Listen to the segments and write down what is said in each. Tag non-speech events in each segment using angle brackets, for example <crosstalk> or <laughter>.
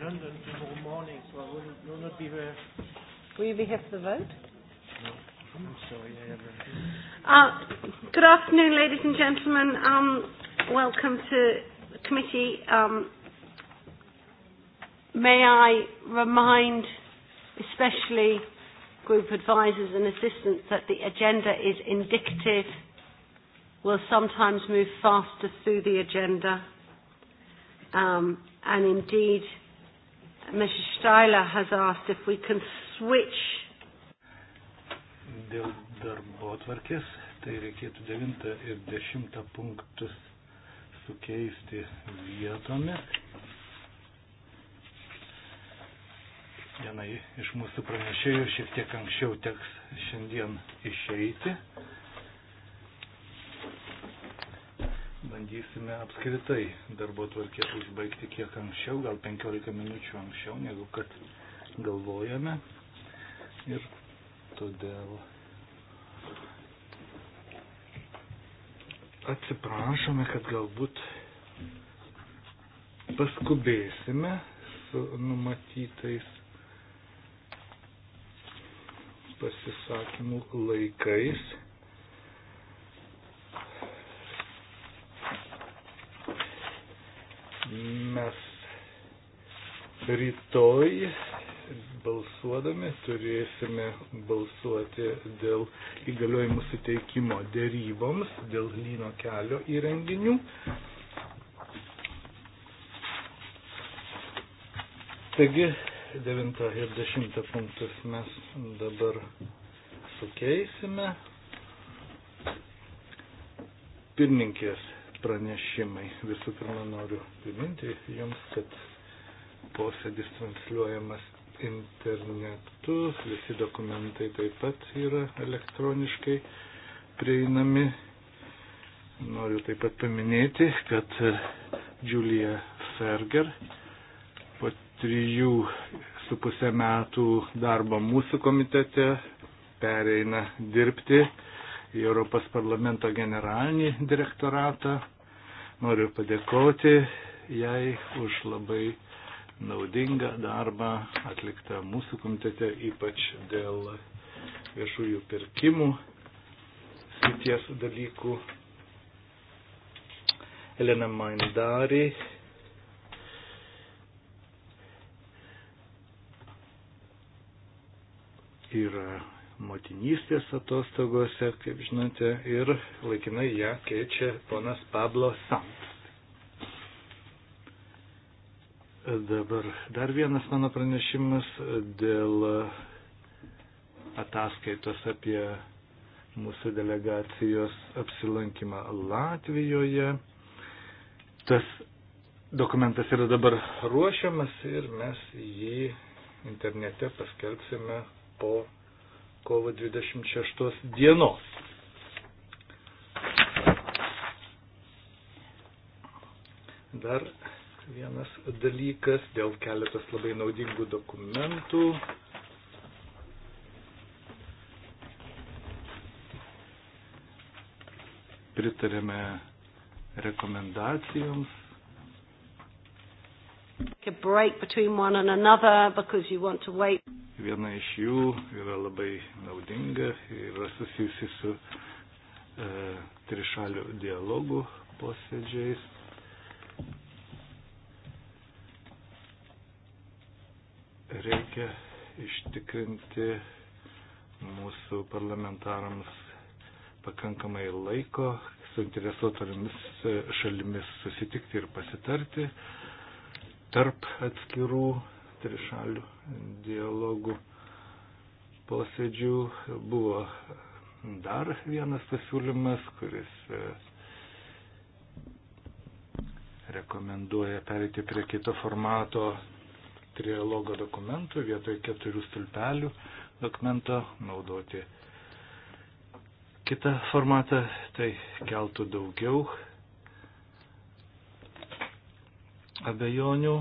London tomorrow morning, so I will, will not be here. Will you be here for the vote? No. I'm sorry, I have a... uh, Good afternoon, ladies and gentlemen. Um, welcome to the committee. Um, may I remind especially group advisors and assistants that the agenda is indicative. We'll sometimes move faster through the agenda. Um, and indeed, Mrs. Steiler has asked if we can switch. Dėl darbo atvarkės, tai reikėtų 9 ir 10 punktus sukeisti vietomis. Vienai iš mūsų pranešėjų šiek tiek anksčiau teks šiandien išeiti. bandysime apskritai darbo tvarkę užbaigti kiek anksčiau, gal 15 minučių anksčiau, negu kad galvojame. Ir todėl atsiprašome, kad galbūt paskubėsime su numatytais pasisakymų laikais. Mes rytoj balsuodami turėsime balsuoti dėl įgaliojimų suteikimo dėryboms, dėl lyno kelio įrenginių. Taigi 9 ir 10 punktus mes dabar sukeisime. Pirmininkės pranešimai. Visų pirma, noriu priminti Jums, kad posėdis transliuojamas internetu, visi dokumentai taip pat yra elektroniškai prieinami. Noriu taip pat paminėti, kad Julia Ferger po trijų su pusę metų darbo mūsų komitete pereina dirbti į Europos parlamento generalinį direktoratą. Noriu padėkoti jai už labai naudingą darbą atliktą mūsų komitete, ypač dėl viešųjų pirkimų srities dalykų. Elena Maindari yra motinystės atostogose, kaip žinote, ir laikinai ją keičia ponas Pablo Sant. Dabar dar vienas mano pranešimas dėl ataskaitos apie mūsų delegacijos apsilankymą Latvijoje. Tas dokumentas yra dabar ruošiamas ir mes jį internete paskelbsime po kovo 26 dienos. Dar vienas dalykas dėl keletas labai naudingų dokumentų. Pritarėme rekomendacijoms a break between one and another because you want to wait Viena iš jų yra labai naudinga ir yra susijusi su e, trišalių dialogų posėdžiais. Reikia ištikrinti mūsų parlamentarams pakankamai laiko suinteresuotomis e, šalimis susitikti ir pasitarti tarp atskirų trišalių dialogų posėdžių. Buvo dar vienas pasiūlymas, kuris e, rekomenduoja pereiti prie kito formato trialogo dokumentų vietoj keturių stulpelių dokumento naudoti kitą formatą, tai keltų daugiau abejonių.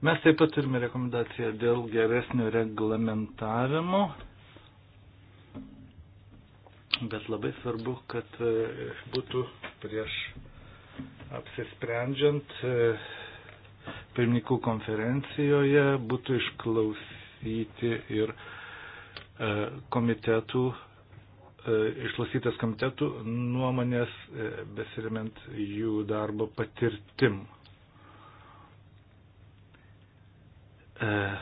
Mes taip pat turime rekomendaciją dėl geresnio reglamentavimo, bet labai svarbu, kad e, būtų prieš apsisprendžiant e, pirmininkų konferencijoje būtų išklausyti ir e, komitetų, išklausytas komitetų nuomonės besiriment jų darbo patirtim. E,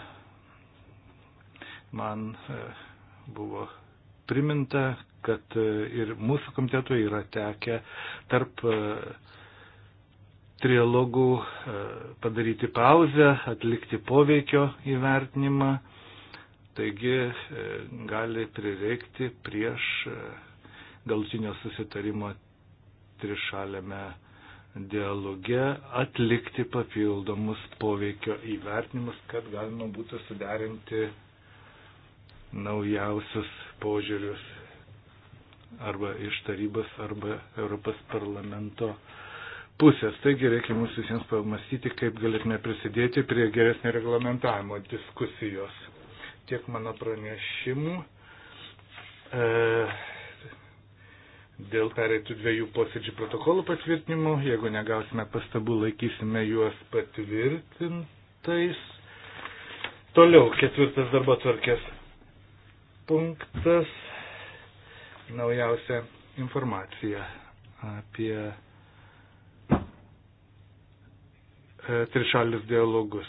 man e, buvo priminta, kad e, ir mūsų komitetui yra tekę tarp trilogų padaryti pauzę, atlikti poveikio įvertinimą. Taigi gali prireikti prieš galutinio susitarimo trišalėme dialoge atlikti papildomus poveikio įvertinimus, kad galima būtų suderinti naujausius požiūrius arba iš tarybos arba Europos parlamento pusės. Taigi reikia mums visiems pamastyti, kaip galėtume prisidėti prie geresnio reglamentavimo diskusijos. Tiek mano pranešimų. E, dėl pereitų dviejų posėdžių protokolų patvirtinimo. Jeigu negausime pastabų, laikysime juos patvirtintais. Toliau, ketvirtas darbo tvarkės punktas. Naujausia informacija apie e, trišalius dialogus.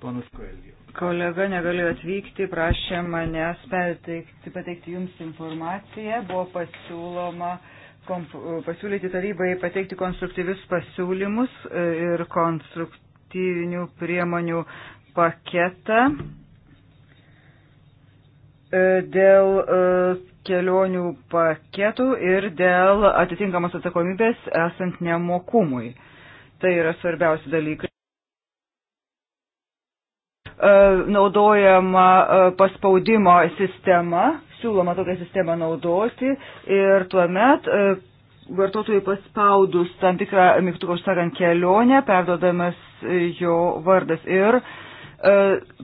Ponas Koelijus kolega negalėjo atvykti, prašė manęs pateikti, pateikti jums informaciją, buvo pasiūloma pasiūlyti tarybai pateikti konstruktyvius pasiūlymus e, ir konstruktyvinių priemonių paketą e, dėl e, kelionių paketų ir dėl atitinkamos atsakomybės esant nemokumui. Tai yra svarbiausi dalykai. E, naudojama e, paspaudimo sistema, siūloma tokią sistemą naudoti ir tuomet e, vartotojui paspaudus tam tikrą mygtuką, užsakant kelionę, perdodamas jo vardas ir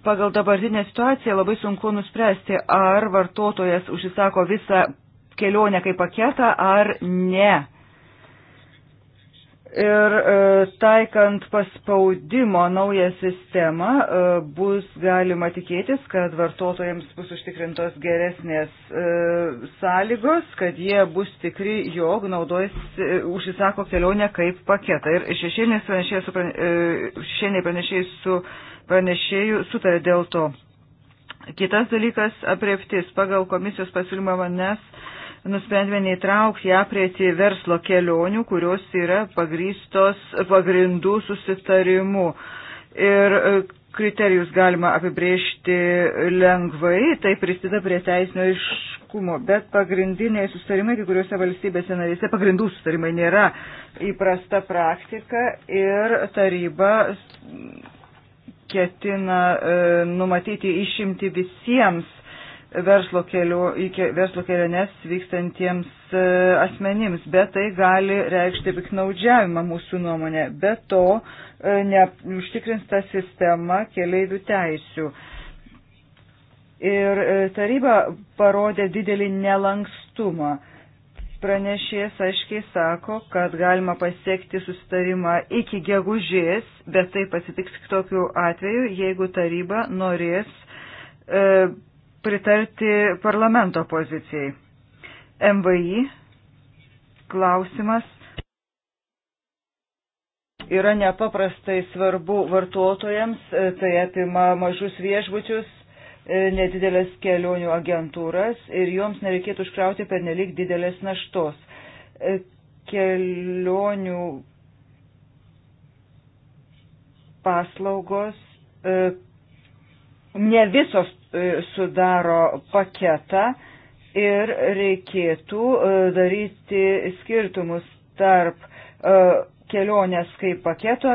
pagal dabartinę situaciją labai sunku nuspręsti, ar vartotojas užsisako visą kelionę kaip paketą ar ne Ir e, taikant paspaudimo naują sistemą e, bus galima tikėtis, kad vartotojams bus užtikrintos geresnės e, sąlygos, kad jie bus tikri, jog naudojas užsisako kelionę kaip paketą. Ir šešėliniai pranešėjai su, pranešėjai su pranešėjų sutarė dėl to. Kitas dalykas - apreptis. Pagal komisijos pasiūlymą manęs nusprendėme neįtraukti ją prie verslo kelionių, kurios yra pagrystos pagrindų susitarimu. Ir e, kriterijus galima apibriežti lengvai, tai prisideda prie teisinio iškumo, bet pagrindiniai sustarimai, kai kuriuose valstybėse narėse, pagrindų sustarimai nėra įprasta praktika ir taryba ketina e, numatyti išimti visiems verslo, kelio, į verslo keliones vykstantiems e, asmenims, bet tai gali reikšti piknaudžiavimą mūsų nuomonė. Be to, e, neužtikrins ta sistema keleivių teisių. Ir e, taryba parodė didelį nelankstumą. Pranešėjas aiškiai sako, kad galima pasiekti sustarimą iki gegužės, bet tai pasitiks tokiu atveju, jeigu taryba norės e, pritarti parlamento pozicijai. MVI klausimas yra nepaprastai svarbu vartotojams, e, tai apima mažus viešbučius, e, nedidelės kelionių agentūras ir joms nereikėtų užkrauti per nelik didelės naštos. E, kelionių paslaugos ne visos E, sudaro paketą ir reikėtų e, daryti skirtumus tarp e, kelionės kaip paketo,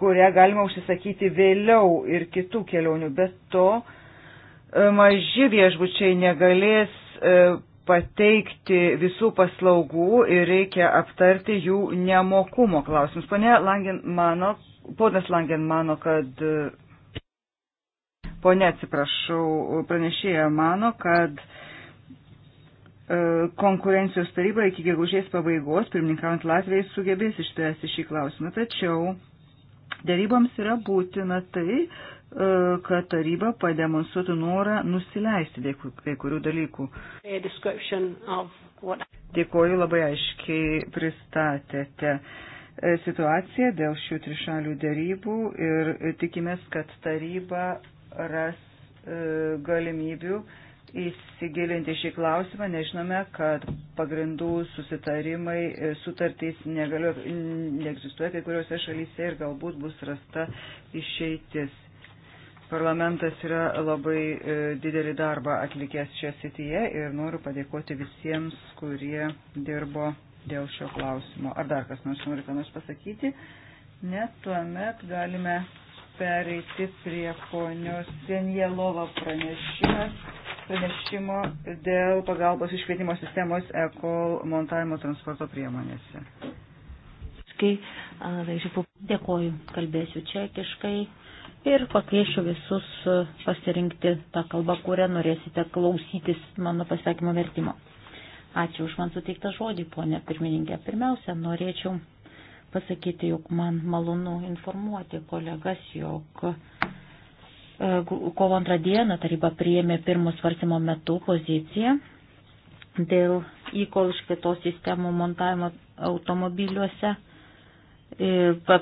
kurią galima užsisakyti vėliau ir kitų kelionių. Bet to maži viešbučiai negalės pateikti visų paslaugų ir reikia aptarti jų nemokumo klausimus. Pane Langen mano, ponas Langen mano, kad ponė, atsiprašau, pranešėja mano, kad e, konkurencijos taryba iki gegužės pabaigos, pirmininkant Latvijai, sugebės išspręsti šį klausimą. Tačiau daryboms yra būtina tai, e, kad taryba pademonstruotų norą nusileisti dėl kai kurių dalykų. Dėkoju, labai aiškiai pristatėte e, situaciją dėl šių trišalių darybų ir tikimės, kad taryba ras e, galimybių įsigilinti šį klausimą, nežinome, kad pagrindų susitarimai, sutartys negaliu, neegzistuoja kai kuriuose šalyse ir galbūt bus rasta išeitis. Parlamentas yra labai e, didelį darbą atlikęs šioje sityje ir noriu padėkoti visiems, kurie dirbo dėl šio klausimo. Ar dar kas nors nori ką nors pasakyti? Net tuomet galime pereiti prie ponios Senjelova pranešimas, pranešimo dėl pagalbos iškvietimo sistemos ECOL montavimo transporto priemonėse. Tai dėkoju, kalbėsiu čekiškai ir pakviešiu visus pasirinkti tą kalbą, kurią norėsite klausytis mano pasakymo vertimo. Ačiū už man suteiktą žodį, ponė pirmininkė. Pirmiausia, norėčiau pasakyti, jog man malonu informuoti kolegas, jog e, kovo antrą dieną taryba priėmė pirmo svarsimo metu poziciją dėl įkol iškvietos sistemų montavimo automobiliuose. E,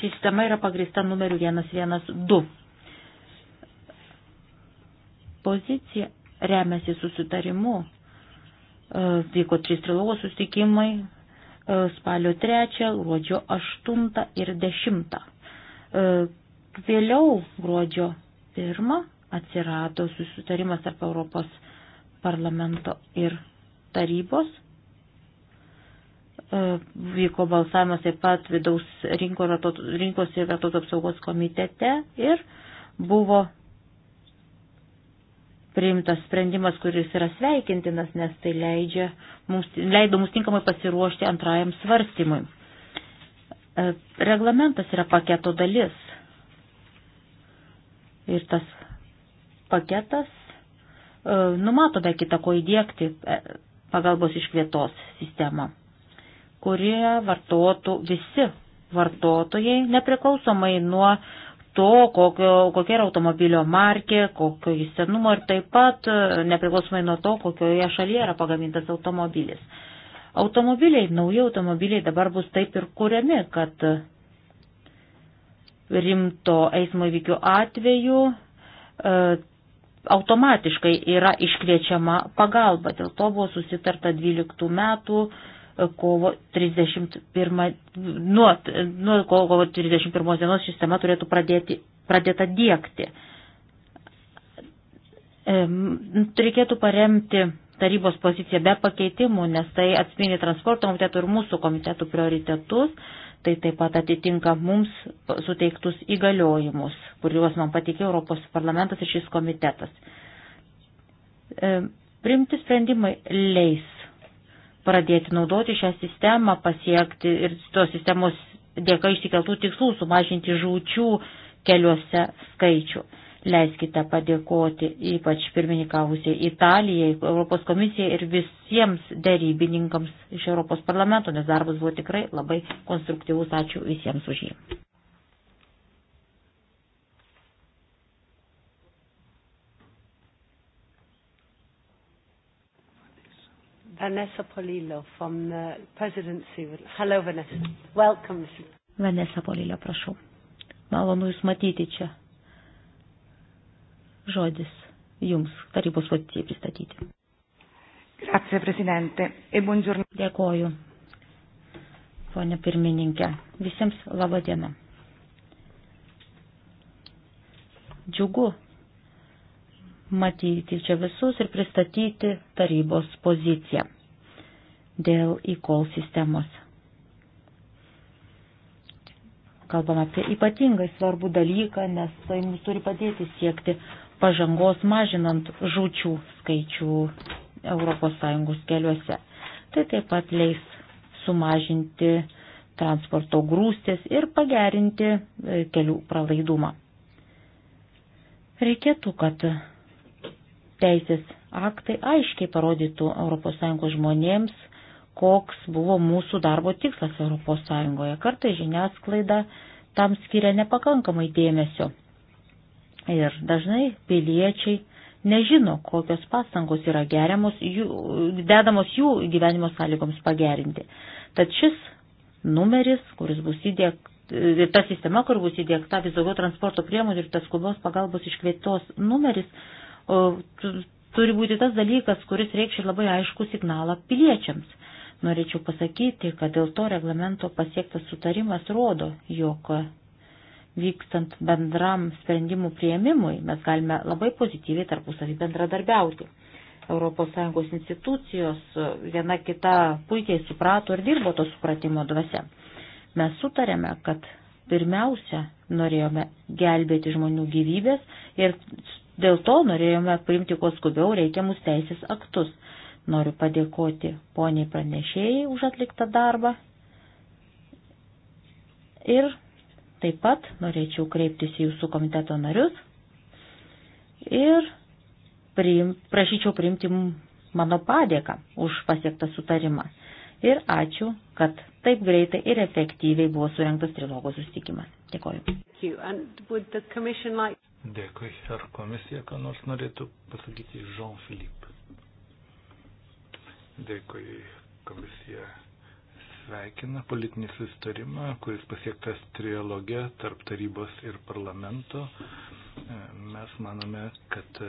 sistema yra pagrįsta numeriu 112. Pozicija remiasi susitarimu. E, vyko trys trilogos susitikimai, spalio 3, gruodžio 8 ir 10. Vėliau gruodžio 1 atsirado susitarimas tarp Europos parlamento ir tarybos. Vyko balsavimas taip pat vidaus rinkos ir vartotojų apsaugos komitete ir buvo priimtas sprendimas, kuris yra sveikintinas, nes tai leidžia, mums, leido mums tinkamai pasiruošti antrajam svarstymui. E, reglamentas yra paketo dalis. Ir tas paketas e, numato be kita ko įdėkti e, pagalbos iškvietos sistemą, kurie vartotų visi vartotojai nepriklausomai nuo uh, to, kokio, kokia yra automobilio markė, kokio jis senumo ir taip pat e, nepriklausomai nuo to, kokioje šalyje yra pagamintas automobilis. Automobiliai, nauji automobiliai dabar bus taip ir kuriami, kad rimto eismo įvykių atveju e, automatiškai yra iškviečiama pagalba. Dėl to buvo susitarta 12 metų e, kovo 31, nuo, nuo kovo 31 dienos sistema turėtų pradėti, pradėta dėkti. Reikėtų paremti tarybos poziciją be pakeitimų, nes tai atspindi transporto komitetų ir mūsų komitetų prioritetus, tai taip pat atitinka mums suteiktus įgaliojimus, kuriuos man patikė Europos parlamentas ir šis komitetas. Primti sprendimai leis pradėti naudoti šią sistemą, pasiekti ir tos sistemos dėka išsikeltų tikslų sumažinti žūčių keliuose skaičių. Leiskite padėkoti ypač pirmininkavusiai Italijai, Europos komisijai ir visiems darybininkams iš Europos parlamento, nes darbas buvo tikrai labai konstruktyvus. Ačiū visiems už jį. Vanessa Polillo from the presidency. Hello, Vanessa. Welcome. Vanessa Polillo, prašau. Malonu Jūs matyti čia. Žodis Jums tarybos pozicijai pristatyti. Grazie, prezidente. E buongiorno. Dėkoju, ponė pirmininkė. Visiems laba diena. Džiugu, matyti čia visus ir pristatyti tarybos poziciją dėl e-call sistemos. Kalbam apie ypatingai svarbų dalyką, nes tai mums turi padėti siekti pažangos mažinant žučių skaičių ES keliuose. Tai taip pat leis sumažinti transporto grūstis ir pagerinti e, kelių pralaidumą. Reikėtų, kad teisės aktai aiškiai parodytų ES žmonėms, koks buvo mūsų darbo tikslas ES. Kartai žiniasklaida tam skiria nepakankamai dėmesio. Ir dažnai piliečiai nežino, kokios pastangos yra geriamos, jų, dedamos jų gyvenimo sąlygoms pagerinti. Tad šis numeris, kuris bus įdėktas, ir ta sistema, kur bus įdėkta vis daugiau transporto priemonių ir tas skubos pagalbos iškvietos numeris, turi būti tas dalykas, kuris reikš ir labai aišku signalą piliečiams. Norėčiau pasakyti, kad dėl to reglamento pasiektas sutarimas rodo, jog vykstant bendram sprendimų prieimimui mes galime labai pozityviai tarpusavį bendradarbiauti. ES institucijos e, viena kita puikiai suprato ir dirbo to supratimo dvasia. Mes sutarėme, kad pirmiausia norėjome gelbėti žmonių gyvybės ir Dėl to norėjome priimti kuo skubiau reikiamus teisės aktus. Noriu padėkoti poniai pranešėjai už atliktą darbą. Ir taip pat norėčiau kreiptis į jūsų komiteto narius ir priim, prašyčiau priimti mano padėką už pasiektą sutarimą. Ir ačiū, kad taip greitai ir efektyviai buvo surinktas trilogo sustikimas. Dėkoju. Dėkui. Ar komisija, ką nors norėtų pasakyti Jean-Philippe? Dėkui. Komisija sveikina politinį sustarimą, kuris pasiektas trialoge tarp tarybos ir parlamento. Mes manome, kad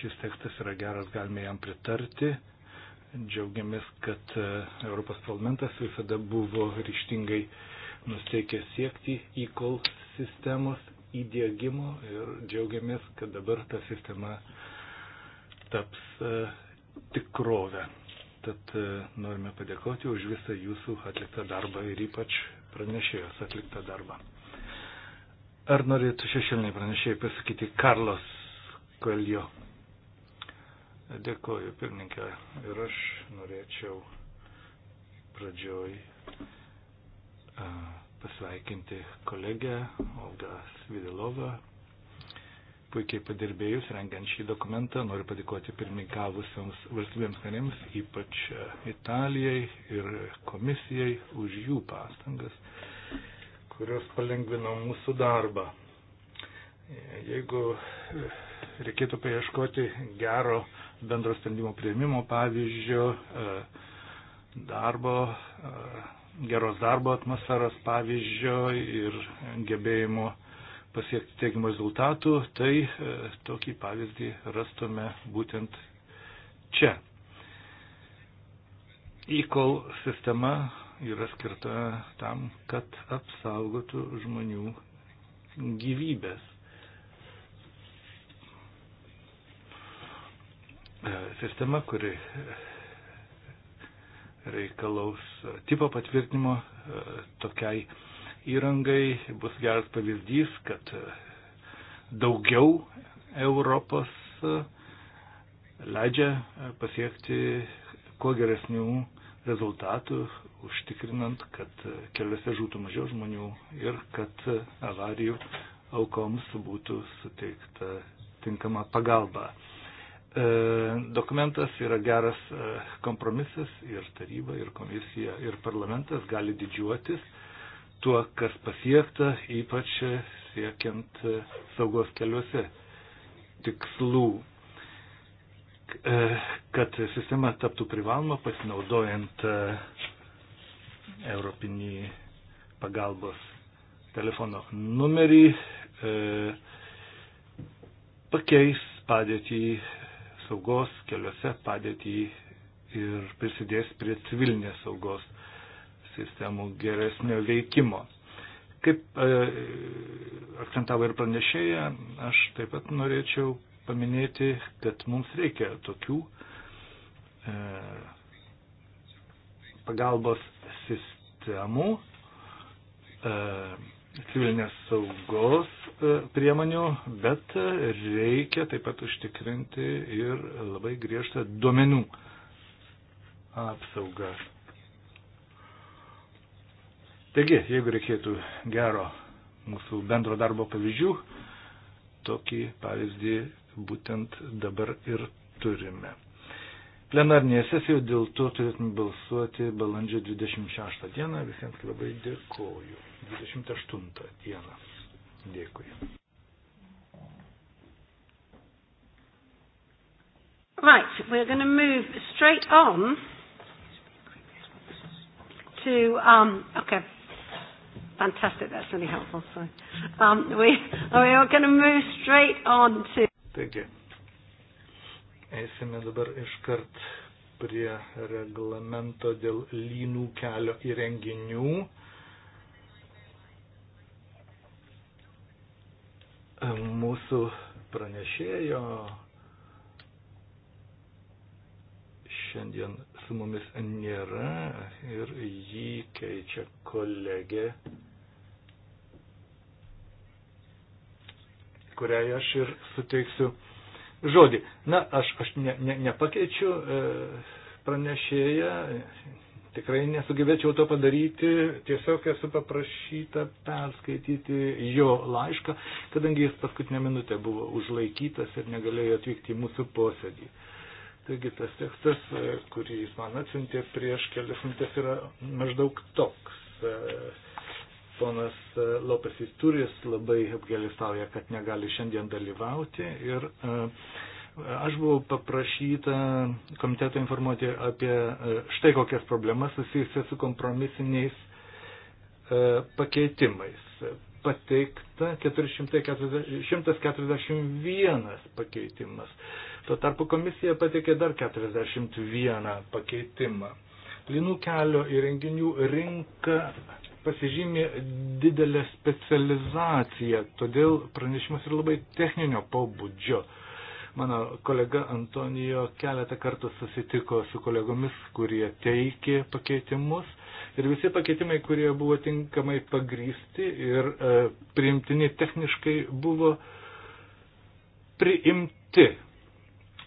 šis tekstas yra geras, galime jam pritarti. Džiaugiamės, kad Europos parlamentas visada buvo ryštingai nusteikęs siekti įkol sistemos įdėgymo ir džiaugiamės, kad dabar ta sistema taps e, tikrovę. Tad e, norime padėkoti už visą jūsų atliktą darbą ir ypač pranešėjos atliktą darbą. Ar norėtų šešėliniai pranešėjai pasakyti Karlos Kaljo? Dėkoju, pirmininkė. Ir aš norėčiau pradžioj. Uh, pasveikinti kolegę Olgą Svidilovą. Puikiai padirbėjus, rengiant šį dokumentą, noriu padėkoti pirmininkavusiams valstybėms narėms, ypač Italijai ir komisijai už jų pastangas, kurios palengvino mūsų darbą. Jeigu reikėtų paieškoti gero bendro sprendimo prieimimo pavyzdžio, darbo geros darbo atmosferos pavyzdžio ir gebėjimo pasiekti teigiamų rezultatų, tai e, tokį pavyzdį rastume būtent čia. E-call sistema yra skirta tam, kad apsaugotų žmonių gyvybės. E, sistema, kuri reikalaus tipo patvirtinimo e, tokiai įrangai. Bus geras pavyzdys, kad e, daugiau Europos e, leidžia pasiekti kuo geresnių rezultatų, užtikrinant, kad keliuose žūtų mažiau žmonių ir kad avarijų aukoms būtų suteikta tinkama pagalba. E, dokumentas yra geras e, kompromisas ir taryba, ir komisija, ir parlamentas gali didžiuotis tuo, kas pasiekta, ypač siekiant e, saugos keliuose tikslų, kad sistema taptų privaloma pasinaudojant Europinį pagalbos telefono numerį, pakeis padėtį saugos keliuose padėtį ir prisidės prie civilinės saugos sistemų geresnio veikimo. Kaip e, akcentavo ir pranešėja, aš taip pat norėčiau paminėti, kad mums reikia tokių e, pagalbos sistemų, e, civilinės saugos e, priemonių, bet reikia taip pat užtikrinti ir labai griežtą duomenų apsaugą. Taigi, jeigu reikėtų gero mūsų bendro darbo pavyzdžių, tokį pavyzdį būtent dabar ir turime plenarnėje sesijoje, dėl to turėtume balsuoti balandžio 26 dieną. Visiems labai dėkoju. 28 dieną. Dėkui. Right, we're going to move straight on to, um, okay, fantastic, that's really helpful, sorry. Um, we, we are going to move straight on to... Thank you. Eisime dabar iškart prie reglamento dėl lynų kelio įrenginių. Mūsų pranešėjo šiandien su mumis nėra ir jį keičia kolegė, kuriai aš ir suteiksiu žodį. Na, aš, aš ne, ne, nepakeičiu e, pranešėją, tikrai nesugebėčiau to padaryti, tiesiog esu paprašyta perskaityti jo laišką, kadangi jis paskutinę minutę buvo užlaikytas ir negalėjo atvykti į mūsų posėdį. Taigi tas tekstas, e, kurį jis man atsintė prieš kelias minutės, yra maždaug toks. E, Ponas e, Lopesis Turis labai apgėlistauja, kad negali šiandien dalyvauti ir e, aš buvau paprašyta komiteto informuoti apie e, štai kokias problemas susijusias su kompromisiniais pakeitimais. Pateikta 141 pakeitimas. Tuo tarpu komisija pateikė dar 41 pakeitimą. Linų kelio įrenginių rinka pasižymė didelę specializaciją, todėl pranešimas yra labai techninio pobūdžio. Mano kolega Antonijo keletą kartų susitiko su kolegomis, kurie teikė pakeitimus ir visi pakeitimai, kurie buvo tinkamai pagrysti ir e, priimtini techniškai buvo priimti.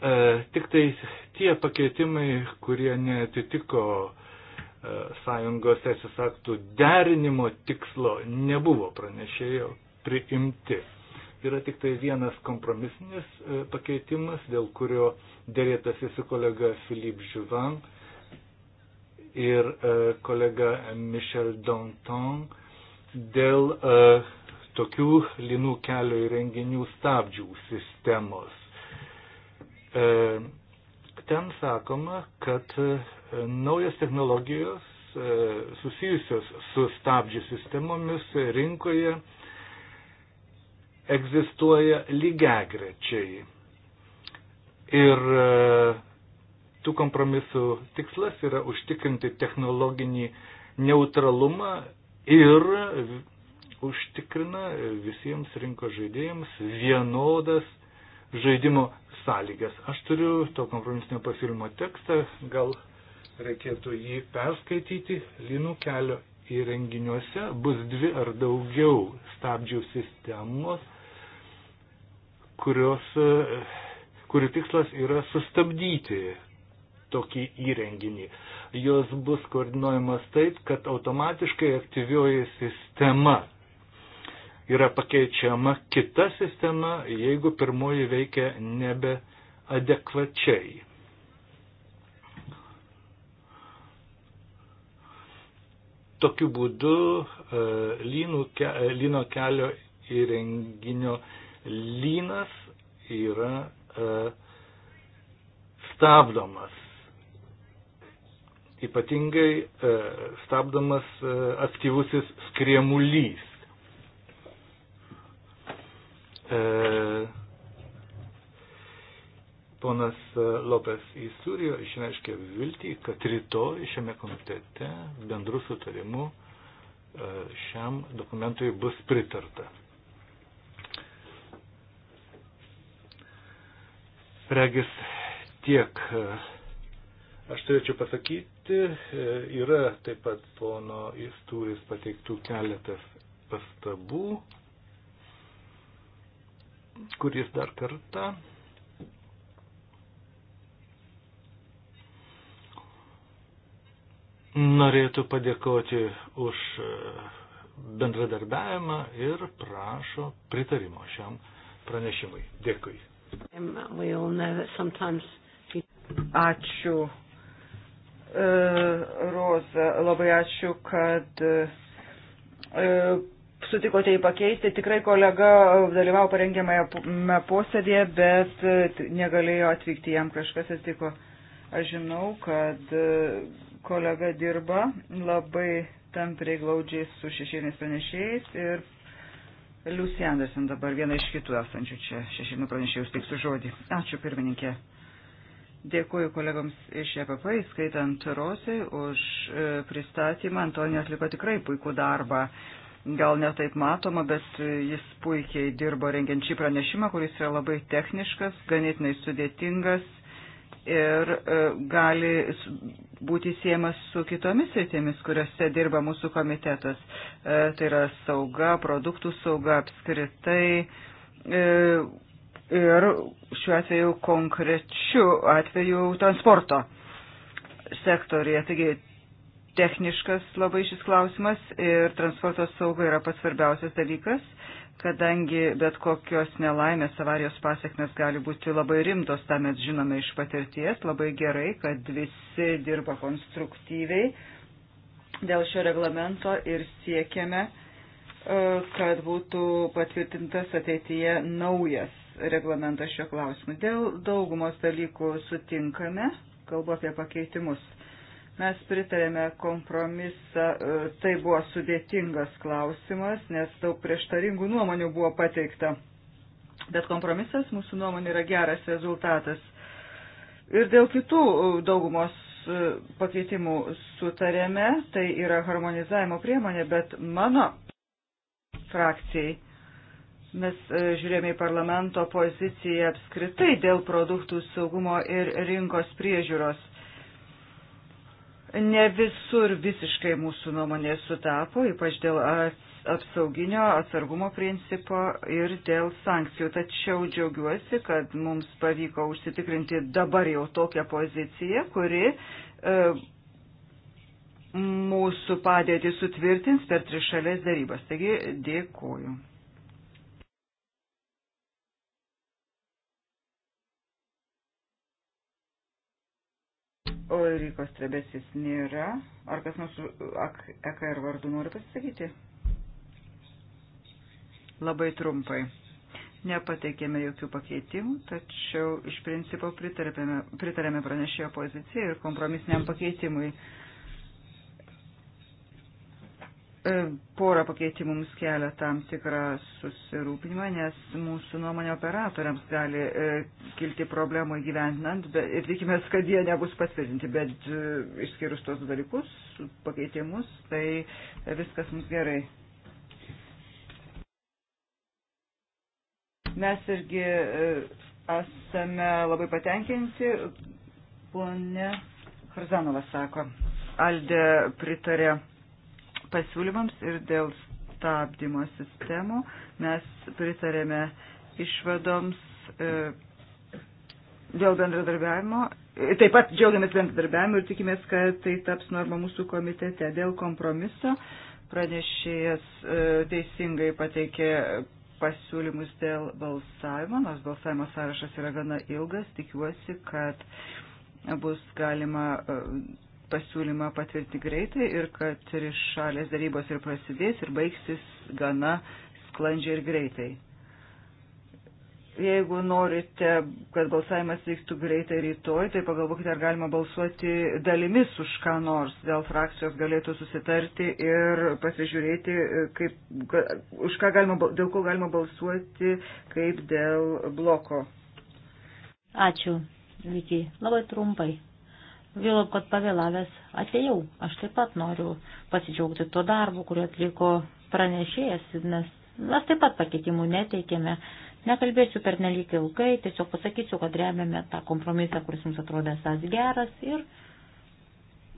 E, tik tai tie pakeitimai, kurie netitiko e, sąjungos teisės aktų derinimo tikslo nebuvo pranešėjo priimti. Yra tik tai vienas kompromisinis e, pakeitimas, dėl kurio dėrėtasi su kolega Filip Žuvan ir e, kolega Michel Danton dėl e, tokių linų kelio įrenginių stabdžių sistemos. Ten sakoma, kad E, Naujos technologijos e, susijusios su stabdžių sistemomis rinkoje egzistuoja lygiagrečiai. Ir e, tų kompromisų tikslas yra užtikrinti technologinį neutralumą ir užtikrina visiems rinkos žaidėjams vienodas žaidimo sąlygas. Aš turiu to kompromisinio pasiūlymo tekstą, gal reikėtų jį perskaityti. Linų kelio įrenginiuose bus dvi ar daugiau stabdžių sistemos, kurios, e, kurių tikslas yra sustabdyti tokį įrenginį. Jos bus koordinuojamas taip, kad automatiškai aktyvioji sistema yra pakeičiama kita sistema, jeigu pirmoji veikia nebeadekvačiai. Tokiu būdu e, ke, e, lyno kelio įrenginio lynas yra e, stabdomas. Ypatingai stabdomas aktyvusis skriemulys. Ponas e, Lopes Įsūrijo išreiškė viltį, kad rytoj šiame komitete bendru sutarimu e, šiam dokumentui bus pritarta. Regis tiek e, aš turėčiau pasakyti, yra taip pat pono Įstūris pateiktų keletas pastabų, kuris dar kartą norėtų padėkoti už e, bendradarbiavimą ir prašo pritarimo šiam pranešimui. Dėkui. Ačiū. E, Roza, labai ačiū, kad e, sutikote jį pakeisti. Tikrai kolega dalyvavo parengiamame posėdėje, bet negalėjo atvykti, jam kažkas atsitiko. Aš žinau, kad kolega dirba labai tampriai glaudžiai su šešėliniais pranešėjais ir Liusi Andersen dabar viena iš kitų esančių čia šešėlinių pranešėjų steiksiu žodį. Ačiū pirmininkė. Dėkuoju kolegams iš EPP, skaitant Rosai, už e, pristatymą. Antonija atliko tikrai puikų darbą. Gal netaip matoma, bet jis puikiai dirbo rengiant šį pranešimą, kuris yra labai techniškas, ganėtinai sudėtingas ir e, gali būti siejamas su kitomis sritėmis, kuriuose dirba mūsų komitetas. E, tai yra sauga, produktų sauga apskritai. E, ir šiuo atveju konkrečiu atveju transporto sektorija. Taigi techniškas labai šis klausimas ir transporto sauga yra pats svarbiausias dalykas kadangi bet kokios nelaimės avarijos pasiekmes gali būti labai rimtos, tą mes žinome iš patirties, labai gerai, kad visi dirba konstruktyviai dėl šio reglamento ir siekiame, e, kad būtų patvirtintas ateityje naujas reglamentas šio klausimu. Dėl daugumos dalykų sutinkame, kalbu apie pakeitimus. Mes pritarėme kompromisą, e, tai buvo sudėtingas klausimas, nes daug prieštaringų nuomonių buvo pateikta. Bet kompromisas mūsų nuomonė yra geras rezultatas. Ir dėl kitų e, daugumos e, pakeitimų sutarėme, tai yra harmonizavimo priemonė, bet mano frakcijai mes žiūrėjome į parlamento poziciją apskritai dėl produktų saugumo ir rinkos priežiūros ne visur visiškai mūsų nuomonė sutapo, ypač dėl apsauginio atsargumo principo ir dėl sankcijų. Tačiau džiaugiuosi, kad mums pavyko užsitikrinti dabar jau tokią poziciją, kuri e, mūsų padėtį sutvirtins per trišalės darybas. Taigi dėkuoju. Ulrikos trebesis nėra. Ar kas nors EKR vardu nori pasisakyti? Labai trumpai. Nepateikėme jokių pakeitimų, tačiau iš principo pritarėme, pritarėme pranešėjo poziciją ir kompromisiniam pakeitimui. Uh, E, porą pakeitimų mums kelia tam tikrą susirūpinimą, nes mūsų nuomonė operatoriams gali e, kilti problemų įgyvendinant ir tikimės, kad jie nebus patvirtinti, bet e, išskyrus tos dalykus, pakeitimus, tai viskas mums gerai. Mes irgi esame labai patenkinti, ponė Harzanovas sako, Aldė pritarė pasiūlymams ir dėl stabdymo sistemų. Mes pritarėme išvadoms e, dėl bendradarbiavimo. E, taip pat džiaugiamės bendradarbiavimu ir tikimės, kad tai taps norma mūsų komitete. Dėl kompromiso pranešėjas e, teisingai pateikė pasiūlymus dėl balsavimo, nors balsavimo sąrašas yra gana ilgas, tikiuosi, kad bus galima pasiūlymą patvirti greitai ir kad trišalės darybos ir prasidės ir baigsis gana sklandžiai ir greitai. Jeigu norite, kad balsavimas vyktų greitai rytoj, tai pagalvokite, ar galima balsuoti dalimis už ką nors. Dėl frakcijos galėtų susitarti ir pasižiūrėti, kaip, už ką galima, dėl ko galima balsuoti, kaip dėl bloko. Ačiū, Viki. Labai trumpai Vėlau, kad pavėlavęs atėjau. Aš taip pat noriu pasidžiaugti tuo darbu, kurį atliko pranešėjas, nes mes taip pat pakeitimų neteikėme. Nekalbėsiu per nelik ilgai, tiesiog pasakysiu, kad remiame tą kompromisą, kuris mums atrodo esas geras ir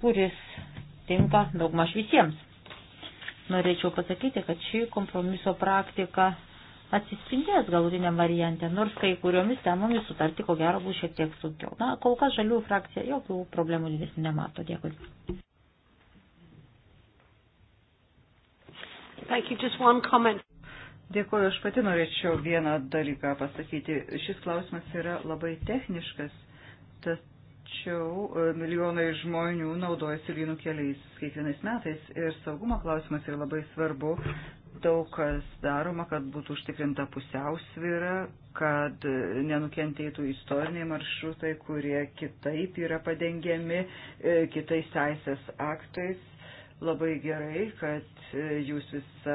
kuris tinka daugmaž visiems. Norėčiau pasakyti, kad ši kompromiso praktika atsispindės galutiniam variante, nors kai kuriomis temomis sutarti ko gero bus šiek tiek sunkiau. Na, kol kas žalių frakcija jokių problemų didesnių nemato. Dėkui. Dėkuoju, aš pati norėčiau vieną dalyką pasakyti. Šis klausimas yra labai techniškas, tačiau e, milijonai žmonių naudojasi lynų keliais kiekvienais metais ir saugumo klausimas yra labai svarbu daug kas daroma, kad būtų užtikrinta pusiausvyra, kad nenukentėtų istoriniai maršrutai, kurie kitaip yra padengiami e, kitais teisės aktais. Labai gerai, kad e, jūs visą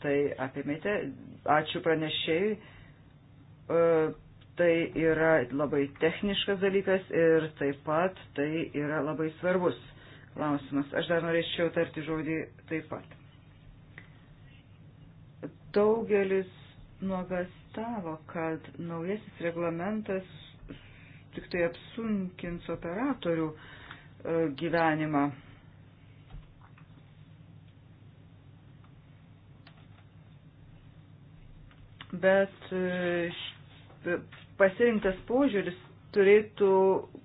tai apimėte. Ačiū pranešėjai. E, tai yra labai techniškas dalykas ir taip pat tai yra labai svarbus klausimas. Aš dar norėčiau tarti žodį taip pat. Daugelis nuogastavo, kad naujasis reglamentas tik tai apsunkins operatorių e, gyvenimą. Bet e, pasirinktas požiūris turėtų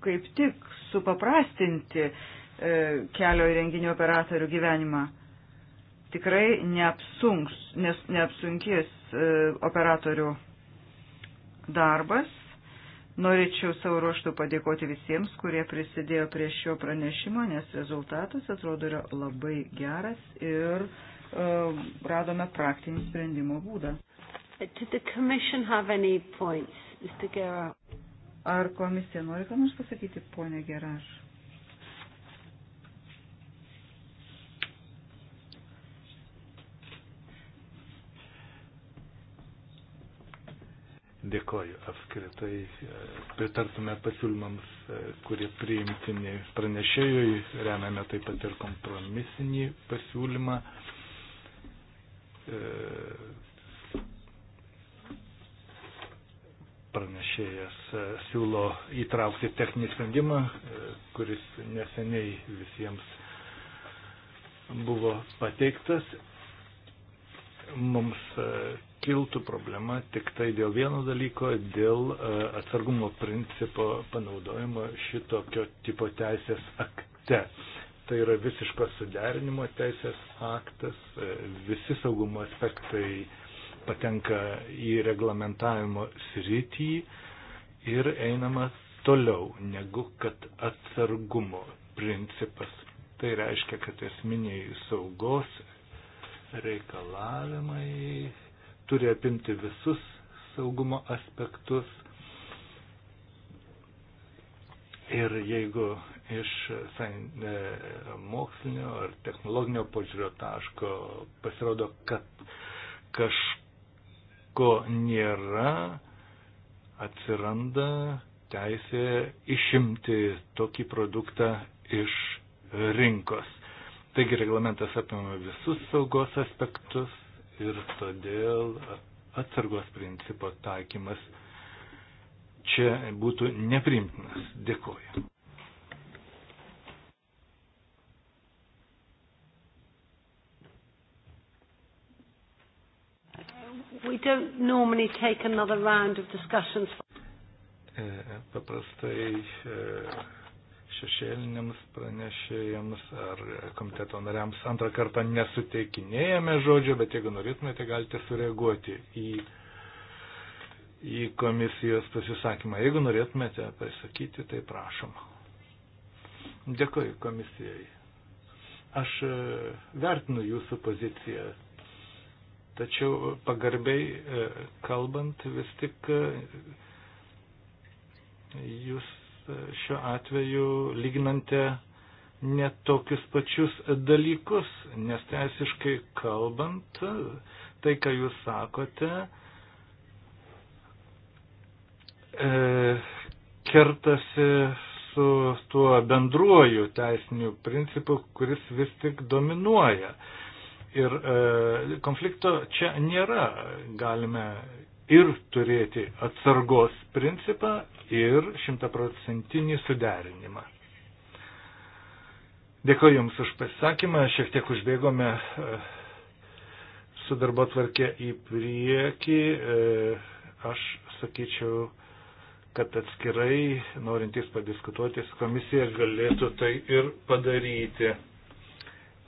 kaip tik supaprastinti e, kelio įrenginio operatorių gyvenimą tikrai neapsunks, nes, neapsunkės e, operatorių darbas. Norėčiau savo ruoštų padėkoti visiems, kurie prisidėjo prie šio pranešimo, nes rezultatas atrodo yra labai geras ir e, radome praktinį sprendimo būdą. Uh, points, Ar komisija nori ką nors pasakyti, ponė Geraš? Dėkoju apskritai, e, pritartume pasiūlymams, e, kurie priimtini pranešėjui, remiame taip pat ir kompromisinį pasiūlymą. E, pranešėjas siūlo įtraukti techninį sprendimą, kuris neseniai visiems buvo pateiktas mums e, kiltų problema tik tai dėl vieno dalyko, dėl e, atsargumo principo panaudojimo šitokio tipo teisės akte. Tai yra visiško suderinimo teisės aktas, e, visi saugumo aspektai patenka į reglamentavimo sritį ir einama toliau negu kad atsargumo principas. Tai reiškia, kad esminiai saugos reikalavimai turi apimti visus saugumo aspektus. Ir jeigu iš e, mokslinio ar technologinio požiūrio taško pasirodo, kad kažko nėra, atsiranda teisė išimti tokį produktą iš rinkos. Taigi reglamentas apima visus saugos aspektus ir todėl atsargos principo taikymas čia būtų neprimtinas. Dėkuoju. We don't normally take another round of discussions. E, paprastai e, šešėliniams pranešėjams ar komiteto nariams antrą kartą nesuteikinėjame žodžio, bet jeigu norėtumėte, galite sureaguoti į, į komisijos pasisakymą. Jeigu norėtumėte pasakyti, tai prašom. Dėkoju komisijai. Aš e, vertinu jūsų poziciją, tačiau pagarbiai e, kalbant vis tik e, jūs šiuo atveju lyginante ne tokius pačius dalykus, nes teisiškai kalbant, tai, ką jūs sakote, e, kertasi su tuo bendruoju teisiniu principu, kuris vis tik dominuoja. Ir e, konflikto čia nėra, galime ir turėti atsargos principą ir šimtaprocentinį suderinimą. Dėkoju Jums už pasisakymą, šiek tiek užbėgome e, su darbo tvarkė į priekį. E, aš sakyčiau, kad atskirai norintys padiskutuoti su komisija galėtų tai ir padaryti.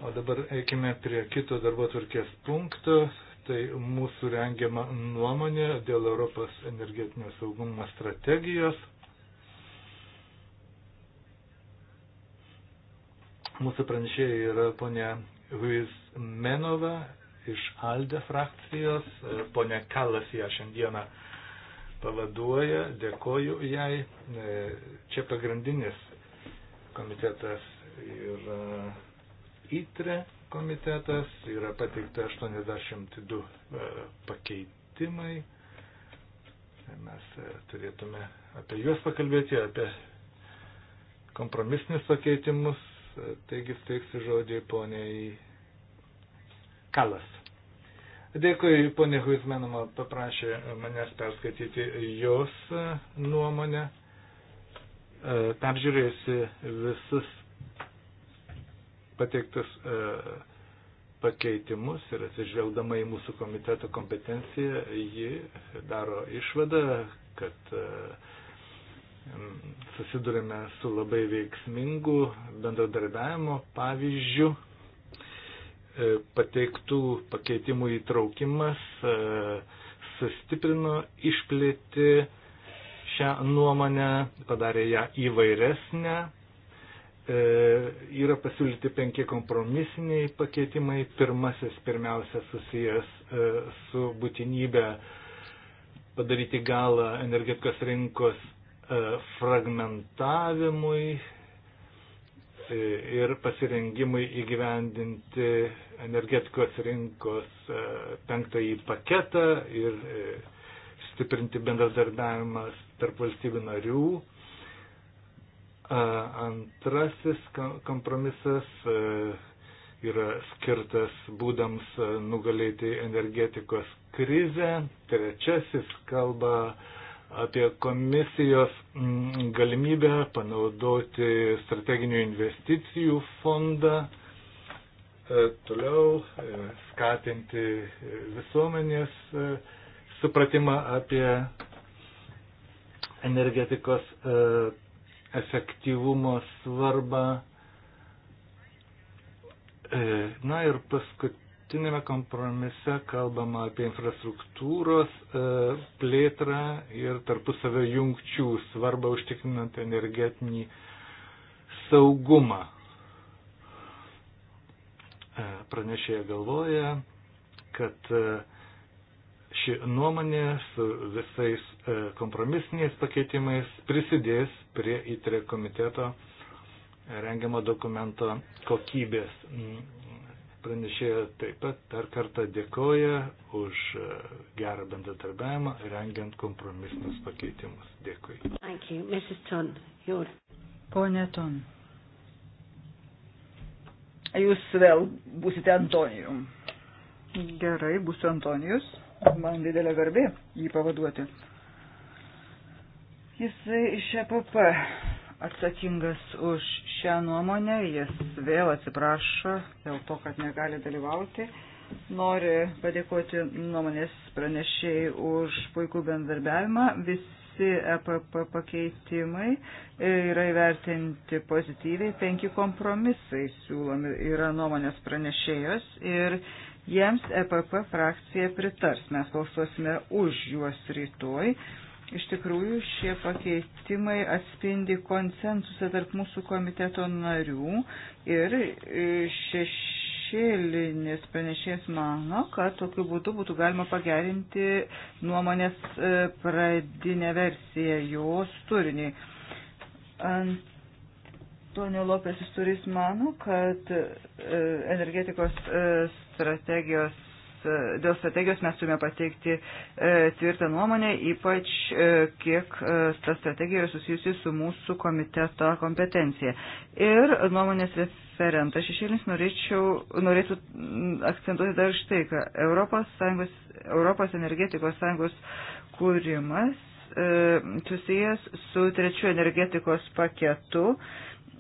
O dabar eikime prie kito darbo tvarkės punkto. Tai mūsų rengiama nuomonė dėl Europos energetinio saugumo strategijos. Mūsų pranešėjai yra ponia Huiz Menova iš Alde frakcijos, ponia Kalas ją šiandieną pavaduoja, dėkoju jai. Čia pagrindinis komitetas yra ITRE komitetas, yra pateikta 82 e, pakeitimai. Mes e, turėtume apie juos pakalbėti, apie kompromisinius pakeitimus. E, taigi steiksiu žodį poniai Kalas. Dėkui, ponė Huizmenoma paprašė manęs perskaityti jos nuomonę peržiūrėjusi visus pateiktus e, pakeitimus ir atsižvelgdama į mūsų komiteto kompetenciją, ji daro išvadą, kad e, susidurime su labai veiksmingu bendradarbiavimo pavyzdžiu. E, pateiktų pakeitimų įtraukimas sustiprino, išplėti šią nuomonę, padarė ją įvairesnę E, yra pasiūlyti penki kompromisiniai pakeitimai. Pirmasis pirmiausia susijęs e, su būtinybė padaryti galą energetikos rinkos e, fragmentavimui ir pasirengimui įgyvendinti energetikos rinkos penktąjį paketą ir stiprinti bendradarbiavimas tarp valstybių narių Antrasis kompromisas e, yra skirtas būdams e, nugalėti energetikos krizę. Trečiasis kalba apie komisijos galimybę panaudoti strateginių investicijų fondą, e, toliau skatinti visuomenės supratimą apie energetikos efektyvumo svarbą. E, na ir paskutinėme kompromise kalbama apie infrastruktūros e, plėtrą ir tarpusavio jungčių svarbą užtikrinant energetinį saugumą. E, pranešėja galvoja, kad ši nuomonė su visais e, kompromisiniais pakeitimais prisidės prie įtrė komiteto rengiamo dokumento kokybės. Pranešėja taip pat dar kartą dėkoja už e, gerą bendradarbiavimą rengiant kompromisinius pakeitimus. Dėkui. Ton, Pone Ton. Jūs vėl būsite Antonijum. Gerai, būsiu Antonijus. Man didelė garbė jį pavaduoti. Jisai iš EPP atsakingas už šią nuomonę, jis vėl atsiprašo dėl to, kad negali dalyvauti. Noriu padėkoti nuomonės pranešėjai už puikų bendarbiavimą. Visi EPP pakeitimai yra įvertinti pozityviai. Penki kompromisai siūlomi yra nuomonės pranešėjos ir Jiems EPP frakcija pritars, mes balsuosime už juos rytoj. Iš tikrųjų, šie pakeitimai atspindi konsensusą tarp mūsų komiteto narių ir šešėlinis pranešėjas mano, kad tokiu būdu būtų galima pagerinti nuomonės e, pradinę versiją jos turiniai. Ant Antonio Lopesas Turis mano, kad e, energetikos e, strategijos e, dėl strategijos mes turime pateikti e, tvirtą nuomonę, ypač e, kiek ta strategija yra susijusi su mūsų komiteto kompetencija. Ir nuomonės referentas šešėlis norėtų akcentuoti dar štai, kad Europos, Sąjungos, Europos energetikos sąjungos kūrimas susijęs su trečiu energetikos paketu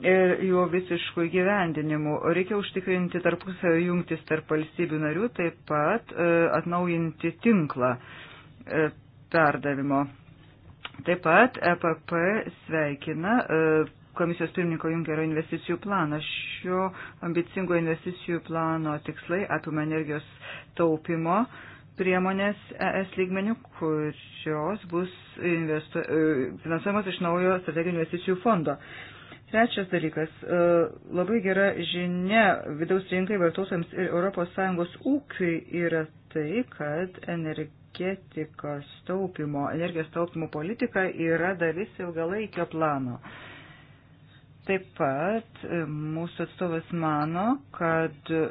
ir jo visiškų įgyvendinimų. Reikia užtikrinti tarpusavio jungtis tarp valstybių narių, taip pat e, atnaujinti tinklą e, perdavimo. Taip pat EPP sveikina e, komisijos pirmininko Junkerio investicijų planą. Šio ambicingo investicijų plano tikslai apima energijos taupimo priemonės ES lygmenių, kurios bus investu, finansuojamos iš naujo strateginių investicijų fondo. E, Trečias dalykas e, - labai gera žinia vidaus rinkai vartotojams ir ES ūkiui yra tai, kad energetikos taupimo, energijos taupimo politika yra dalis ilgalaikio plano. Taip pat e, mūsų atstovas mano, kad e,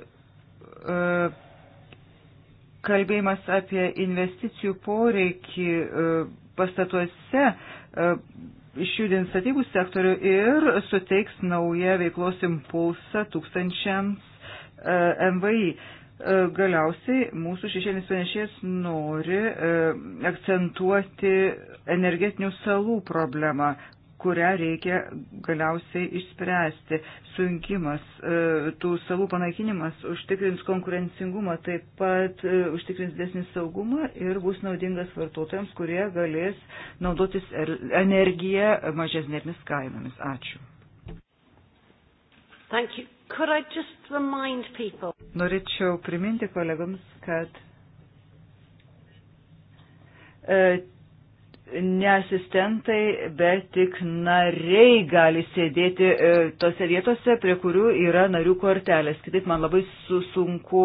kalbėjimas apie investicijų poreikį pastatuose išjudins statybų sektorių ir suteiks naują veiklos impulsą tūkstančiams e, MVI. E, galiausiai mūsų šešėlis panešės nori e, akcentuoti energetinių salų problemą, kurią reikia galiausiai išspręsti. Sunkimas, e, tų salų panaikinimas užtikrins konkurencingumą, taip pat e, užtikrins desnį saugumą ir bus naudingas vartotojams, kurie galės naudotis er, energiją mažesnėmis kainomis. Ačiū. Norėčiau priminti kolegams, kad e, ne asistentai, bet tik nariai gali sėdėti e, tose vietose, prie kurių yra narių kortelės. Kitaip man labai su, sunku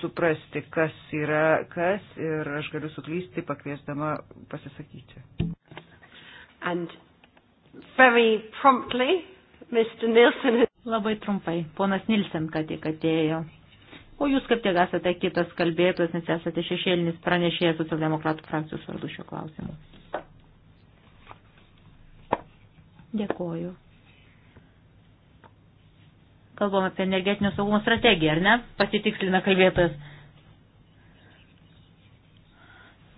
suprasti, kas yra kas ir aš galiu suklysti, pakviesdama pasisakyti. And very promptly, Mr. Nilsen. Labai trumpai, ponas Nilsen ką tik atėjo. O jūs kaip tiek esate kitas kalbėtojas, nes esate šešėlinis pranešėjas socialdemokratų frakcijos vardu šio klausimu. Dėkoju. Kalbam apie energetinio saugumo strategiją, ar ne? Pasitikslina kalbėtojas.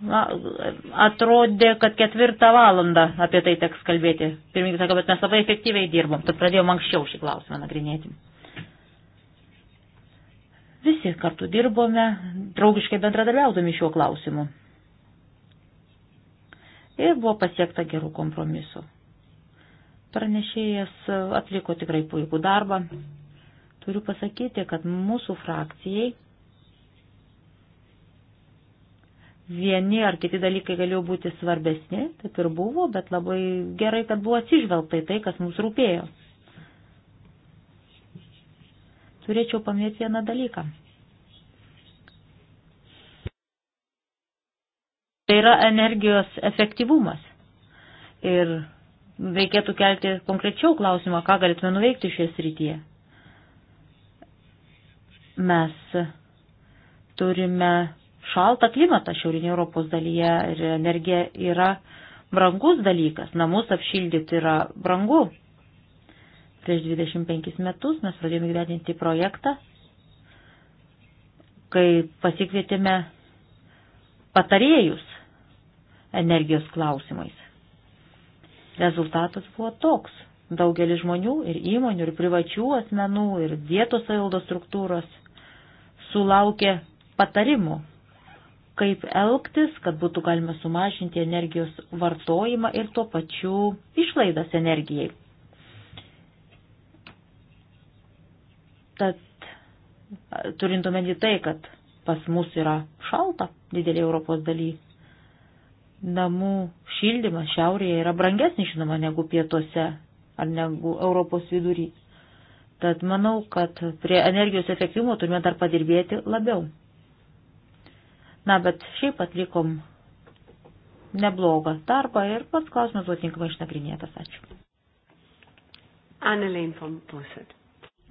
Na, atrodė, kad ketvirtą valandą apie tai teks kalbėti. Pirmininkas sako, bet mes labai efektyviai dirbom, tad pradėjom anksčiau šį klausimą nagrinėti. Visi kartu dirbome, draugiškai bendradarbiaudami šiuo klausimu. Ir buvo pasiekta gerų kompromisų. Pranešėjas atliko tikrai puikų darbą. Turiu pasakyti, kad mūsų frakcijai vieni ar kiti dalykai galėjo būti svarbesni, taip ir buvo, bet labai gerai, kad buvo atsižvelgta į tai, kas mums rūpėjo. Turėčiau paminėti vieną dalyką. Tai yra energijos efektyvumas. Ir reikėtų kelti konkrečiau klausimą, ką galėtume nuveikti šioje srityje. Mes turime šaltą klimatą šiaurinėje Europos dalyje ir energija yra brangus dalykas, namus apšildyti yra brangu. Prieš 25 metus mes pradėjome gyveninti projektą, kai pasikvietėme patarėjus energijos klausimais. Rezultatas buvo toks. Daugelis žmonių ir įmonių, ir privačių asmenų, ir vietos savildos struktūros sulaukė patarimų, kaip elgtis, kad būtų galima sumažinti energijos vartojimą ir tuo pačiu išlaidas energijai. Tad turint omeny tai, kad pas mus yra šalta didelį Europos daly, namų šildymas šiaurėje yra brangesnis, žinoma, negu pietuose ar negu Europos vidury. Tad manau, kad prie energijos efektyvumo turime dar padirbėti labiau. Na, bet šiaip atlikom neblogą darbą ir pats klausimas buvo tinkamai išnagrinėtas. Ačiū. Annelien von Busset.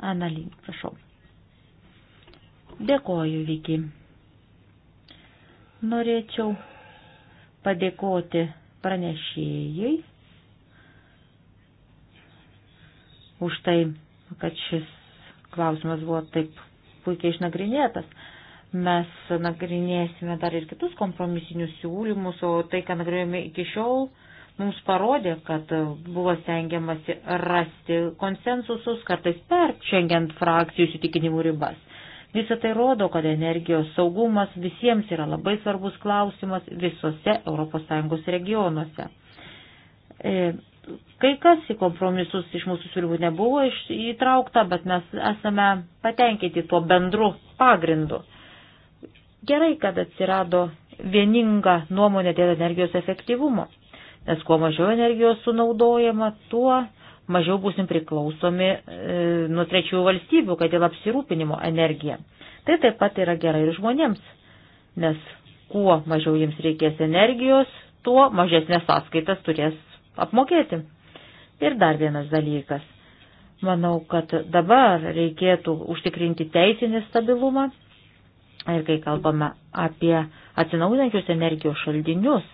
Annelien, prašau. Dėkoju, Viki. Norėčiau padėkoti pranešėjai už tai, kad šis klausimas buvo taip puikiai išnagrinėtas. Mes nagrinėsime dar ir kitus kompromisinius siūlymus, o tai, ką nagrinėjome iki šiol, mums parodė, kad buvo stengiamasi rasti konsensusus, kartais peržengiant frakcijų įsitikinimų ribas. Visą tai rodo, kad energijos saugumas visiems yra labai svarbus klausimas visose ES regionuose. E, kai kas į kompromisus iš mūsų siūlymų nebuvo įtraukta, bet mes esame patenkinti tuo bendru pagrindu. Gerai, kad atsirado vieninga nuomonė dėl energijos efektyvumo, nes kuo mažiau energijos sunaudojama, tuo mažiau būsim priklausomi e, nuo trečiųjų valstybių, kad dėl apsirūpinimo energija. Tai taip pat yra gerai ir žmonėms, nes kuo mažiau jiems reikės energijos, tuo mažesnės sąskaitas turės apmokėti. Ir dar vienas dalykas. Manau, kad dabar reikėtų užtikrinti teisinį stabilumą. Ir kai kalbame apie atsinaujinančius energijos šaltinius,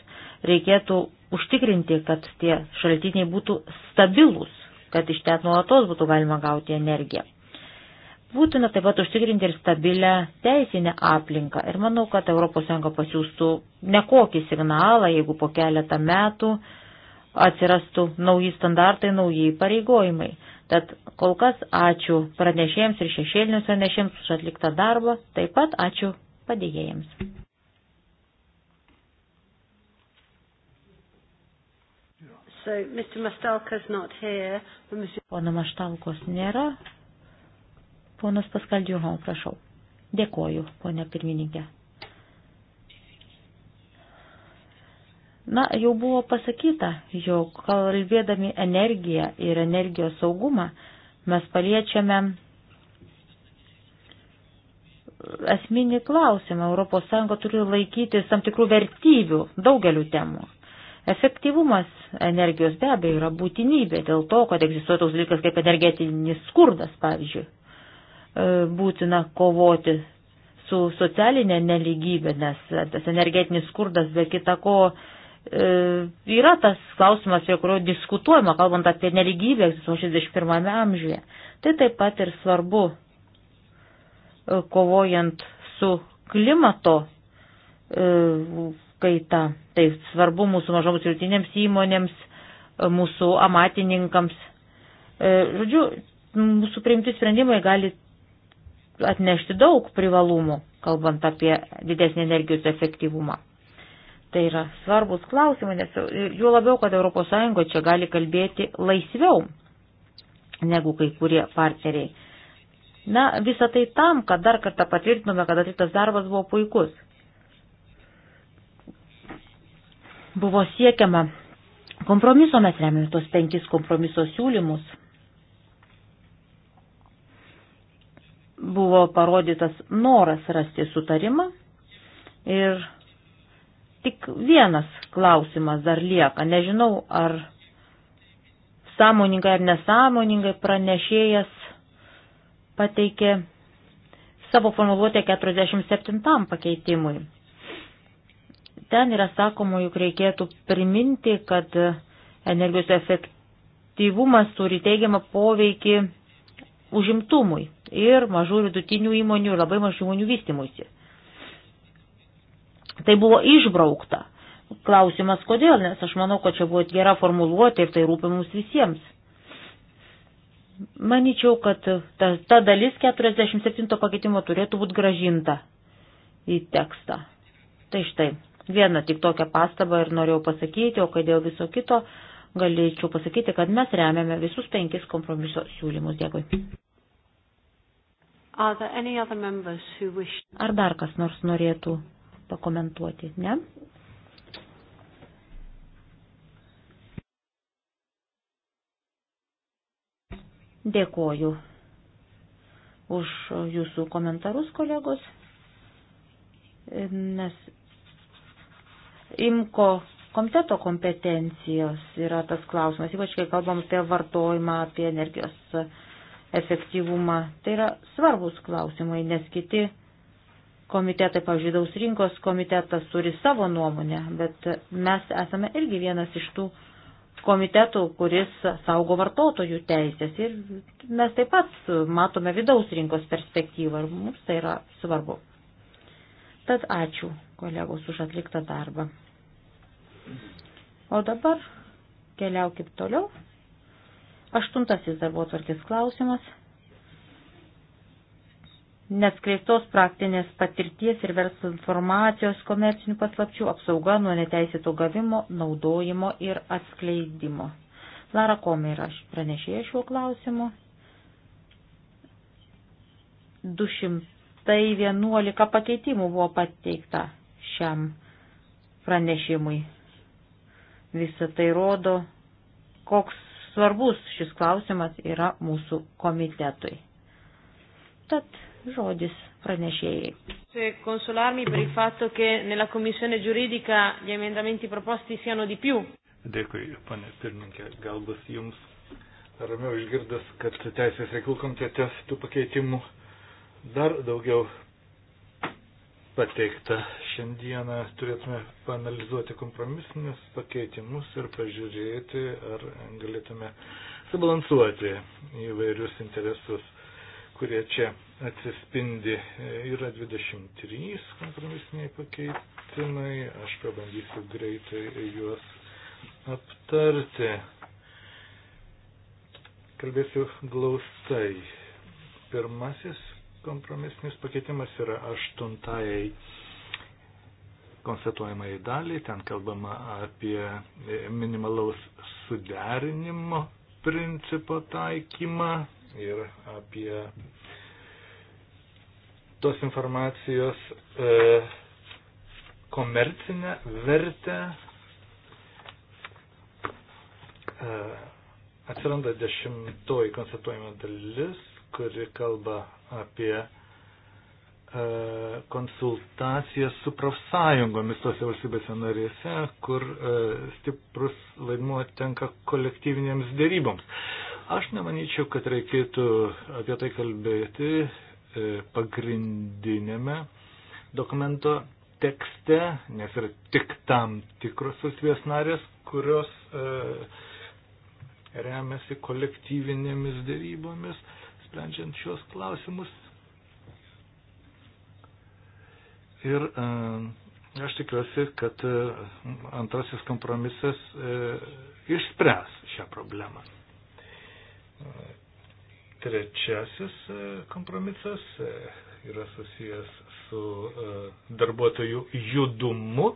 reikėtų užtikrinti, kad tie šaltiniai būtų stabilūs, kad iš ten nuolatos būtų galima gauti energiją. Būtina taip pat užtikrinti ir stabilę teisinę aplinką. Ir manau, kad ES pasiūstų nekokį signalą, jeigu po keletą metų atsirastų nauji standartai, nauji pareigojimai. Tad kol kas ačiū pranešėjams ir šešėlinius pranešėjams už atliktą darbą, taip pat ačiū padėjėjams. So Mr. Mastalka's not here. Monsieur... Pono Maštalkos nėra. Ponas Paskaldžiuhau, prašau. Dėkoju, ponia pirmininkė. Na, jau buvo pasakyta, jog kalbėdami energiją ir energijos saugumą mes paliečiame esminį klausimą. ES turi laikytis tam tikrų vertybių daugeliu temų. Efektyvumas energijos be abejo yra būtinybė dėl to, kad egzistuoja toks dalykas kaip energetinis skurdas, pavyzdžiui. E, būtina kovoti su socialinė neligybė, nes tas energetinis skurdas be kita ko e, yra tas klausimas, prie kurio diskutuojama, kalbant apie neligybę 61 amžiuje. Tai taip pat ir svarbu e, kovojant su klimato kaita. Tai svarbu mūsų mažoms ir rytinėms įmonėms, mūsų amatininkams. E, žodžiu, mūsų priimti sprendimai gali atnešti daug privalumų, kalbant apie didesnį energijos efektyvumą. Tai yra svarbus klausimai, nes juo labiau, kad ES čia gali kalbėti laisviau negu kai kurie partneriai. Na, visą tai tam, kad dar kartą patvirtinome, kad atliktas darbas buvo puikus. buvo siekiama kompromiso, mes remiam tos penkis kompromiso siūlymus. Buvo parodytas noras rasti sutarimą ir tik vienas klausimas dar lieka. Nežinau, ar sąmoningai ar nesąmoningai pranešėjas pateikė savo formuluotę 47 pakeitimui. Ten yra sakoma, juk reikėtų priminti, kad energijos efektyvumas turi teigiamą poveikį užimtumui ir mažų vidutinių įmonių ir labai mažų įmonių vystimuisi. Tai buvo išbraukta. Klausimas kodėl, nes aš manau, kad čia buvo gera formuluoti ir tai rūpi mums visiems. Manyčiau, kad ta, ta dalis 47 pakeitimo turėtų būti gražinta į tekstą. Tai štai. Vieną tik tokią pastabą ir norėjau pasakyti, o kai dėl viso kito galėčiau pasakyti, kad mes remiame visus penkis kompromiso siūlymus. Dėkui. Ar dar kas nors norėtų pakomentuoti? Ne? Dėkoju už jūsų komentarus, kolegos. Mes imko komiteto kompetencijos yra tas klausimas, ypač kai kalbam apie vartojimą, apie energijos efektyvumą. Tai yra svarbus klausimai, nes kiti komitetai, pavyzdžiui, daus rinkos komitetas turi savo nuomonę, bet mes esame irgi vienas iš tų komitetų, kuris saugo vartotojų teisės ir mes taip pat matome vidaus rinkos perspektyvą ir mums tai yra svarbu. Tad ačiū kolegos už atliktą darbą. O dabar keliaukit toliau. Aštuntasis darbo tvarkės klausimas. Neskleistos praktinės patirties ir verslo informacijos komercinių paslapčių apsauga nuo neteisėto gavimo, naudojimo ir atskleidimo. Lara Komė yra pranešėja šiuo klausimu. 200 111 tai pakeitimų buvo pateikta šiam pranešimui. Visą tai rodo, koks svarbus šis klausimas yra mūsų komitetui. Tad žodis pranešėjai. Consolarmi per il fatto che nella commissione giuridica gli emendamenti proposti siano di più. Dėkui, pane pirmininkė, galbūt jums ramiau išgirdęs, kad Teisės reikalų komitete tų pakeitimų Dar daugiau pateikta šiandieną turėtume panalizuoti kompromisinius pakeitimus ir pažiūrėti, ar galėtume subalansuoti įvairius interesus, kurie čia atsispindi. Yra 23 kompromisiniai pakeitimai, aš pabandysiu greitai juos aptarti. Kalbėsiu glaustai. Pirmasis kompromisinis pakeitimas yra aštuntajai konstatuojamai daliai, ten kalbama apie e, minimalaus suderinimo principo taikymą ir apie tos informacijos e, komercinę vertę. E, atsiranda dešimtoji konstatuojama dalis, kuri kalba apie e, konsultacijas su profsąjungomis tose valstybėse narėse, kur e, stiprus vaidmuo tenka kolektyvinėms dėryboms. Aš nemanyčiau, kad reikėtų apie tai kalbėti e, pagrindinėme dokumento tekste, nes yra tik tam tikros valstybės narės, kurios remiasi kolektyvinėmis dėrybomis sprendžiant šios klausimus. Ir e, aš tikiuosi, kad e, antrasis kompromisas e, išspręs šią problemą. Trečiasis kompromisas yra susijęs su darbuotojų judumu.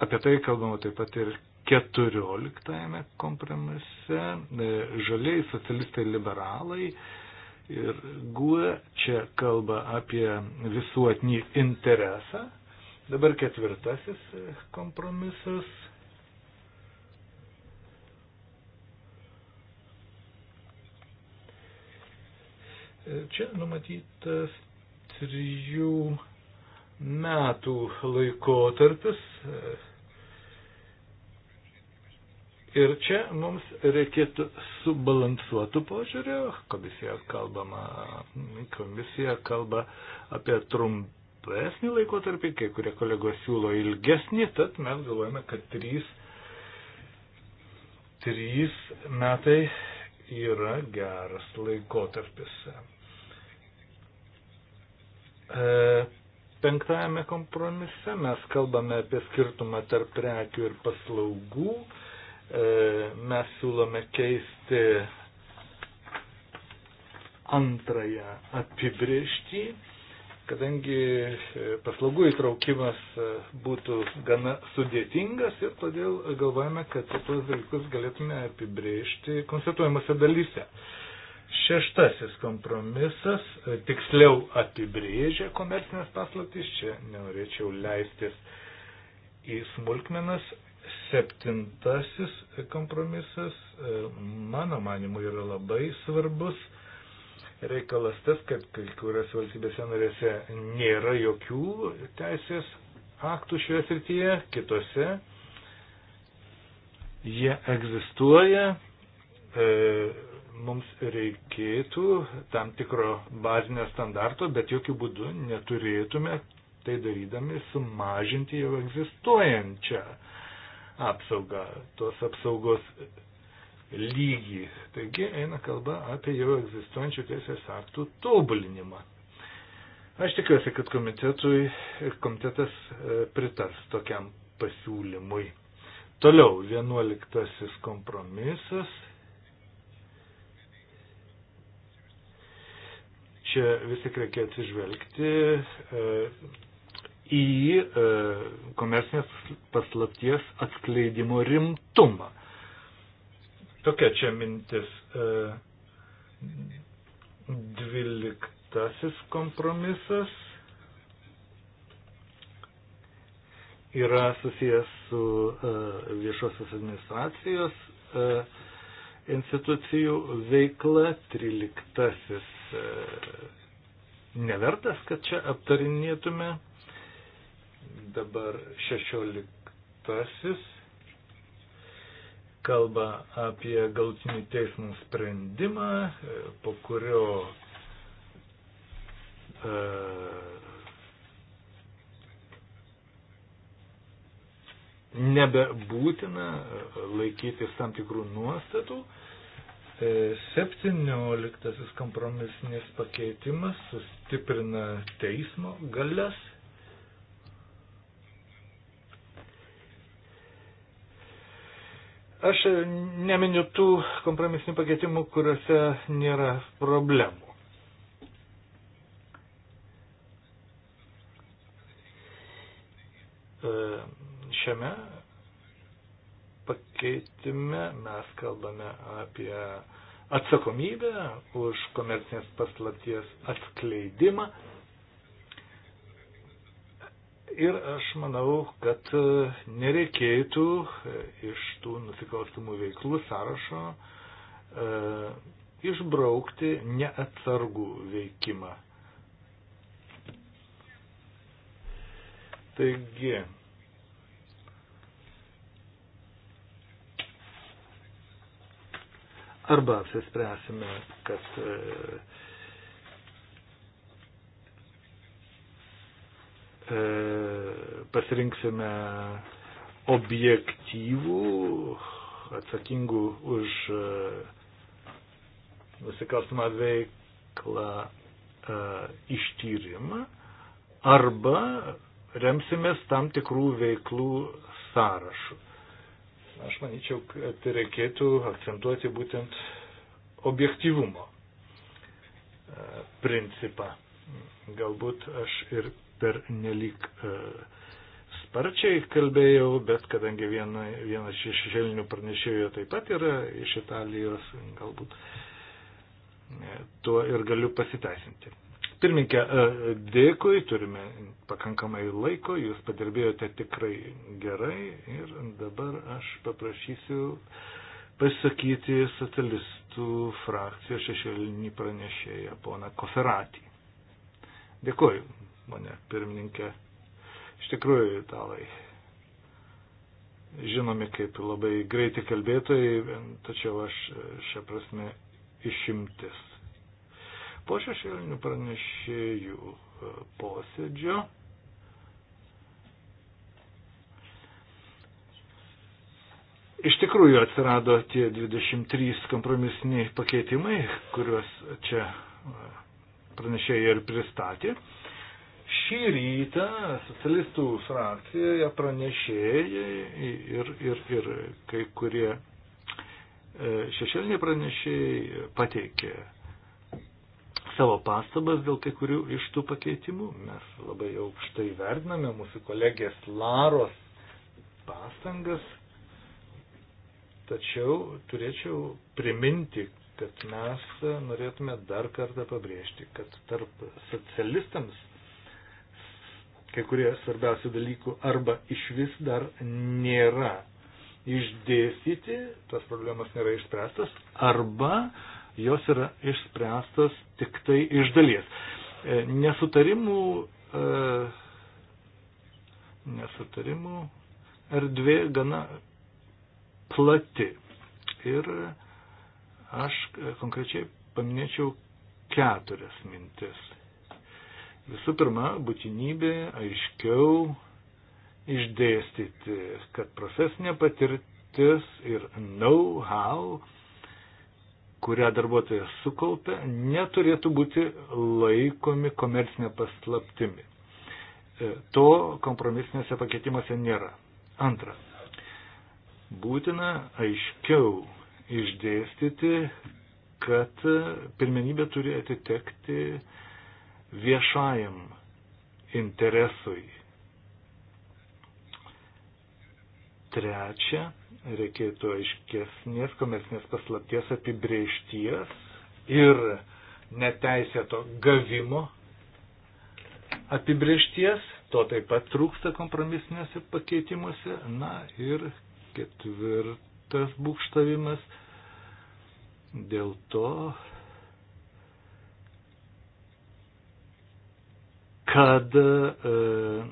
Apie tai kalbama taip pat ir 14 kompromise e, žaliai socialistai liberalai ir GUE čia kalba apie visuotinį interesą. Dabar ketvirtasis e, kompromisas. E, čia numatytas trijų metų laikotarpis Ir čia mums reikėtų subalansuotų požiūrio. Komisija, kalbama, komisija kalba apie trumpesnį laikotarpį, kai kurie kolegos siūlo ilgesnį, tad mes galvojame, kad trys, trys metai yra geras laikotarpis. E, penktajame kompromise mes kalbame apie skirtumą tarp prekių ir paslaugų. E, E, mes siūlome keisti antrąją apibriežtį, kadangi e, paslaugų įtraukimas e, būtų gana sudėtingas ir todėl galvojame, kad tuos dalykus galėtume apibriežti konstatuojamose dalyse. Šeštasis kompromisas tiksliau apibrėžia komercinės paslaptys, čia nenorėčiau leistis į smulkmenas, Septintasis kompromisas, e, mano manimu, yra labai svarbus. Reikalas tas, kad kai kurias valstybėse narėse nėra jokių teisės aktų šioje srityje, kitose jie egzistuoja. E, mums reikėtų tam tikro bazinio standarto, bet jokių būdų neturėtume tai darydami sumažinti jau egzistuojančią apsaugą, tos apsaugos lygį. Taigi eina kalba apie jau egzistuojančių teisės aktų tobulinimą. Aš tikiuosi, kad komitetui, komitetas e, pritars tokiam pasiūlymui. Toliau, vienuoliktasis kompromisas. Čia vis tik reikia atsižvelgti e, į e, komersinės paslapties atskleidimo rimtumą. Tokia čia mintis. E, dvyliktasis kompromisas yra susijęs su e, viešosios administracijos e, institucijų veikla. Tryliktasis e, nevertas, kad čia aptarinėtume Dabar šešioliktasis kalba apie galtinį teismų sprendimą, po kurio e, nebebūtina laikytis tam tikrų nuostatų. 17 e, kompromisinis pakeitimas sustiprina teismo galias Aš neminiu tų kompromisinių pakeitimų, kuriuose nėra problemų. E, šiame pakeitime mes kalbame apie atsakomybę už komercinės paslapties atskleidimą Ir aš manau, kad e, nereikėtų e, iš tų nusikalstamų veiklų sąrašo e, išbraukti neatsargų veikimą. Taigi, arba apsispręsime, kad e, E, pasirinksime objektyvų, atsakingų už e, nusikalstamą veiklą e, ištyrimą arba remsimės tam tikrų veiklų sąrašų. Aš manyčiau, kad reikėtų akcentuoti būtent objektivumo principą. Galbūt aš ir per nelik e, sparčiai kalbėjau, bet kadangi viena, vienas iš šešėlinių pranešėjų taip pat yra iš Italijos, galbūt e, tuo ir galiu pasiteisinti. Pirminkė, e, dėkui, turime pakankamai laiko, jūs padirbėjote tikrai gerai ir dabar aš paprašysiu pasakyti socialistų frakcijos šešėlinį pranešėją, poną Koferatį. Dėkuoju mane pirmininkė. Iš tikrųjų, italai žinomi kaip labai greitai kalbėtojai, tačiau aš šią prasme išimtis. Po šešėlinių pranešėjų e, posėdžio iš tikrųjų atsirado tie 23 kompromisiniai pakeitimai, kuriuos čia e, pranešėjai ir pristatė. Šį rytą socialistų frakcijoje pranešėjai ir, ir, ir kai kurie e, šešėliniai pranešėjai pateikė savo pastabas dėl kai kurių iš tų pakeitimų. Mes labai aukštai vertiname mūsų kolegės Laros pastangas, tačiau turėčiau priminti, kad mes norėtume dar kartą pabrėžti, kad tarp socialistams kai kurie svarbiausių dalykų arba iš vis dar nėra išdėstyti, tos problemos nėra išspręstos, arba jos yra išspręstos tik tai iš dalies. E, nesutarimų, e, nesutarimų erdvė gana plati. Ir aš konkrečiai paminėčiau keturias mintis. Visų pirma, būtinybė aiškiau išdėstyti, kad profesinė patirtis ir know-how, kurią darbuotojas sukaupia, neturėtų būti laikomi komercinė paslaptimi. E, to kompromisinėse pakeitimuose nėra. Antra, būtina aiškiau išdėstyti, kad pirmenybė turi atitekti viešajam interesui. Trečia, reikėtų aiškesnės komercinės paslapties apibriešties ir neteisėto gavimo apibriešties, to taip pat trūksta kompromisinėse pakeitimuose. Na ir ketvirtas būkštavimas dėl to, kad e,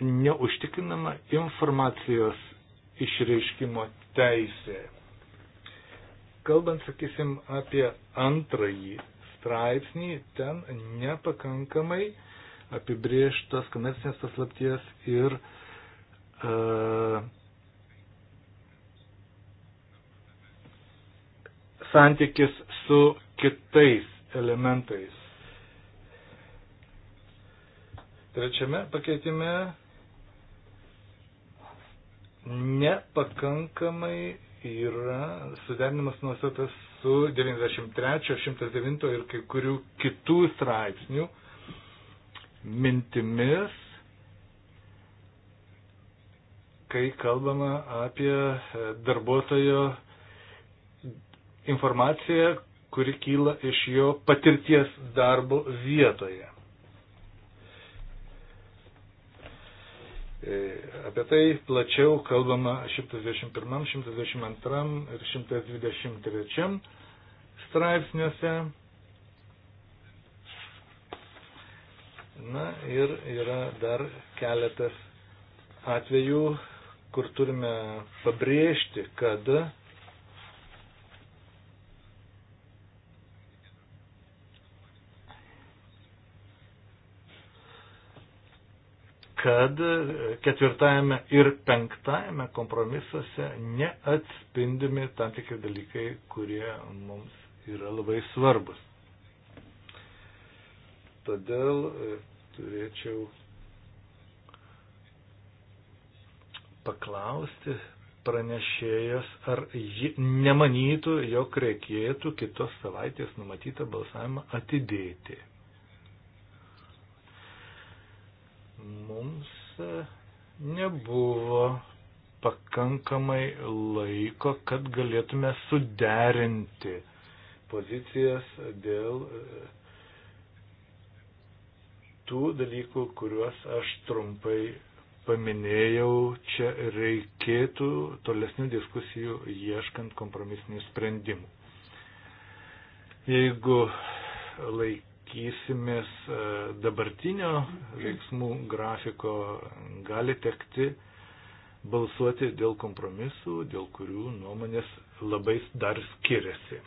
neužtikrinama informacijos išreiškimo teisė. Kalbant, sakysim, apie antrąjį straipsnį, ten nepakankamai apibrieštos komercinės paslapties ir uh, santykis su kitais elementais. Trečiame pakeitime nepakankamai yra suderinimas nuostatas su 93, 109 ir kai kurių kitų straipsnių mintimis, kai kalbama apie darbuotojo informaciją, kuri kyla iš jo patirties darbo vietoje. E, apie tai plačiau kalbama 121, 122 ir 123 straipsniuose. Na ir yra dar keletas atvejų, kur turime pabrėžti, kad kad ketvirtajame ir penktajame kompromisuose neatspindimi tam tikri dalykai, kurie mums yra labai svarbus. Todėl e, turėčiau paklausti pranešėjas, ar ji nemanytų, jog reikėtų kitos savaitės numatytą balsavimą atidėti. mums e, nebuvo pakankamai laiko, kad galėtume suderinti pozicijas dėl e, tų dalykų, kuriuos aš trumpai paminėjau, čia reikėtų tolesnių diskusijų ieškant kompromisinių sprendimų. Jeigu laik laikysimės e, dabartinio veiksmų grafiko, gali tekti balsuoti dėl kompromisų, dėl kurių nuomonės labai dar skiriasi.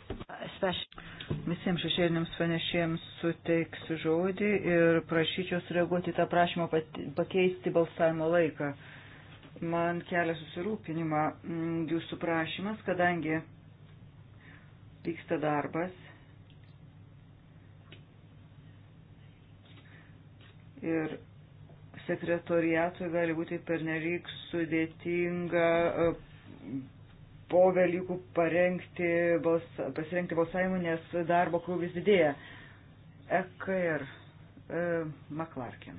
Visiems šešėliniams panešėjams suteiksiu žodį ir prašyčiau sureaguoti tą prašymą pakeisti balsavimo laiką. Man kelia susirūpinimą jūsų prašymas, kadangi vyksta darbas ir sekretoriatui gali būti pernelyg sudėtinga e, po Velykų parengti, balsa, pasirengti balsavimui, nes darbo krūvis didėja. EKR e, er, e Maklarkin.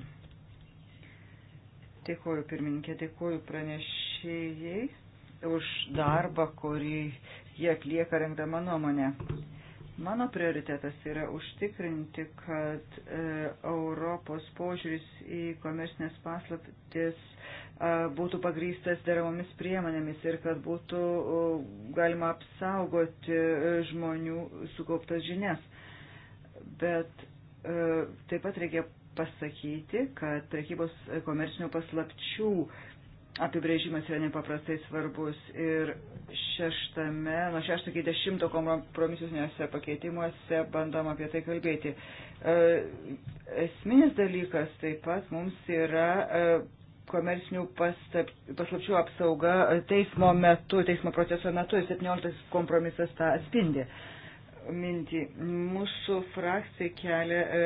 Dėkuoju pirmininkė, dėkuoju pranešėjai už darbą, kurį jie atlieka rengdama nuomonę. Mano prioritetas yra užtikrinti, kad e, Europos požiūris į komersinės paslaptis e, būtų pagrystas deramomis priemonėmis ir kad būtų o, galima apsaugoti e, žmonių sukauptas žinias. Bet e, taip pat reikia pasakyti, kad prekybos komersinių paslapčių e, apibrėžimas yra nepaprastai svarbus ir šeštame, nuo šešto iki dešimto kompromisiniuose pakeitimuose bandom apie tai kalbėti. E, esminis dalykas taip pat mums yra e, komersinių paslapčių apsauga teismo metu, teismo proceso metu ir 17 kompromisas tą atspindi mintį. Mūsų frakcija kelia e,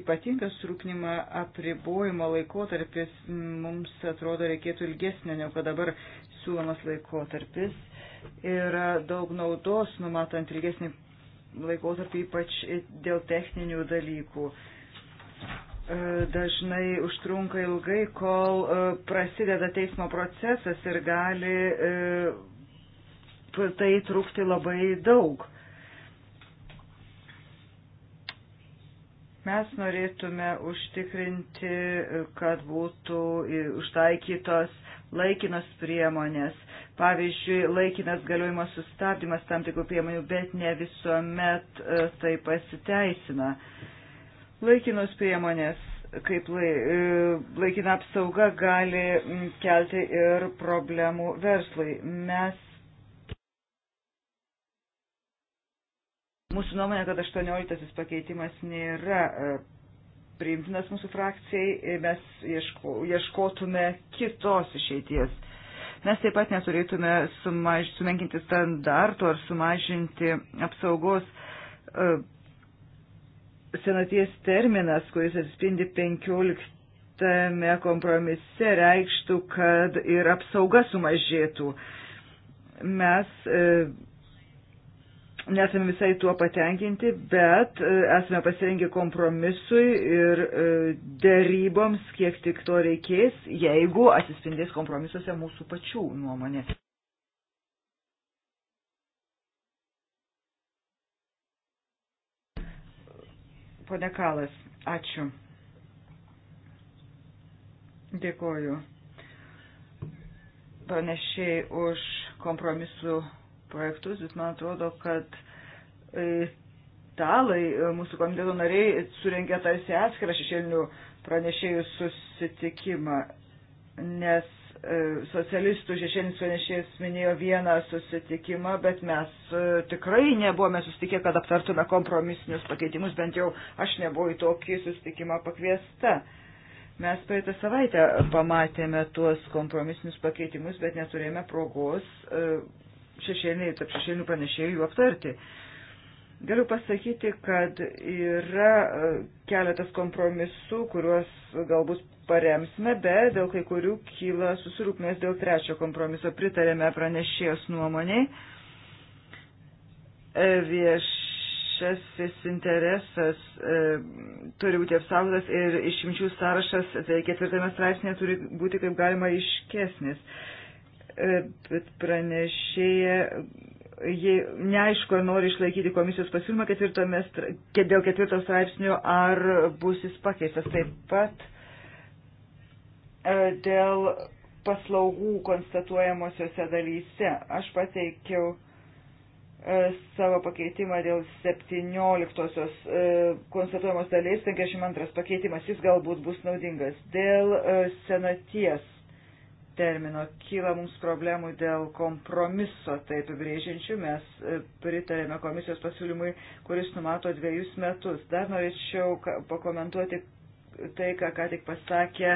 ypatingą surūpnimą apribojimo laikotarpis. Mums atrodo reikėtų ilgesnė negu dabar siūlomas laikotarpis. Yra daug naudos numatant ilgesnį laikotarpį, ypač dėl techninių dalykų. E, dažnai užtrunka ilgai, kol e, prasideda teismo procesas ir gali e, tai trukti labai daug. E, Mes norėtume užtikrinti, kad būtų užtaikytos laikinos priemonės. Pavyzdžiui, laikinas galiojimo sustabdymas tam tikrų priemonių, bet ne visuomet e, tai pasiteisina. Laikinos priemonės kaip e, laikina apsauga gali kelti ir problemų verslui. Mes Mūsų nuomonė, kad 18 pakeitimas nėra e, priimtinas mūsų frakcijai ir mes ieško, ieškotume kitos išeities. Mes taip pat neturėtume sumaž, sumenkinti standartų ar sumažinti apsaugos uh, senaties terminas, kuris atspindi 15 kompromise, reikštų, kad ir apsauga sumažėtų. Mes uh, nesame visai tuo patenkinti, bet e, esame pasirengę kompromisui ir e, dėryboms, kiek tik to reikės, jeigu atsispindės kompromisuose mūsų pačių nuomonė. Pone Kalas, ačiū. Dėkoju pranešėjai už kompromisų projektus, bet man atrodo, kad italai, e, mūsų komiteto nariai, surengė tarsi atskirą šešėlinių pranešėjų susitikimą, nes e, socialistų šešėlinis pranešėjas minėjo vieną susitikimą, bet mes e, tikrai nebuvome susitikę, kad aptartume kompromisinius pakeitimus, bent jau aš nebuvau į tokį susitikimą pakviesta. Mes praeitą savaitę pamatėme tuos kompromisinius pakeitimus, bet neturėjome progos šešėliniai, tarp šešėlinių pranešėjų aptarti. Galiu pasakyti, kad yra e, keletas kompromisų, kuriuos galbūt paremsime, bet dėl kai kurių kyla susirūpnės dėl trečio kompromiso. Pritarėme pranešėjos nuomoniai. E, viešasis interesas e, turi būti apsaugotas ir išimčių sąrašas tai ketvirtame straipsnėje turi būti kaip galima iškesnis. E, E, pranešėja jei neaišku, ar nori išlaikyti komisijos pasiūlymą dėl ketvirto straipsnio, ar bus jis pakeistas. Taip pat e, dėl paslaugų konstatuojamosiose dalyse. Aš pateikiau e, savo pakeitimą dėl 17-osios konstatuojamos dalies, 52 pakeitimas, jis galbūt bus naudingas. Dėl senaties termino. Kyla mums problemų dėl kompromiso, taip apibrėžiančių. Mes e, pritarėme komisijos pasiūlymui, kuris numato dviejus metus. Dar norėčiau pakomentuoti tai, ką ką tik pasakė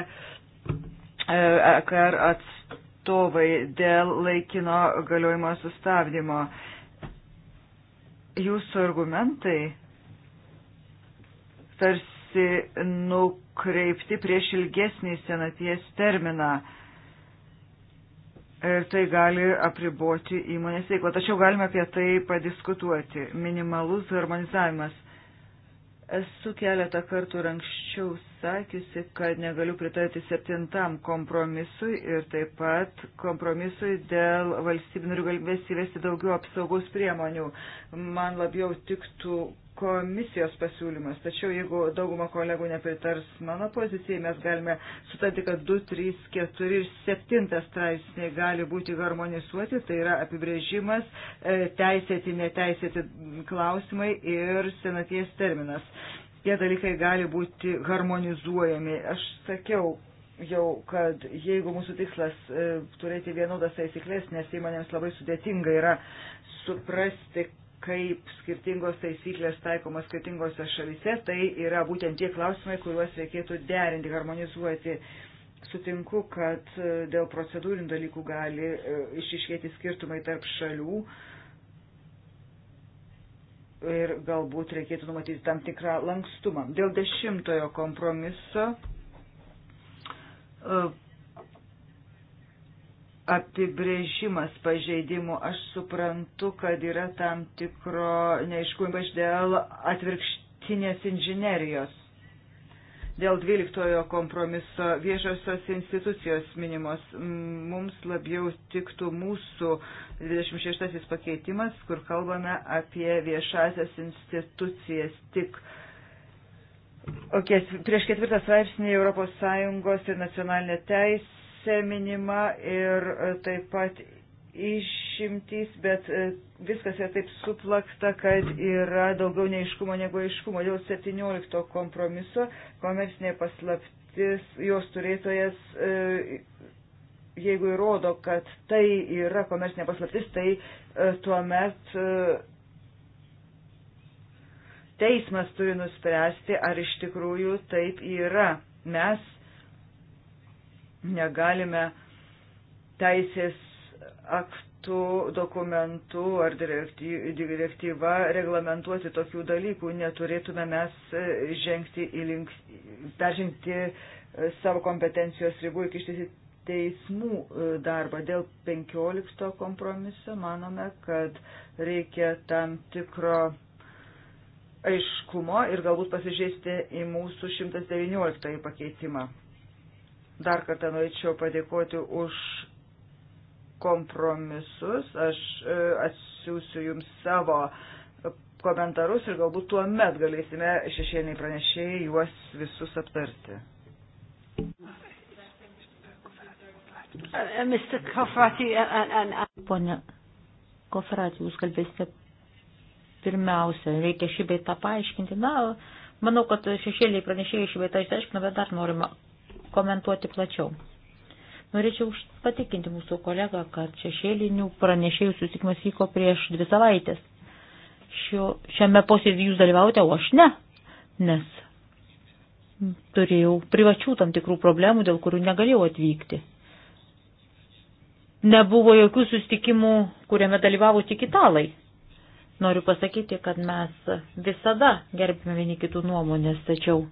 EKR atstovai dėl laikino galiojimo sustabdymo. Jūsų argumentai tarsi nukreipti prieš ilgesnį senaties terminą ir tai gali apriboti įmonės veiklą. Tačiau galime apie tai padiskutuoti. Minimalus harmonizavimas. Esu keletą kartų anksčiau sakiusi, kad negaliu pritarti septintam kompromisui ir taip pat kompromisui dėl valstybinių galimybės įvesti daugiau apsaugos priemonių. Man labiau tiktų komisijos pasiūlymas. Tačiau jeigu dauguma kolegų nepritars mano pozicijai, mes galime sutarti, kad 2, 3, 4 ir 7 straipsniai gali būti harmonizuoti. Tai yra apibrėžimas, e, teisėti, neteisėti klausimai ir senaties terminas. Tie dalykai gali būti harmonizuojami. Aš sakiau, jau, kad jeigu mūsų tikslas e, turėti vienodas taisyklės, nes įmonėms labai sudėtinga yra suprasti, kaip skirtingos taisyklės taikomos skirtingose šalise, tai yra būtent tie klausimai, kuriuos reikėtų derinti, harmonizuoti. Sutinku, kad e, dėl procedūrinių dalykų gali e, išiškėti skirtumai tarp šalių ir galbūt reikėtų numatyti tam tikrą lankstumą. Dėl dešimtojo kompromiso e, apibrėžimas pažeidimų. Aš suprantu, kad yra tam tikro neiškumo iš dėl atvirkštinės inžinerijos. Dėl 12 kompromiso viešosios institucijos minimos mums labiau tiktų mūsų 26 pakeitimas, kur kalbame apie viešasias institucijas tik. O okay, prieš ketvirtą straipsnį ES ir nacionalinė teisė juose minima ir e, taip pat išimtys, bet e, viskas yra taip suplakta, kad yra daugiau neiškumo negu aiškumo. Dėl 17 kompromiso komercinė paslaptis jos turėtojas, e, jeigu įrodo, kad tai yra komercinė paslaptis, tai tuomet teismas turi nuspręsti, ar iš tikrųjų taip yra. Mes negalime teisės aktų, dokumentų ar direktyva reglamentuoti tokių dalykų. Neturėtume mes žengti į link, peržengti e, savo kompetencijos ribų ir kištis į teismų e, darbą. Dėl 15 kompromiso manome, kad reikia tam tikro aiškumo ir galbūt pasižiūrėsite į mūsų 119 pakeitimą. Dar kartą norėčiau padėkoti už kompromisus. Aš e, atsiųsiu jums savo komentarus ir galbūt tuo met galėsime šešėliniai pranešėjai juos visus aptarti. Uh, uh, uh, Pone Koferatį, jūs kalbėsite pirmiausia, reikia šį beitą paaiškinti. Na, manau, kad šešėliai pranešėjai šį beitą išsiaiškino, bet dar norima komentuoti plačiau. Norėčiau patikinti mūsų kolegą, kad šešėlinių pranešėjų susitikimas vyko prieš dvi savaitės. Šio, šiame posėdį jūs dalyvaujate, o aš ne, nes turėjau privačių tam tikrų problemų, dėl kurių negalėjau atvykti. Nebuvo jokių susitikimų, kuriame dalyvavo tik italai. Noriu pasakyti, kad mes visada gerbime vieni kitų nuomonės, tačiau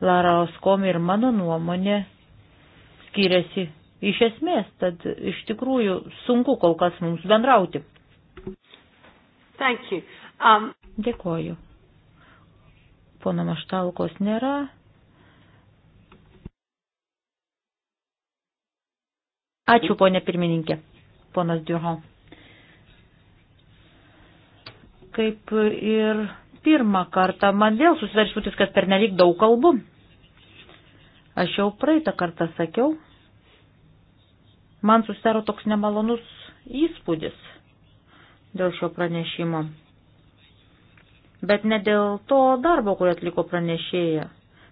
Lara Oskomi ir mano nuomonė skiriasi iš esmės, tad iš tikrųjų sunku kol kas mums bendrauti. Thank you. Um... Dėkoju. Pono Maštalkos nėra. Ačiū, ponė pirmininkė. Ponas Duhon. Kaip ir pirmą kartą man vėl susidarys būtis, kad per nelik daug kalbu. Aš jau praeitą kartą sakiau, man susidaro toks nemalonus įspūdis dėl šio pranešimo. Bet ne dėl to darbo, kurį atliko pranešėja,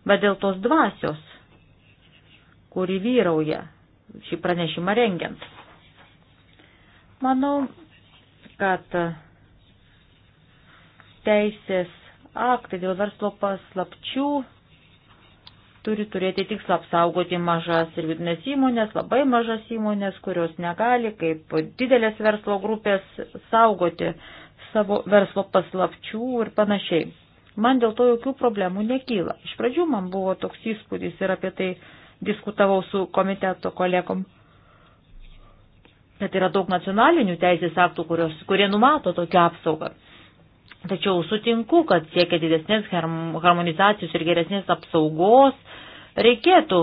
bet dėl tos dvasios, kuri vyrauja šį pranešimą rengiant. Manau, kad teisės aktai dėl verslo paslapčių turi turėti tikslą apsaugoti mažas ir vidinės įmonės, labai mažas įmonės, kurios negali kaip didelės verslo grupės saugoti savo verslo paslapčių ir panašiai. Man dėl to jokių problemų nekyla. Iš pradžių man buvo toks įspūdis ir apie tai diskutavau su komiteto kolegom. Bet yra daug nacionalinių teisės aktų, kurios, kurie numato tokią apsaugą. Tačiau sutinku, kad siekia didesnės harmonizacijos ir geresnės apsaugos reikėtų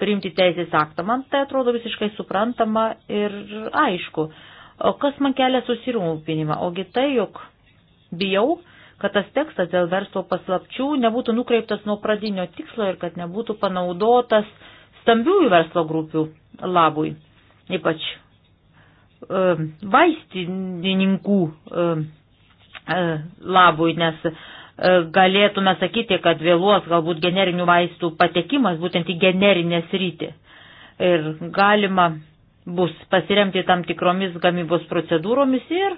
priimti teisės aktą. Man tai atrodo visiškai suprantama ir aišku. O kas man kelia susirūpinimą? Ogi tai, jog bijau, kad tas tekstas dėl verslo paslapčių nebūtų nukreiptas nuo pradinio tikslo ir kad nebūtų panaudotas stambiųjų verslo grupių labui, ypač e, vaistininkų e, E, labui, nes e, galėtume sakyti, kad vėluos galbūt generinių vaistų patekimas būtent į generinę sritį. Ir galima bus pasiremti tam tikromis gamybos procedūromis ir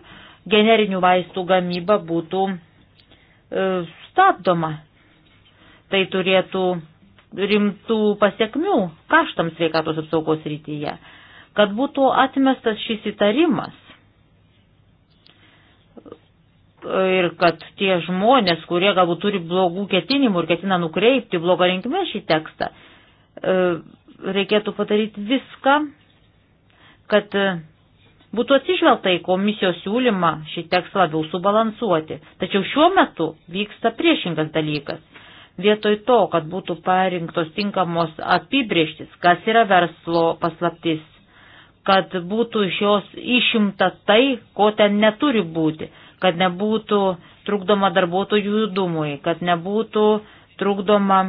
generinių vaistų gamyba būtų e, stabdoma. Tai turėtų rimtų pasiekmių kaštams sveikatos apsaugos rytyje. Kad būtų atmestas šis įtarimas, ir kad tie žmonės, kurie galbūt turi blogų ketinimų ir ketina nukreipti blogą rinkimą šį tekstą, e, reikėtų padaryti viską, kad e, būtų atsižvelgta į komisijos siūlymą šį tekstą labiau subalansuoti. Tačiau šiuo metu vyksta priešingas dalykas. Vietoj to, kad būtų parinktos tinkamos apibrieštis, kas yra verslo paslaptis, kad būtų iš jos išimta tai, ko ten neturi būti kad nebūtų trukdoma darbuotojų judumui, kad nebūtų trukdoma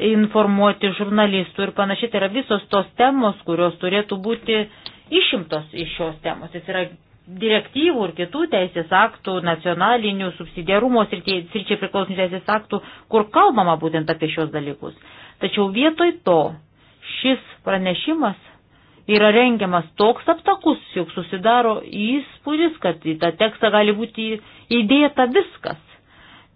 informuoti žurnalistų ir panašiai. Tai yra visos tos temos, kurios turėtų būti išimtos iš šios temos. Jis yra direktyvų ir kitų teisės aktų, nacionalinių subsidiarumo sričiai priklausomų teisės aktų, kur kalbama būtent apie šios dalykus. Tačiau vietoj to šis pranešimas yra rengiamas toks aptakus, juk susidaro įspūdis, kad į tą tekstą gali būti įdėta viskas.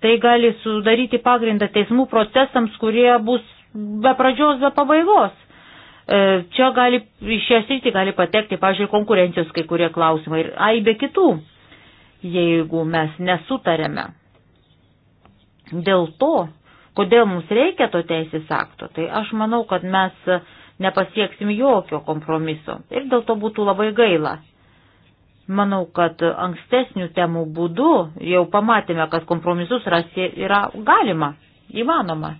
Tai gali sudaryti pagrindą teismų procesams, kurie bus be pradžios, be pabaigos. E, čia gali, iš šią sritį gali patekti, pažiūrėjau, konkurencijos kai kurie klausimai ir aibė kitų, jeigu mes nesutarėme. Dėl to, kodėl mums reikia to teisės akto, tai aš manau, kad mes uh, nepasieksim jokio kompromiso. Ir dėl to būtų labai gaila. Manau, kad ankstesnių temų būdu jau pamatėme, kad kompromisus rasti yra galima, įmanoma.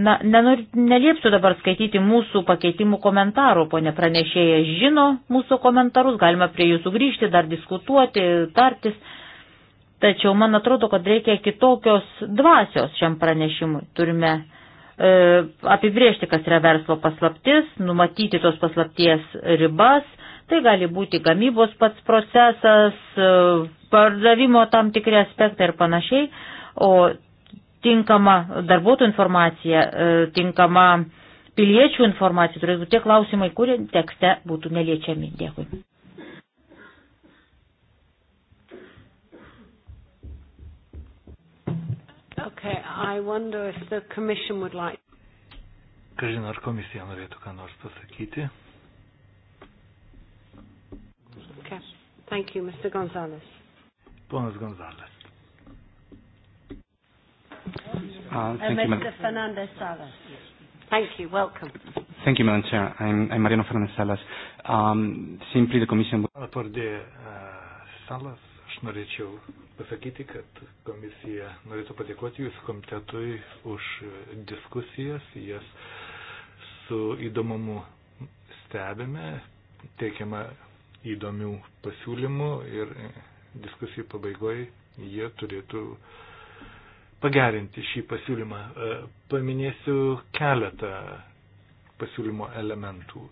Na, nenor, neliepsiu dabar skaityti mūsų pakeitimų komentarų, ponė pranešėja žino mūsų komentarus, galima prie jų sugrįžti, dar diskutuoti, tartis. Tačiau man atrodo, kad reikia kitokios dvasios šiam pranešimui. Turime E, apibriežti, kas yra verslo paslaptis, numatyti tos paslapties ribas, tai gali būti gamybos pats procesas, e, pardavimo tam tikri aspektai ir panašiai, o tinkama darbuotojų informacija, e, tinkama piliečių informacija turėtų būti tie klausimai, kurie tekste būtų neliečiami. Dėkui. Okay, I wonder if the commission would like. Kažin, ar komisija norėtų ką nors pasakyti? Okay. Thank you, Mr. Gonzalez. Ponas Gonzalez. Uh, thank uh, you, Mr. Fernandez Salas. Thank you. Welcome. Thank you, Madam Chair. I'm, I'm Mariano Fernandez Salas. Um, simply the Commission. Pardon, uh, Salas norėčiau pasakyti, kad komisija norėtų padėkoti Jūsų komitetui už diskusijas, jas su įdomumu stebime, teikiama įdomių pasiūlymų ir diskusijų pabaigoje jie turėtų pagerinti šį pasiūlymą. E, paminėsiu keletą pasiūlymo elementų.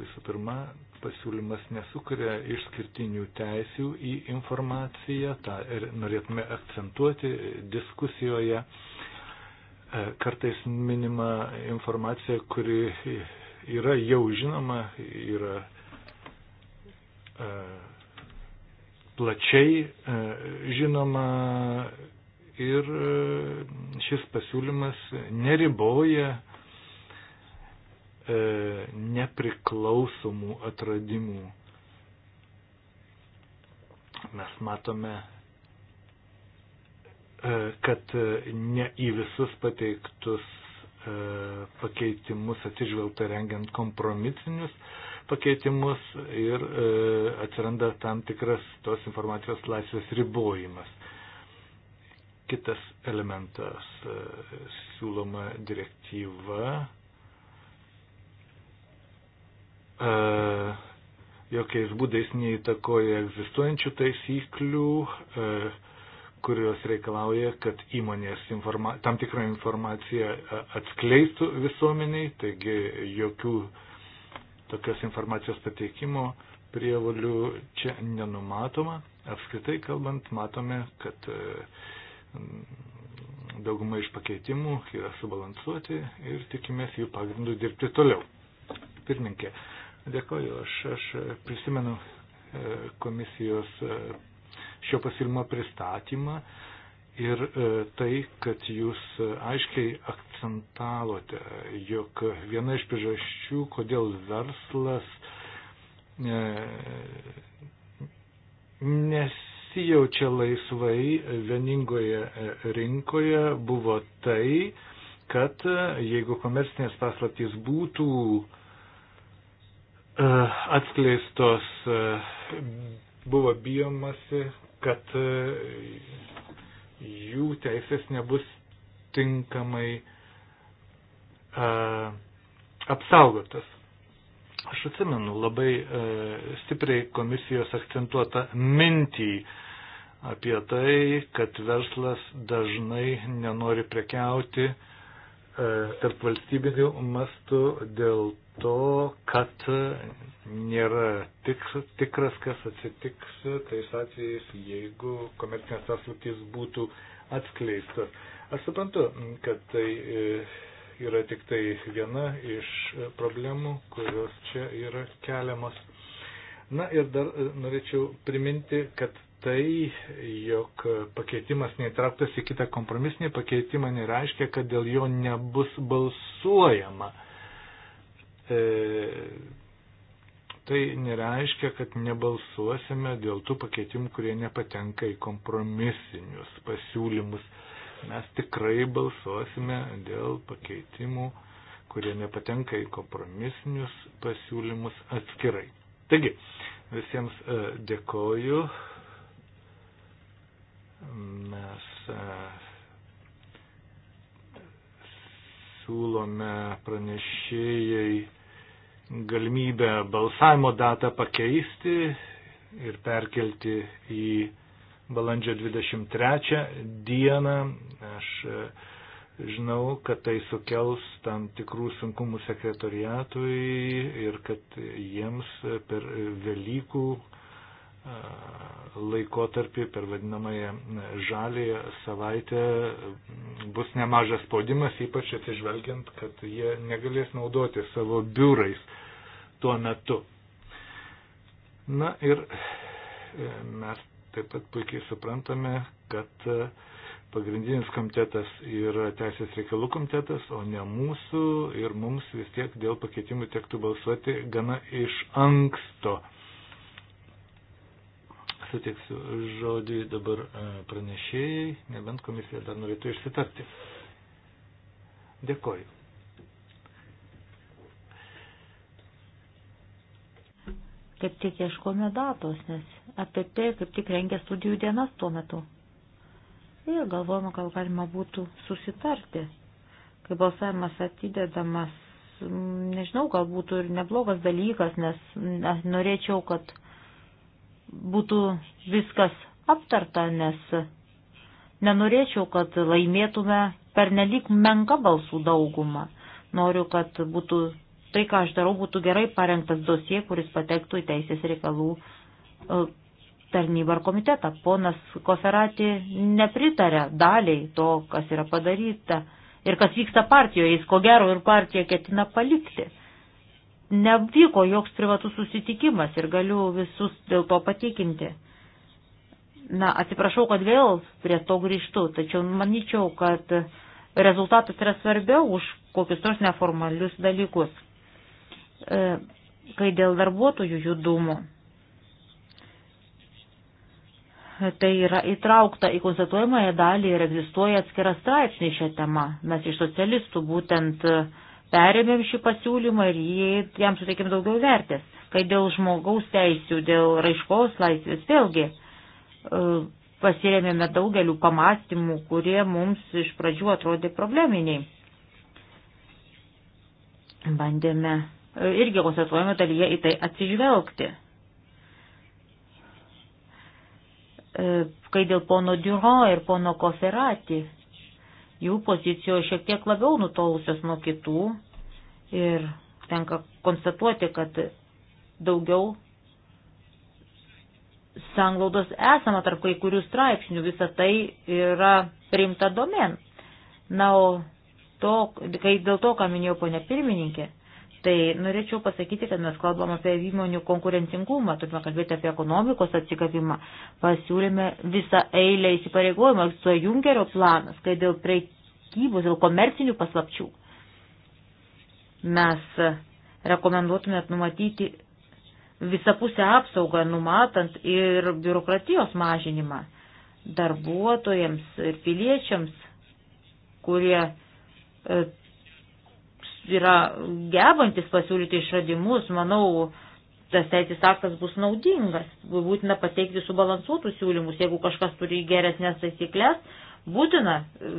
Visų pirma, pasiūlymas nesukuria išskirtinių teisių į informaciją, tą ir norėtume akcentuoti diskusijoje. E, kartais minima informacija, kuri yra jau žinoma, yra e, plačiai e, žinoma ir šis pasiūlymas neriboja E, nepriklausomų atradimų. Mes matome, e, kad ne į visus pateiktus e, pakeitimus atsižvelgta rengiant kompromisinius pakeitimus ir atsiranda tam tikras tos informacijos laisvės ribojimas. Kitas elementas siūloma direktyva jokiais būdais neįtakoja egzistuojančių taisyklių, kurios reikalauja, kad įmonės informa tam tikrą informaciją atskleistų visuomeniai, taigi jokių tokios informacijos pateikimo prievalių čia nenumatoma. Apskritai kalbant, matome, kad dauguma iš pakeitimų yra subalansuoti ir tikimės jų pagrindų dirbti toliau. Pirminkė, Dėkoju, aš, aš prisimenu e, komisijos e, šio pasiūlymo pristatymą ir e, tai, kad jūs aiškiai akcentavote, jog viena iš priežasčių, kodėl verslas nesijaučia laisvai vieningoje rinkoje, buvo tai, kad jeigu komercinės paslaptys būtų uh, Eh, atskleistos eh, buvo bijomasi, kad eh, jų teisės nebus tinkamai apsaugotas. Aš atsimenu labai stipriai komisijos akcentuotą mintį apie tai, kad verslas dažnai nenori prekiauti tarp valstybinių mastų dėl to, kad nėra tik, tikras, kas atsitiks tais atvejais, jeigu komercinės paslaptys būtų atskleistas. Aš suprantu, kad tai e, yra tik tai viena iš problemų, kurios čia yra keliamos. Na ir dar e, norėčiau priminti, kad tai, jog pakeitimas neįtrauktas į kitą kompromisinį pakeitimą, nereiškia, kad dėl jo nebus balsuojama. E, tai nereiškia, kad nebalsuosime dėl tų pakeitimų, kurie nepatenka į kompromisinius pasiūlymus. Mes tikrai balsuosime dėl pakeitimų, kurie nepatenka į kompromisinius pasiūlymus atskirai. Taigi, visiems e, dėkoju. Mes e, siūlome pranešėjai galimybę balsavimo datą pakeisti ir perkelti į balandžio 23 dieną. Aš e, žinau, kad tai sukels tam tikrų sunkumų sekretoriatui ir kad jiems e, per Velykų laikotarpį, per vadinamąją žalį savaitę bus nemažas spaudimas, ypač atsižvelgiant, kad jie negalės naudoti savo biurais tuo metu. Na ir e, mes taip pat puikiai suprantame, kad e, pagrindinis komitetas yra Teisės reikalų komitetas, o ne mūsų ir mums vis tiek dėl pakeitimų tektų balsuoti gana iš anksto sutiksiu žodį dabar e, pranešėjai, nebent komisija dar norėtų išsitarti. Dėkoju. Kaip tik ieškome datos, nes APP tai kaip tik rengia studijų dienas tuo metu. Ir galvojame, gal galima būtų susitarti, kai balsavimas atidedamas, nežinau, gal būtų ir neblogas dalykas, nes norėčiau, kad būtų viskas aptarta, nes nenorėčiau, kad laimėtume per nelik menką balsų daugumą. Noriu, kad būtų tai, ką aš darau, būtų gerai parengtas dosie, kuris patektų į teisės reikalų e, tarnybą ar komitetą. Ponas Koferati nepritarė daliai to, kas yra padaryta ir kas vyksta partijoje. Jis ko gero ir partiją ketina palikti nevyko joks privatus susitikimas ir galiu visus dėl to patikinti. Na, atsiprašau, kad vėl prie to grįžtu, tačiau manyčiau, kad rezultatas yra svarbiau už kokius nors neformalius dalykus. E, kai dėl darbuotojų judumo, tai yra įtraukta į konstatuojamąją dalį ir egzistuoja atskiras straipsnis šią temą. Mes iš socialistų būtent e, perėmėm šį pasiūlymą ir jį, jam suteikėm daugiau vertės. Kai dėl žmogaus teisių, dėl raiškos laisvės, vėlgi e, pasirėmėme daugeliu pamastymų, kurie mums iš pradžių atrodė probleminiai. Bandėme e, irgi konstatuojame dalyje į tai atsižvelgti. E, kai dėl pono Duro ir pono Koferati jų pozicijos šiek tiek labiau nutolusios nuo kitų ir tenka konstatuoti, kad daugiau sanglaudos esama tarp kai kurių straipsnių, visa tai yra priimta domen. Na, o to, kai dėl to, ką minėjo ponia pirmininkė, Tai norėčiau pasakyti, kad mes kalbam apie įmonių konkurencingumą, turime kalbėti apie ekonomikos atsigavimą. Pasiūlėme visą eilę įsipareigojimą, su Junkerio planas, kai dėl prekybos, dėl komercinių paslapčių mes rekomenduotumėt numatyti visapusę apsaugą, numatant ir biurokratijos mažinimą darbuotojams ir piliečiams, kurie e, yra gebantis pasiūlyti išradimus, manau, tas teisės aktas bus naudingas. Būtina pateikti subalansuotus siūlymus, jeigu kažkas turi geresnės taisyklės, būtina e,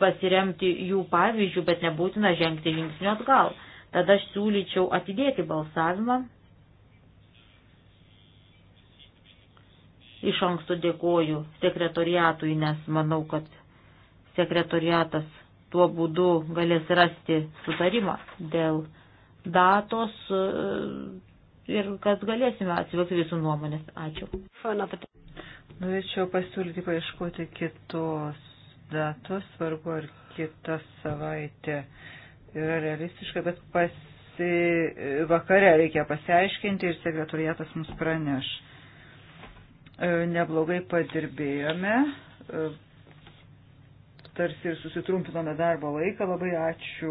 pasiremti jų pavyzdžių, bet nebūtina žengti žingsnių atgal. Tada aš siūlyčiau atidėti balsavimą. Iš anksto dėkoju sekretoriatui, nes manau, kad sekretoriatas tuo būdu galės rasti sutarimą dėl datos e, ir kad galėsime atsivilkti visų nuomonės. Ačiū. Norėčiau pasiūlyti paieškoti kitos datos, svarbu ar kitą savaitę yra realistiška, bet pasi, vakare reikia pasiaiškinti ir sekretoriatas mums praneš. E, neblogai padirbėjome e, tarsi ir susitrumpinome darbo laiką. Labai ačiū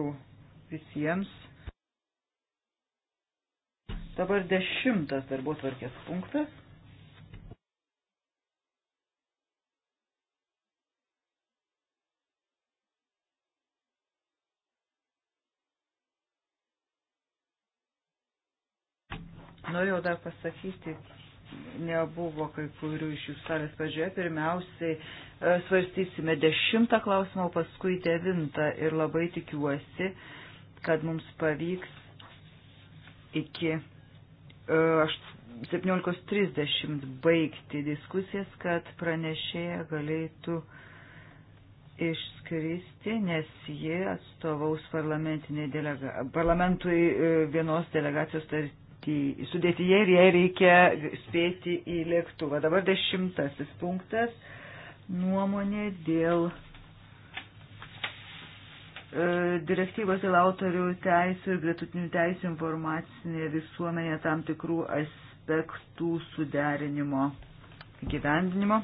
visiems. Dabar dešimtas darbo tvarkės punktas. Norėjau dar pasakyti, nebuvo kai kurių iš jų salės pradžioje. Pirmiausiai e, svarstysime dešimtą klausimą, o paskui devintą ir labai tikiuosi, kad mums pavyks iki 17.30 e, baigti diskusijas, kad pranešėja galėtų išskristi, nes ji atstovaus delega, parlamentui e, vienos delegacijos sudėtyje ir jai reikia spėti į lėktuvą. Dabar dešimtasis punktas - nuomonė dėl e, direktyvos dėl autorių teisų ir gretutinių teisų informacinėje visuomenėje tam tikrų aspektų suderinimo gyvendinimo.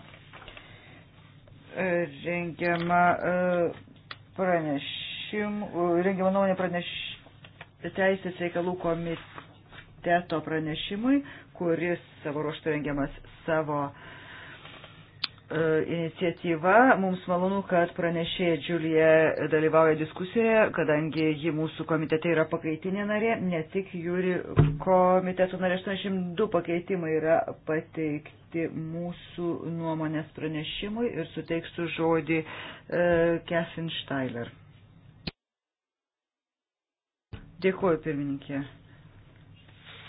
E, rengiama e, pranešimų, rengiama nuomonė praneš teisės reikalų komitė komiteto pranešimui, kuris savo ruoštų rengiamas savo e, iniciatyva. Mums malonu, kad pranešėja Džiulija dalyvauja diskusijoje, kadangi ji mūsų komitete yra pakaitinė narė, ne tik jūri komiteto narė 82 pakeitimai yra pateikti mūsų nuomonės pranešimui ir suteiksiu žodį Kessin Steiler. Dėkuoju, pirmininkė.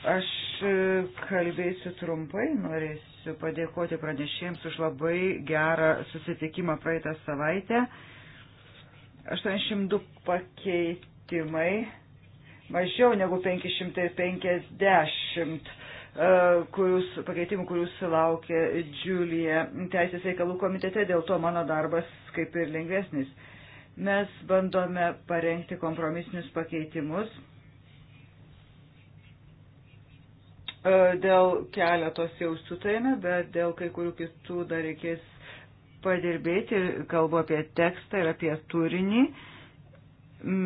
Aš e, kalbėsiu trumpai, norėsiu padėkoti pranešėjams už labai gerą susitikimą praeitą savaitę. 82 pakeitimai, mažiau negu 550 e, kurius, pakeitimų, kurių sulaukė Džiulija Teisės reikalų komitete, dėl to mano darbas kaip ir lengvesnis. Mes bandome parengti kompromisinius pakeitimus E, dėl keletos jau sutarėme, bet dėl kai kurių kitų dar reikės padirbėti ir kalbu apie tekstą ir apie turinį.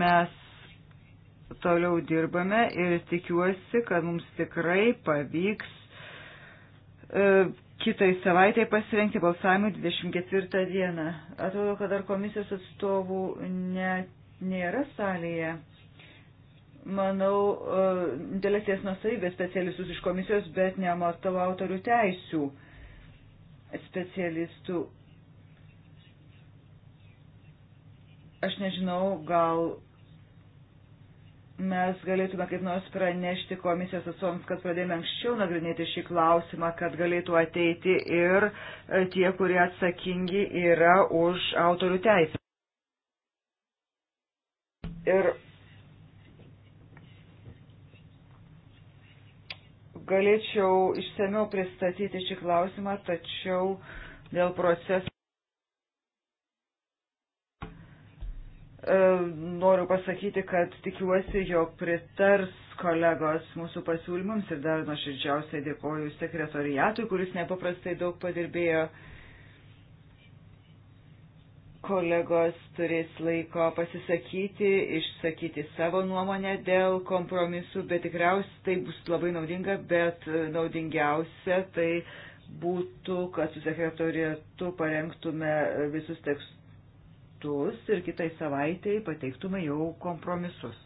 Mes toliau dirbame ir tikiuosi, kad mums tikrai pavyks e, kitai savaitai pasirengti balsavimui 24 dieną. Atrodo, kad dar komisijos atstovų ne, nėra salėje manau, e, intelektinės nusavybės specialistus iš komisijos, bet nematau autorių teisių specialistų. Aš nežinau, gal mes galėtume kaip nors pranešti komisijos atsoms, kad pradėjome anksčiau nagrinėti šį klausimą, kad galėtų ateiti ir e, tie, kurie atsakingi yra už autorių teisę. Ir galėčiau išsameu pristatyti šį klausimą, tačiau dėl proceso. E, noriu pasakyti, kad tikiuosi, jog pritars kolegos mūsų pasiūlymams ir dar nuoširdžiausiai dėkoju sekretoriatui, kuris nepaprastai daug padirbėjo kolegos turės laiko pasisakyti, išsakyti savo nuomonę dėl kompromisų, bet tikriausiai tai bus labai naudinga, bet naudingiausia tai būtų, kad su sekretorietu parengtume visus tekstus ir kitai savaitėjai pateiktume jau kompromisus.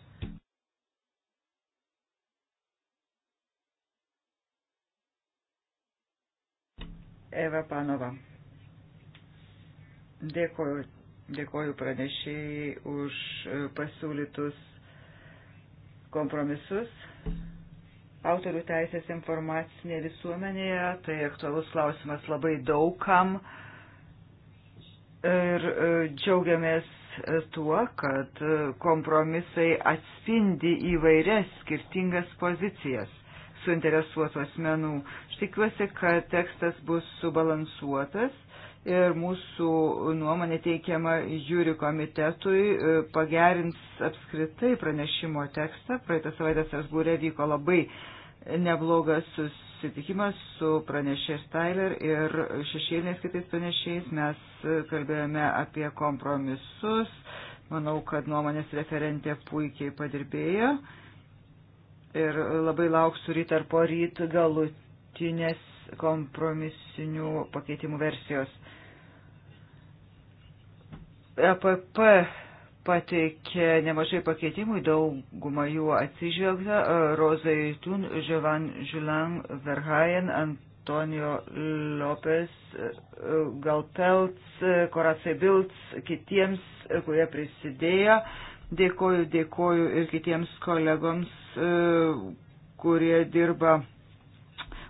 Eva Panova. Dėkoju, dėkoju pranešėjai už e, pasiūlytus kompromisus. Autorių teisės informacinė visuomenėje, tai aktualus klausimas labai daugam. Ir e, džiaugiamės e, tuo, kad kompromisai atspindi įvairias skirtingas pozicijas suinteresuotų asmenų. Aš tikiuosi, kad tekstas bus subalansuotas ir mūsų nuomonė teikiama jūri komitetui e, pagerins apskritai pranešimo tekstą. Praeitą savaitę Strasbūrė vyko labai neblogas susitikimas su pranešėjais Tyler ir šešėliniais kitais pranešėjais. Mes e, kalbėjome apie kompromisus. Manau, kad nuomonės referentė puikiai padirbėjo. Ir labai lauksiu ryt ar po ryt galutinės kompromisinių pakeitimų versijos. EPP pateikė nemažai pakeitimų, daugumą jų atsižvelgta. E, Rozai Tun, Ževan Žilan, Verhaien, Antonio Lopes, e, e, Galpelts, Koracai Bilts, kitiems, kurie prisidėjo. Dėkoju, dėkoju ir kitiems kolegoms, kurie dirba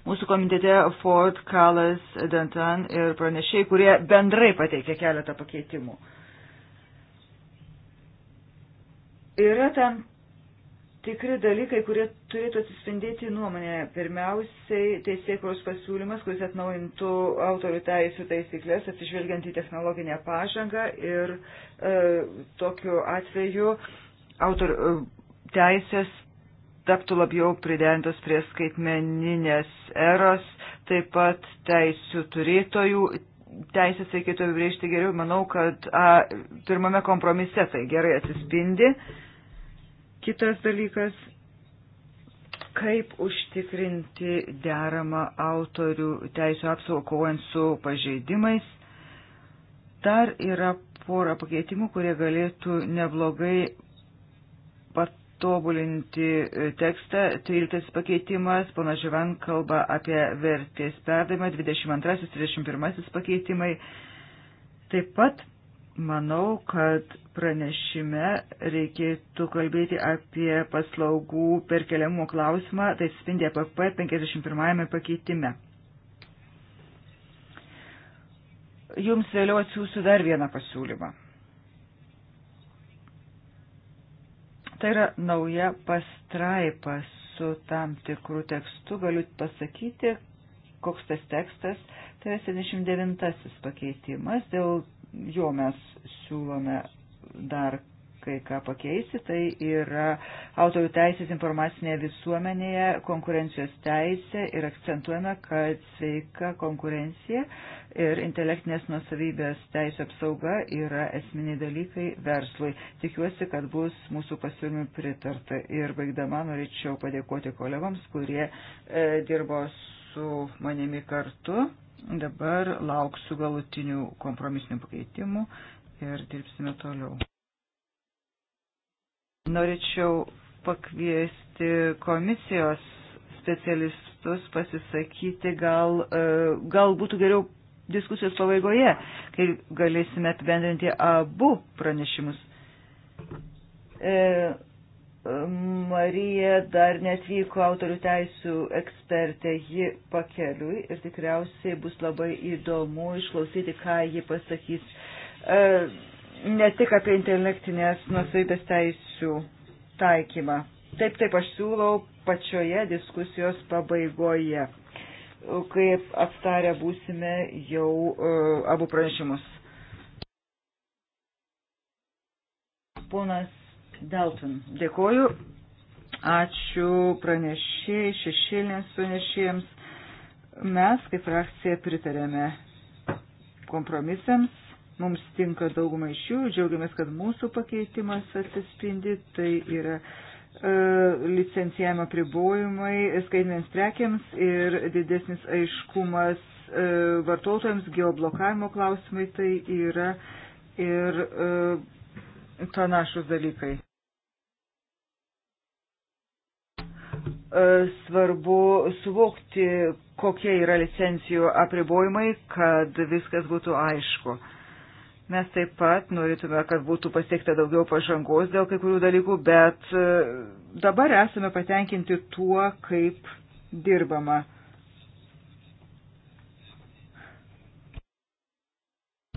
Mūsų komitete Ford, Kalas, Dantan ir pranešiai, kurie bendrai pateikė keletą pakeitimų. Yra tam tikri dalykai, kurie turėtų atsispindėti nuomonėje. Pirmiausiai teisėkros pasiūlymas, kuris atnaujintų autorių teisų taisyklės, atsižvelgiant į technologinę pažangą ir e, tokiu atveju autor, e, teisės taptų labiau pridentos prie skaitmeninės eros, taip pat teisų turėtojų. Teisės reikėtų apibrėžti geriau, manau, kad a, pirmame kompromise tai gerai atsispindi. Kitas dalykas, kaip užtikrinti deramą autorių teisų apsaugą kovojant su pažeidimais. Dar yra pora pakeitimų, kurie galėtų neblogai tobulinti e, tekstą. 13 pakeitimas, pana Živan kalba apie vertės perdavimą, 22-31 pakeitimai. Taip pat manau, kad pranešime reikėtų kalbėti apie paslaugų perkeliamų klausimą, tai spindi APP 51 pakeitime. Jums vėliau atsiųsiu dar vieną pasiūlymą. Tai yra nauja pastraipa su tam tikrų tekstu. Galiu pasakyti, koks tas tekstas. Tai yra 79 pakeitimas. Dėl jo mes siūlome dar kai ką pakeisti, tai yra autorių teisės informacinėje visuomenėje, konkurencijos teisė ir akcentuojame, kad sveika konkurencija ir intelektinės nusavybės teisė apsauga yra esminiai dalykai verslui. Tikiuosi, kad bus mūsų pasiūlymų pritarta ir baigdama norėčiau padėkoti kolegams, kurie e, dirbo su manimi kartu. Dabar lauksiu galutinių kompromisinių pakeitimų ir dirbsime toliau. Norėčiau pakviesti komisijos specialistus pasisakyti, gal, e, gal būtų geriau diskusijos pabaigoje, kai galėsime apibendrinti abu pranešimus. E, Marija dar netvyko autorių teisų ekspertė, ji pakeliui ir tikriausiai bus labai įdomu išklausyti, ką ji pasakys. E, ne tik apie intelektinės nusavybės teisių taikymą. Taip, taip aš siūlau pačioje diskusijos pabaigoje, kaip aptarę būsime jau uh, abu pranešimus. Ponas Dalton, dėkoju. Ačiū pranešėjai, šešėlėms pranešėjams. Mes kaip frakcija pritarėme kompromisams Mums tinka dauguma iš jų, džiaugiamės, kad mūsų pakeitimas atsispindi, tai yra e, licencijavimo pribojimai skaitinėms prekiams ir didesnis aiškumas e, vartotojams, geoblokavimo klausimai tai yra ir e, panašus dalykai. Svarbu suvokti, kokie yra licencijų apribojimai, kad viskas būtų aišku. Mes taip pat norėtume, kad būtų pasiekta daugiau pažangos dėl kai kurių dalykų, bet e, dabar esame patenkinti tuo, kaip dirbama.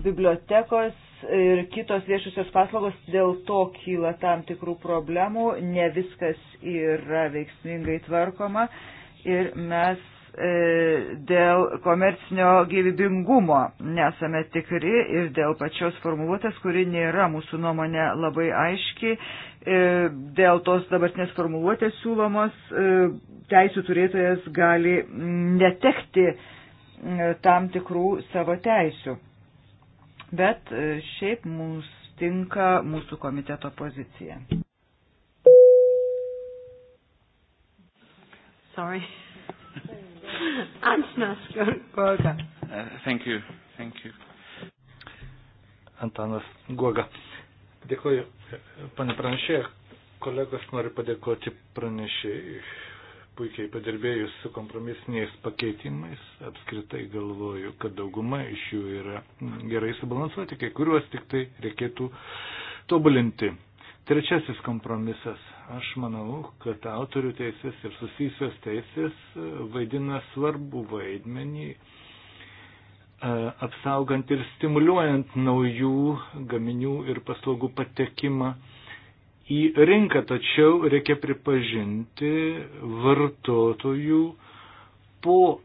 Bibliotekos ir kitos viešusios paslaugos dėl to kyla tam tikrų problemų, ne viskas yra veiksmingai tvarkoma ir mes E, dėl komercinio gyvybingumo nesame tikri ir dėl pačios formuluotės, kuri nėra mūsų nuomonė labai aiški, e, dėl tos dabartinės formuluotės siūlomos e, teisų turėtojas gali netekti tam tikrų savo teisių. Bet šiaip mums tinka mūsų komiteto pozicija. Sorry. <laughs> Antanas Guoga. Uh, thank you. Thank you. Antanas Guoga. Dėkuoju, pane pranešė, kolegos noriu padėkoti pranešėjai. Puikiai padirbėjus su kompromisiniais pakeitimais, apskritai galvoju, kad dauguma iš jų yra gerai subalansuoti, kai kuriuos tik tai reikėtų tobulinti. Trečiasis kompromisas Aš manau, kad autorių teisės ir susijusios teisės e, vaidina svarbų vaidmenį e, apsaugant ir stimuliuojant naujų gaminių ir paslaugų patekimą į rinką, tačiau reikia pripažinti vartotojų po e,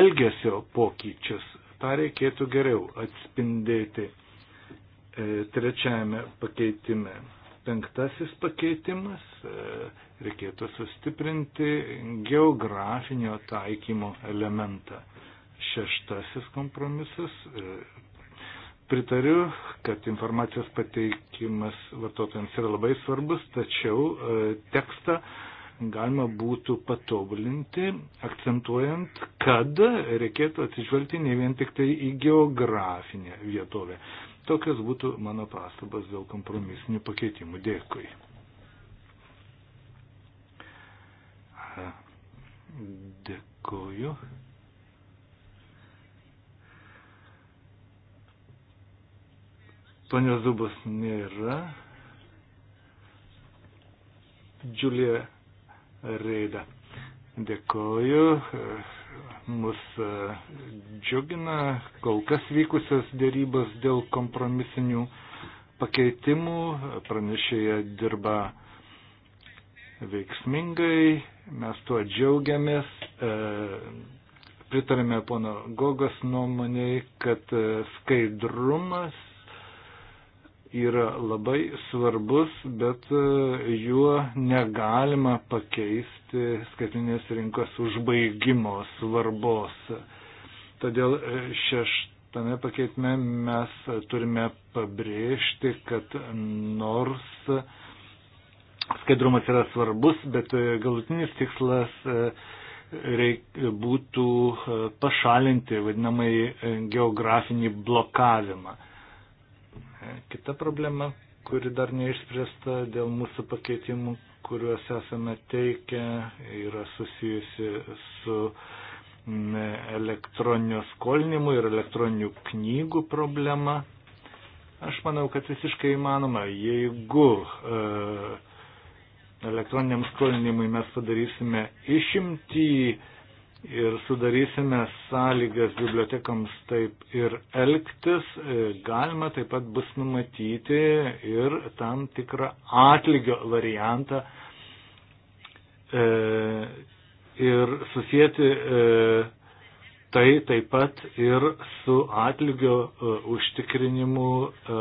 elgesio pokyčius. Ta reikėtų geriau atspindėti trečiajame pakeitime. Penktasis pakeitimas e, - reikėtų sustiprinti geografinio taikymo elementą. Šeštasis kompromisas e, - pritariu, kad informacijos pateikimas vartotojams yra labai svarbus, tačiau e, tekstą galima būtų patobulinti, akcentuojant, kad reikėtų atsižvelgti ne vien tik tai į geografinę vietovę. Tokios būtų mano pastabas dėl kompromisinių pakeitimų. Dėkui. Dėkuoju. Ponios Zubos nėra. Džiulė Reida. Dėkuoju. Mus e, džiugina kol kas vykusias dėrybas dėl kompromisinių pakeitimų. Pranešėja dirba veiksmingai, mes tuo džiaugiamės. E, pritarėme pono Gogos nuomonėj, kad e, skaidrumas yra labai svarbus, bet e, juo negalima pakeisti skaitinės rinkos užbaigimo svarbos. Todėl e, šeštame pakeitime mes turime pabrėžti, kad nors skaidrumas yra svarbus, bet e, galutinis tikslas reik, būtų pašalinti vadinamai geografinį blokavimą. Kita problema, kuri dar neišspręsta dėl mūsų pakeitimų, kuriuos esame teikę, yra susijusi su mm, elektroninio skolinimo ir elektroninių knygų problema. Aš manau, kad visiškai įmanoma, jeigu uh, elektroniniam skolinimui mes padarysime išimtį ir sudarysime sąlygas bibliotekams taip ir elgtis, e, galima taip pat bus numatyti ir tam tikrą atlygio variantą e, ir susijęti e, tai taip pat ir su atlygio e, užtikrinimu e,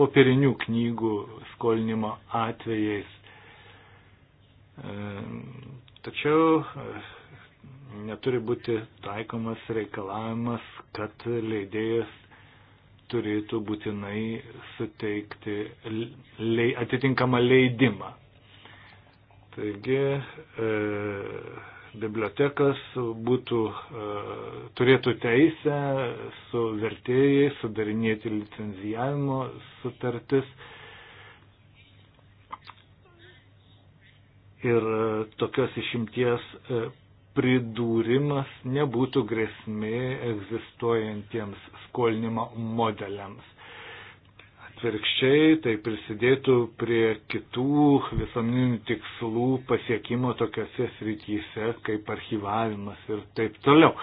popierinių knygų skolinimo atvejais. E, tačiau e, neturi būti taikomas reikalavimas, kad leidėjas turėtų būtinai suteikti lei, atitinkamą leidimą. Taigi, e, bibliotekas būtų, e, turėtų teisę su vertėjai sudarinėti licenzijavimo sutartis. Ir e, tokios išimties e, pridūrimas nebūtų grėsmė egzistuojantiems skolinimo modeliams. Atvirkščiai tai prisidėtų prie kitų visuomeninių tikslų pasiekimo tokiuose srityse kaip archivavimas ir taip toliau.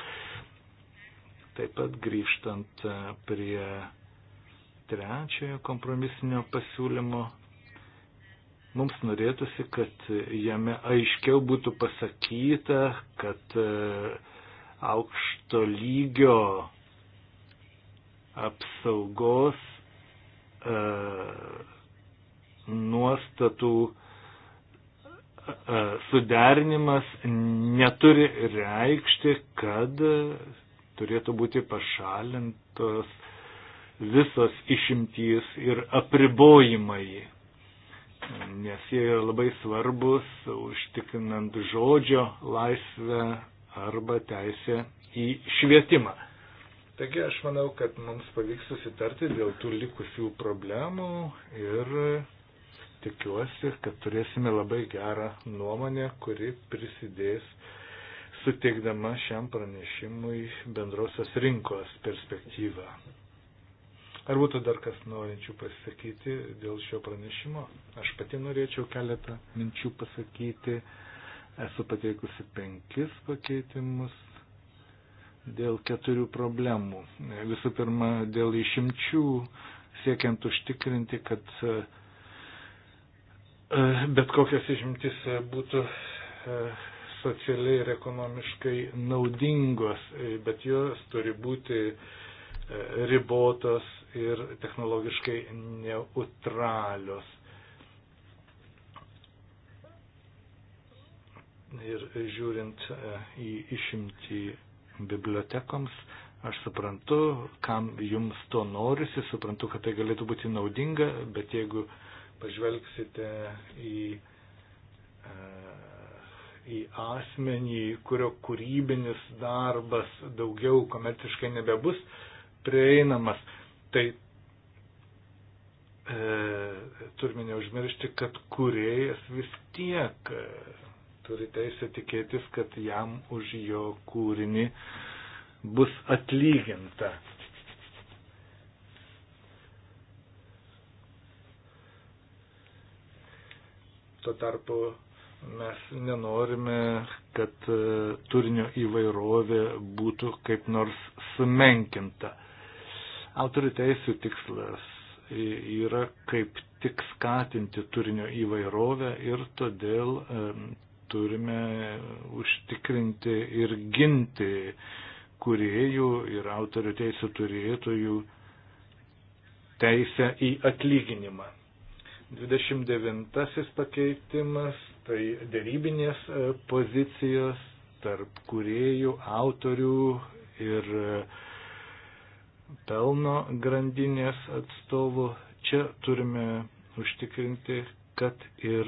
Taip pat grįžtant e, prie trečiojo kompromisinio pasiūlymo Mums norėtųsi, kad jame aiškiau būtų pasakyta, kad e, aukšto lygio apsaugos e, nuostatų e, suderinimas neturi reikšti, kad turėtų būti pašalintos visos išimtys ir apribojimai nes jie yra labai svarbus užtikrinant žodžio laisvę arba teisę į švietimą. Taigi aš manau, kad mums pavyks susitarti dėl tų likusių problemų ir tikiuosi, kad turėsime labai gerą nuomonę, kuri prisidės suteikdama šiam pranešimui bendrosios rinkos perspektyvą. Ar būtų dar kas norinčių pasakyti dėl šio pranešimo? Aš pati norėčiau keletą minčių pasakyti. Esu pateikusi penkis pakeitimus dėl keturių problemų. Visų pirma, dėl išimčių, siekiant užtikrinti, kad e, bet kokias išimtis e, būtų e, socialiai ir ekonomiškai naudingos, bet jos turi būti ribotos ir technologiškai neutralios. Ir žiūrint e, į išimtį bibliotekoms, aš suprantu, kam jums to norisi, suprantu, kad tai galėtų būti naudinga, bet jeigu pažvelgsite į e, į asmenį, kurio kūrybinis darbas daugiau komerciškai nebebus prieinamas, Tai e, turime neužmiršti, kad kuriejas vis tiek e, turi teisę tikėtis, kad jam už jo kūrinį bus atlyginta. Tuo tarpu mes nenorime, kad e, turinio įvairovė būtų kaip nors sumenkinta. Autorių teisų tikslas yra kaip tik skatinti turinio įvairovę ir todėl turime užtikrinti ir ginti kuriejų ir autorių teisų turėtojų teisę į atlyginimą. 29 pakeitimas tai dėrybinės e, pozicijos tarp kuriejų, autorių ir uh, pelno grandinės atstovų. Čia turime užtikrinti, kad ir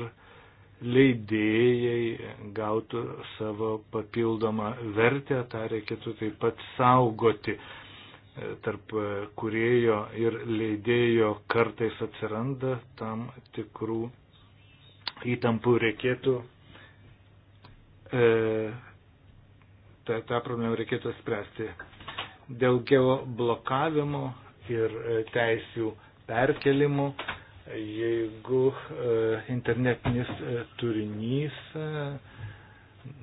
leidėjai gautų savo papildomą vertę, tą reikėtų taip pat saugoti. Tarp kurėjo ir leidėjo kartais atsiranda tam tikrų įtampų reikėtų, e, tą, tą problemą reikėtų spręsti dėl geoblokavimo ir e, teisių perkelimų, jeigu e, internetinis e, turinys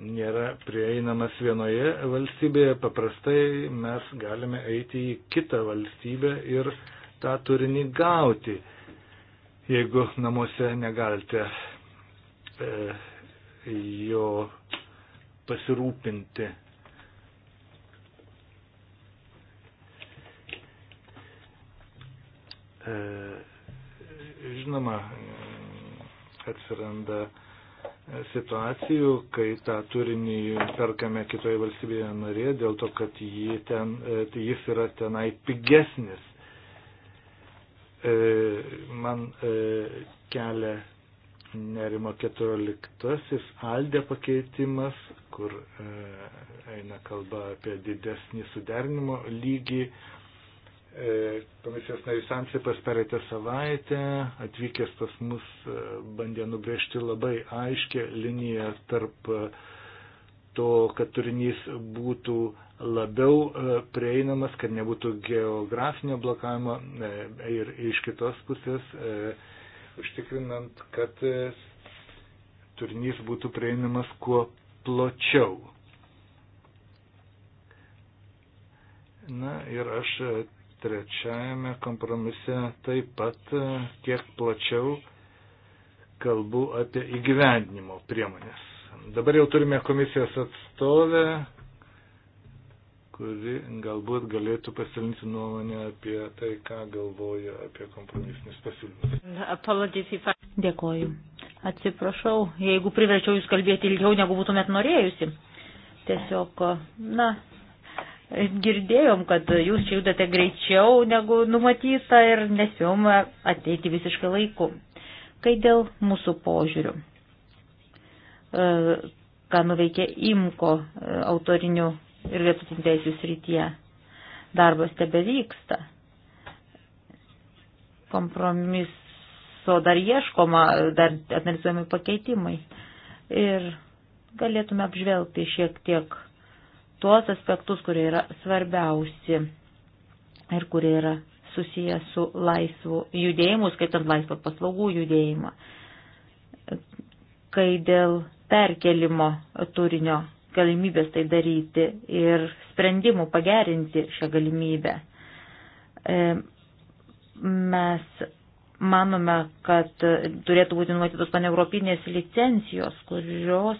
nėra prieinamas vienoje valstybėje, paprastai mes galime eiti į kitą valstybę ir tą turinį gauti. Jeigu namuose negalite e, jo pasirūpinti. E, žinoma, atsiranda situacijų, kai tą turinį perkame kitoje valstybėje narėje dėl to, kad ten, e, tai jis yra tenai pigesnis. E, man kelia nerimo 14 aldė pakeitimas, kur eina kalba apie didesnį suderinimo lygį, E, komisijos narys Ansipas pereitę savaitę atvykęs pas mus e, bandė nubrėžti labai aiškę liniją tarp e, to, kad turinys būtų labiau prieinamas, kad nebūtų geografinio blokavimo ir iš kitos pusės užtikrinant, kad turinys būtų prieinamas kuo plačiau. Na ir aš trečiajame kompromise taip pat e, kiek plačiau kalbu apie įgyvendinimo priemonės. Dabar jau turime komisijos atstovę, kuri galbūt galėtų pasidalinti nuomonę apie tai, ką galvoja apie kompromisinius pasiūlymus. Dėkoju. Atsiprašau, jeigu priverčiau Jūs kalbėti ilgiau, negu būtumėt norėjusi. Tiesiog, na, Girdėjom, kad jūs čia judate greičiau negu numatyta ir nespėjom ateiti visiškai laiku. Kai dėl mūsų požiūrių, e, ką nuveikė IMKO e, autorinių ir vietutinių teisų srityje, darbas tebe vyksta. Kompromiso dar ieškoma, dar analizuojami pakeitimai. Ir galėtume apžvelgti šiek tiek tuos aspektus, kurie yra svarbiausi ir kurie yra susiję su laisvu judėjimu, skaitant laisvą paslaugų judėjimą. Kai dėl perkelimo turinio galimybės tai daryti ir sprendimų pagerinti šią galimybę, e, mes manome, kad turėtų būti numatytos paneuropinės licencijos, kurios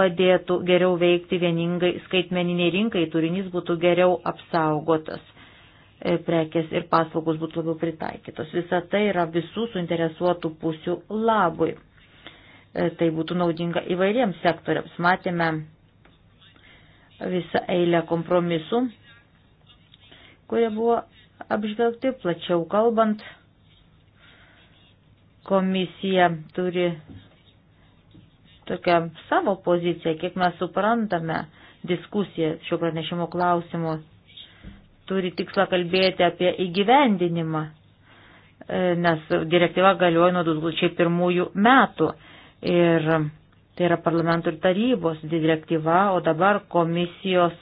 padėtų geriau veikti vieningai skaitmeniniai rinkai, turinys būtų geriau apsaugotas, e, prekės ir paslaugos būtų labiau pritaikytos. Visa tai yra visų suinteresuotų pusių labui. E, tai būtų naudinga įvairiems sektoriams. Matėme visą eilę kompromisų, kurie buvo apžvelgti plačiau kalbant. Komisija turi tokią savo poziciją, kiek mes suprantame diskusiją šio pranešimo klausimu, turi tikslą kalbėti apie įgyvendinimą, e, nes direktyva galioja nuo 2001 metų ir tai yra parlamentų ir tarybos direktyva, o dabar komisijos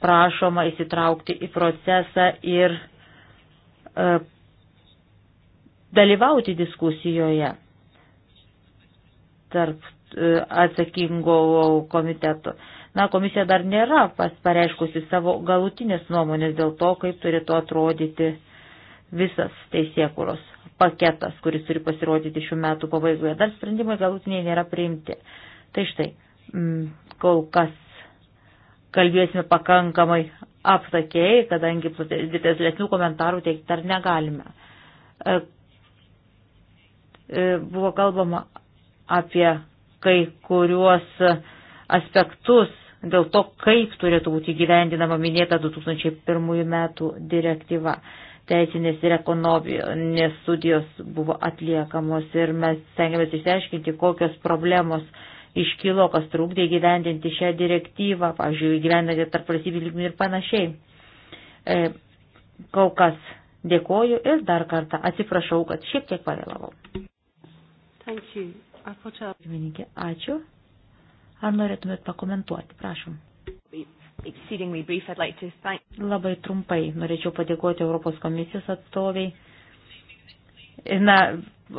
prašoma įsitraukti į procesą ir e, dalyvauti diskusijoje tarp E, atsakingo komiteto. Na, komisija dar nėra pareiškusi savo galutinės nuomonės dėl to, kaip turėtų atrodyti visas teisėkuros paketas, kuris turi pasirodyti šių metų pabaigoje. Dar sprendimai galutiniai nėra priimti. Tai štai, mm, kol kas kalbėsime pakankamai aptakiai, kadangi didesnių komentarų teikti dar negalime. E, e, buvo kalbama apie kai kuriuos aspektus dėl to, kaip turėtų būti gyvendinama minėta 2001 metų direktyva. Teisinės ir ekonominės studijos buvo atliekamos ir mes stengiamės išsiaiškinti, kokios problemos iškilo, kas trūkdė gyvendinti šią direktyvą, pavyzdžiui, gyvendinti tarp valstybių lygmenį ir panašiai. E, kol kas dėkoju ir dar kartą atsiprašau, kad šiek tiek pavėlavau. Thank you. Pirmininkė, ačiū. Ar norėtumėt pakomentuoti? Prašom. Labai trumpai norėčiau padėkoti Europos komisijos atstoviai. Na,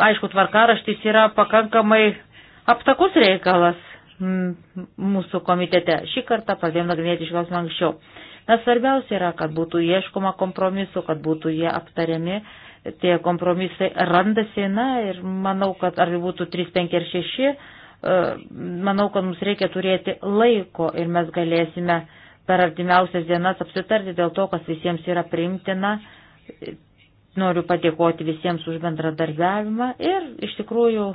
aišku, tvarkaraštis yra pakankamai aptakus reikalas mūsų komitete. Šį kartą pradėjome nagrinėti iš klausimą anksčiau. Na, svarbiausia yra, kad būtų ieškoma kompromisu, kad būtų jie aptariami tie kompromisai randasi, na ir manau, kad ar būtų 3, 5 ar 6, e, manau, kad mums reikia turėti laiko ir mes galėsime per artimiausias dienas apsitarti dėl to, kas visiems yra priimtina. Noriu padėkoti visiems už bendradarbiavimą ir iš tikrųjų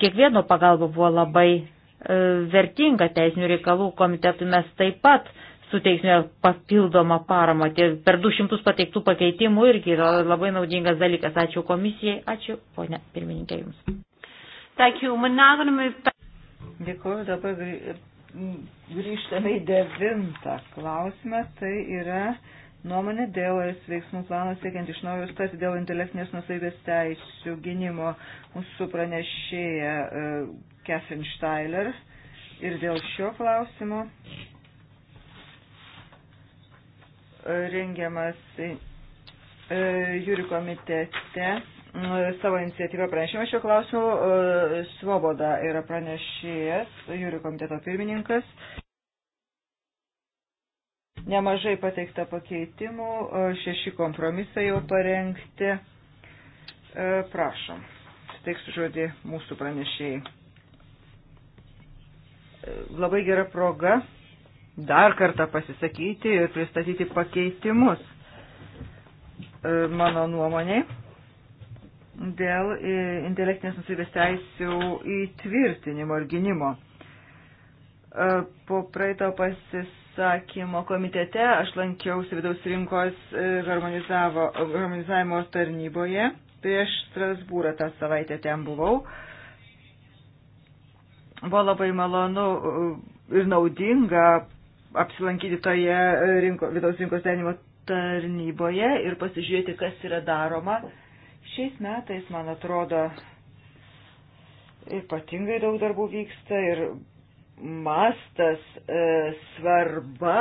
kiekvieno pagalba buvo labai e, vertinga teisinių reikalų komitetui mes taip pat suteiksime papildomą paramą. Tie per 200 pateiktų pakeitimų irgi yra labai naudingas dalykas. Ačiū komisijai, ačiū ponia pirmininkė Jums. Dėkuoju, dabar grįžtame į devintą klausimą. Tai yra nuomonė dėl es veiksmų plano siekiant iš naujo stati dėl intelektinės nusavybės teisų gynimo mūsų pranešėja e, Catherine Steiler ir dėl šio klausimo rengiamas e, e, jūrių komitete savo iniciatyvą pranešimą šio klausimu. E, Svoboda yra pranešėjas, jūrių komiteto pirmininkas. Nemažai pateikta pakeitimų, šeši kompromisai jau parengti. Prašom, suteiksiu žodį mūsų pranešėjai. Labai gera proga dar kartą pasisakyti ir pristatyti pakeitimus e, mano nuomonė dėl e, intelektinės nusivės teisių įtvirtinimo ir gynimo. E, po praeito pasisakymo komitete aš lankiausi vidaus rinkos harmonizavimo tarnyboje. Prieš Strasbūrą tą savaitę ten buvau. Buvo labai malonu ir naudinga apsilankyti toje rinko, vidaus rinkos denimo tarnyboje ir pasižiūrėti, kas yra daroma. Šiais metais, man atrodo, ypatingai daug darbų vyksta ir mastas, e, svarba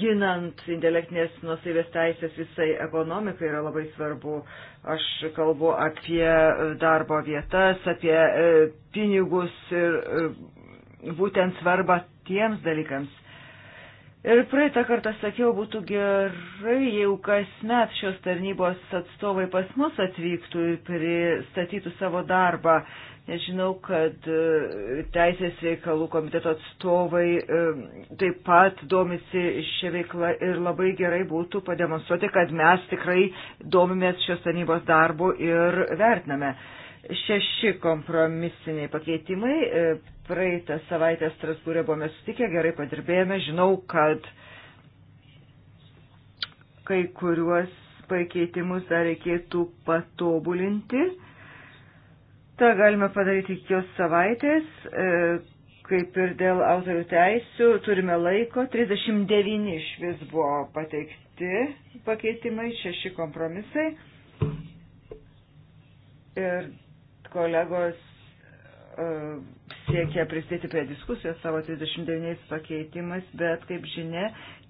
ginant intelektinės nusavės teisės visai ekonomikai yra labai svarbu. Aš kalbu apie darbo vietas, apie e, pinigus ir e, būtent svarba tiems dalykams. Ir praeitą kartą sakiau, būtų gerai, jeigu kasmet šios tarnybos atstovai pas mus atvyktų ir pristatytų savo darbą. Nežinau, kad e, Teisės reikalų komiteto atstovai e, taip pat domisi šią veiklą ir labai gerai būtų pademonstruoti, kad mes tikrai domimės šios tarnybos darbu ir vertiname. Šeši kompromisiniai pakeitimai. E, praeitą savaitę Strasbūrė buvome sutikę, gerai padirbėjome. Žinau, kad kai kuriuos pakeitimus dar reikėtų patobulinti. Ta galime padaryti iki jos savaitės. E, kaip ir dėl autorių teisių, turime laiko. 39 iš vis buvo pateikti pakeitimai, šeši kompromisai. Ir kolegos e, siekia prisidėti prie diskusijos savo 39 pakeitimais, bet kaip žinia,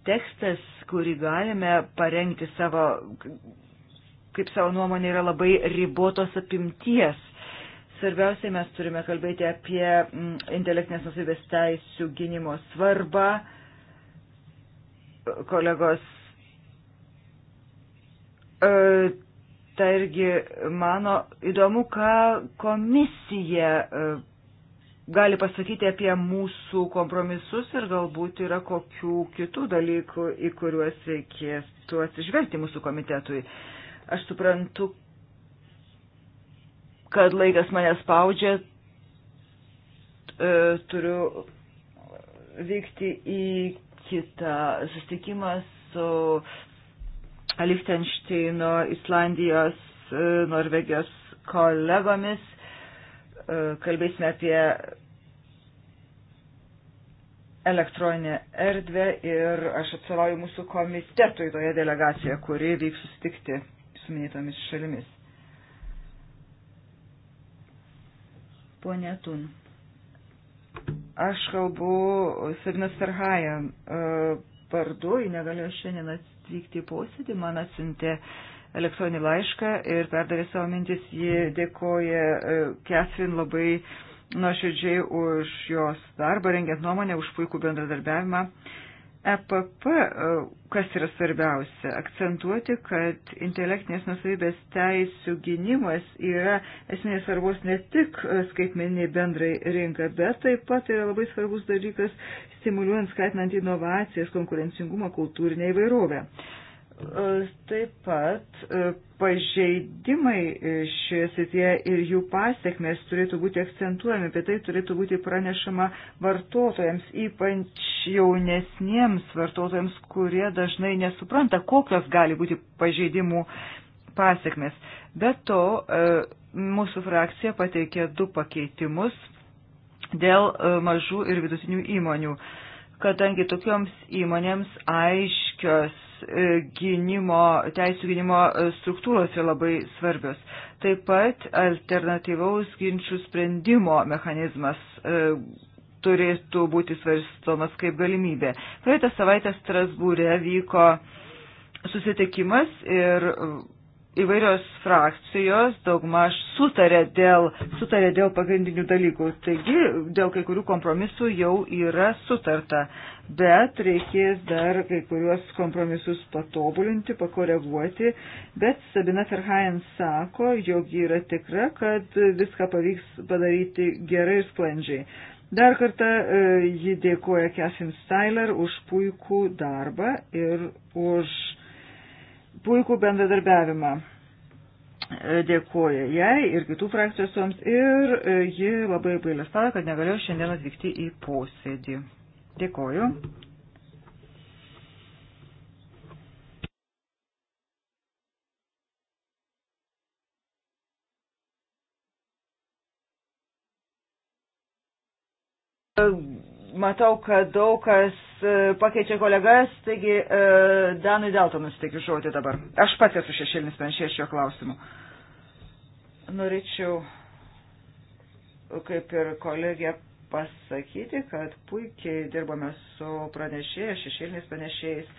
tekstas, kurį galime parengti savo, kaip savo nuomonė, yra labai ribotos apimties. Svarbiausiai mes turime kalbėti apie intelektinės nusivės teisų gynimo svarbą. Kolegos e, Ta irgi mano įdomu, ką komisija e, gali pasakyti apie mūsų kompromisus ir galbūt yra kokių kitų dalykų, į kuriuos reikėtų atsižvelgti mūsų komitetui. Aš suprantu, kad laikas mane spaudžia, e, turiu vykti į kitą susitikimą su Lichtensteino, Islandijos, e, Norvegijos kolegomis. E, kalbėsime apie elektroninę erdvę ir aš atstovauju mūsų komitetui toje delegacijoje, kuri vyks sustikti su minėtomis šalimis. Pone Tun. Aš kalbu Sabinas Ferhajan e, vardu, ji negalėjo šiandien atsitikti atvykti į posėdį, man atsintė elektroninį laišką ir perdavė savo mintis. Ji dėkoja e, Catherine labai nuoširdžiai už jos darbą, rengiant nuomonę, už puikų bendradarbiavimą. EPP, e, kas yra svarbiausia, akcentuoti, kad intelektinės nusavybės teisų gynimas yra esminės svarbos ne tik e, skaitmeninė bendrai rinka, bet taip pat yra labai svarbus dalykas stimuliuojant, skatinant inovacijas, konkurencingumą, kultūrinę įvairovę. E, taip pat e, pažeidimai e, šioje srityje ir jų pasiekmes turėtų būti akcentuojami, apie tai turėtų būti pranešama vartotojams, ypač jaunesniems vartotojams, kurie dažnai nesupranta, kokios gali būti pažeidimų pasiekmes. Be to, mūsų frakcija pateikė du pakeitimus dėl mažų ir vidutinių įmonių kadangi tokioms įmonėms aiškios E, gynimo, teisų gynimo e, struktūros yra labai svarbios. Taip pat alternatyvaus ginčių sprendimo mechanizmas e, turėtų būti svarstomas kaip galimybė. Praeitą savaitę Strasbūre vyko susitikimas ir įvairios frakcijos daugmaž sutarė dėl, sutarė dėl pagrindinių dalykų. Taigi dėl kai kurių kompromisų jau yra sutarta, bet reikės dar kai kuriuos kompromisus patobulinti, pakoreguoti. Bet Sabina Ferhain sako, jog yra tikra, kad viską pavyks padaryti gerai ir sklandžiai. Dar kartą e, ji dėkoja Kesin Styler už puikų darbą ir už puikų bendradarbiavimą. E, Dėkuoju jai ir kitų frakcijos joms ir e, ji labai pailestavo, kad negalėjo šiandien atvykti į posėdį. Dėkuoju. E, matau, kad daug kas E, pakeičia kolegas, taigi e, Danui Deltonui suteikiu žodį dabar. Aš pats esu šešėlinis penšės šio klausimu. Norėčiau, kaip ir kolegė, pasakyti, kad puikiai dirbame su pranešėjais, šešėliniais pranešėjais.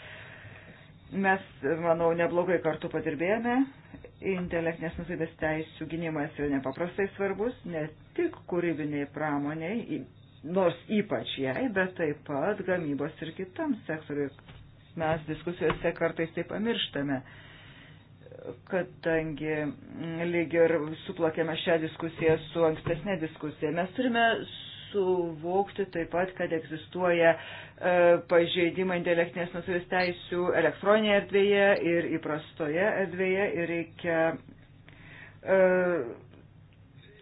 Mes, manau, neblogai kartu padirbėjome. Intelektinės nusavybės teisų gynimas yra nepaprastai svarbus, ne tik kūrybiniai pramoniai, nors ypač jai, bet taip pat gamybos ir kitam sektoriui. Mes diskusijose kartais tai pamirštame, kadangi mm, lyg ir suplakėme šią diskusiją su ankstesnė diskusija. Mes turime suvokti taip pat, kad egzistuoja e, pažeidimai intelektinės nusavės teisių elektroninėje erdvėje ir įprastoje erdvėje ir reikia e,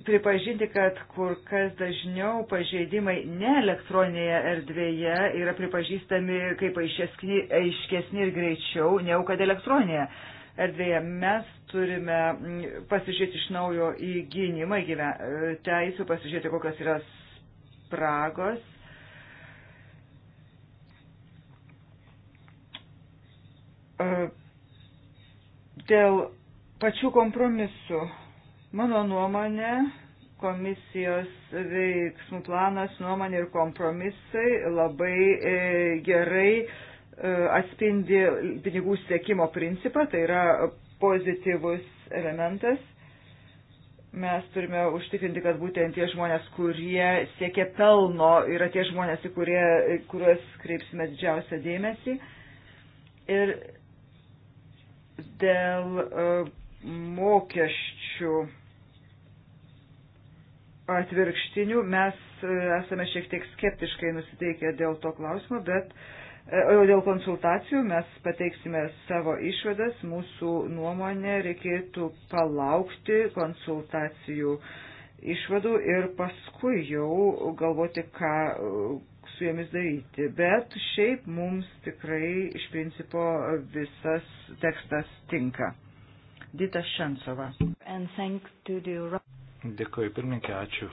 pripažinti, kad kur kas dažniau pažeidimai ne elektroninėje erdvėje yra pripažįstami kaip aiškesni ir greičiau, ne jau kad elektroninėje erdvėje. Mes turime pasižiūrėti iš naujo į gynimą e, teisų, pasižiūrėti, kokios yra spragos. E, dėl pačių kompromisų Mano nuomonė, komisijos veiksmų planas, nuomonė ir kompromisai labai e, gerai e, atspindi pinigų siekimo principą, tai yra pozityvus elementas. Mes turime užtikrinti, kad būtent tie žmonės, kurie siekia pelno, yra tie žmonės, į kurie, kuriuos kreipsime didžiausią dėmesį. Ir dėl e, mokesčių atvirkštinių. Mes e, esame šiek tiek skeptiškai nusiteikę dėl to klausimo, bet e, dėl konsultacijų mes pateiksime savo išvadas. Mūsų nuomonė reikėtų palaukti konsultacijų išvadų ir paskui jau galvoti, ką e, su jomis daryti. Bet šiaip mums tikrai iš principo visas tekstas tinka. Dita Šensova. The... Dėkoju pirmininkė, ačiū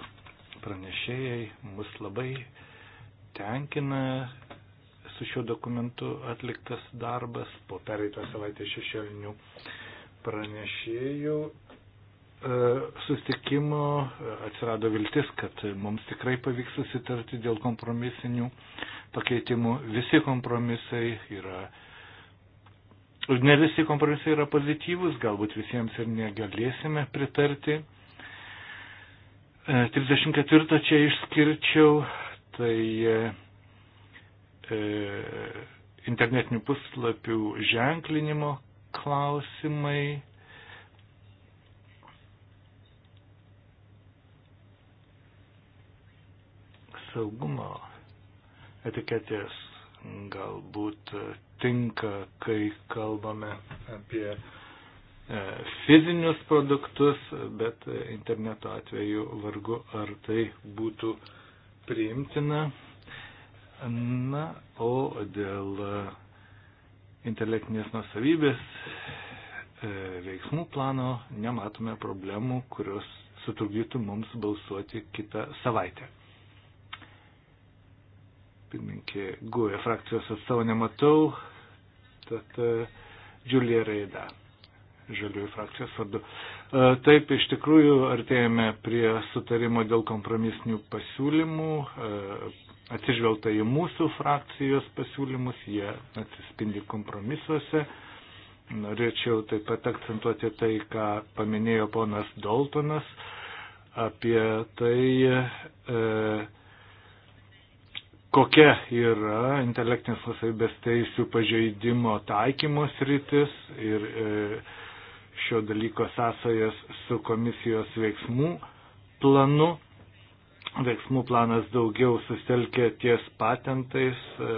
pranešėjai. Mus labai tenkina su šiuo dokumentu atliktas darbas po pereitą savaitę šešiolinių pranešėjų e, susitikimo atsirado viltis, kad mums tikrai pavyks susitarti dėl kompromisinių pakeitimų. Visi kompromisai yra, ne visi kompromisai yra pozityvus, galbūt visiems ir negalėsime pritarti. 34 e, čia išskirčiau, tai e, e, internetinių puslapių ženklinimo klausimai. Saugumo etiketės galbūt tinka, kai kalbame apie E, fizinius produktus, bet interneto atveju vargu ar tai būtų priimtina. Na, o dėl intelektinės nusavybės e, veiksmų plano nematome problemų, kurios sutrukdytų mums balsuoti kitą savaitę. Pirminkė Guoja frakcijos atstovo nematau, tad Džiulija e, Reida žaliųjų frakcijos vardu. E, taip, iš tikrųjų, artėjame prie sutarimo dėl kompromisinių pasiūlymų. E, atsižvelgta į mūsų frakcijos pasiūlymus, jie atsispindi kompromisuose. Norėčiau taip pat akcentuoti tai, ką paminėjo ponas Daltonas apie tai, e, kokia yra intelektinės nusavybės teisų pažeidimo taikymos rytis ir e, šio dalyko sąsajas su komisijos veiksmų planu. Veiksmų planas daugiau sustelkė ties patentais, e,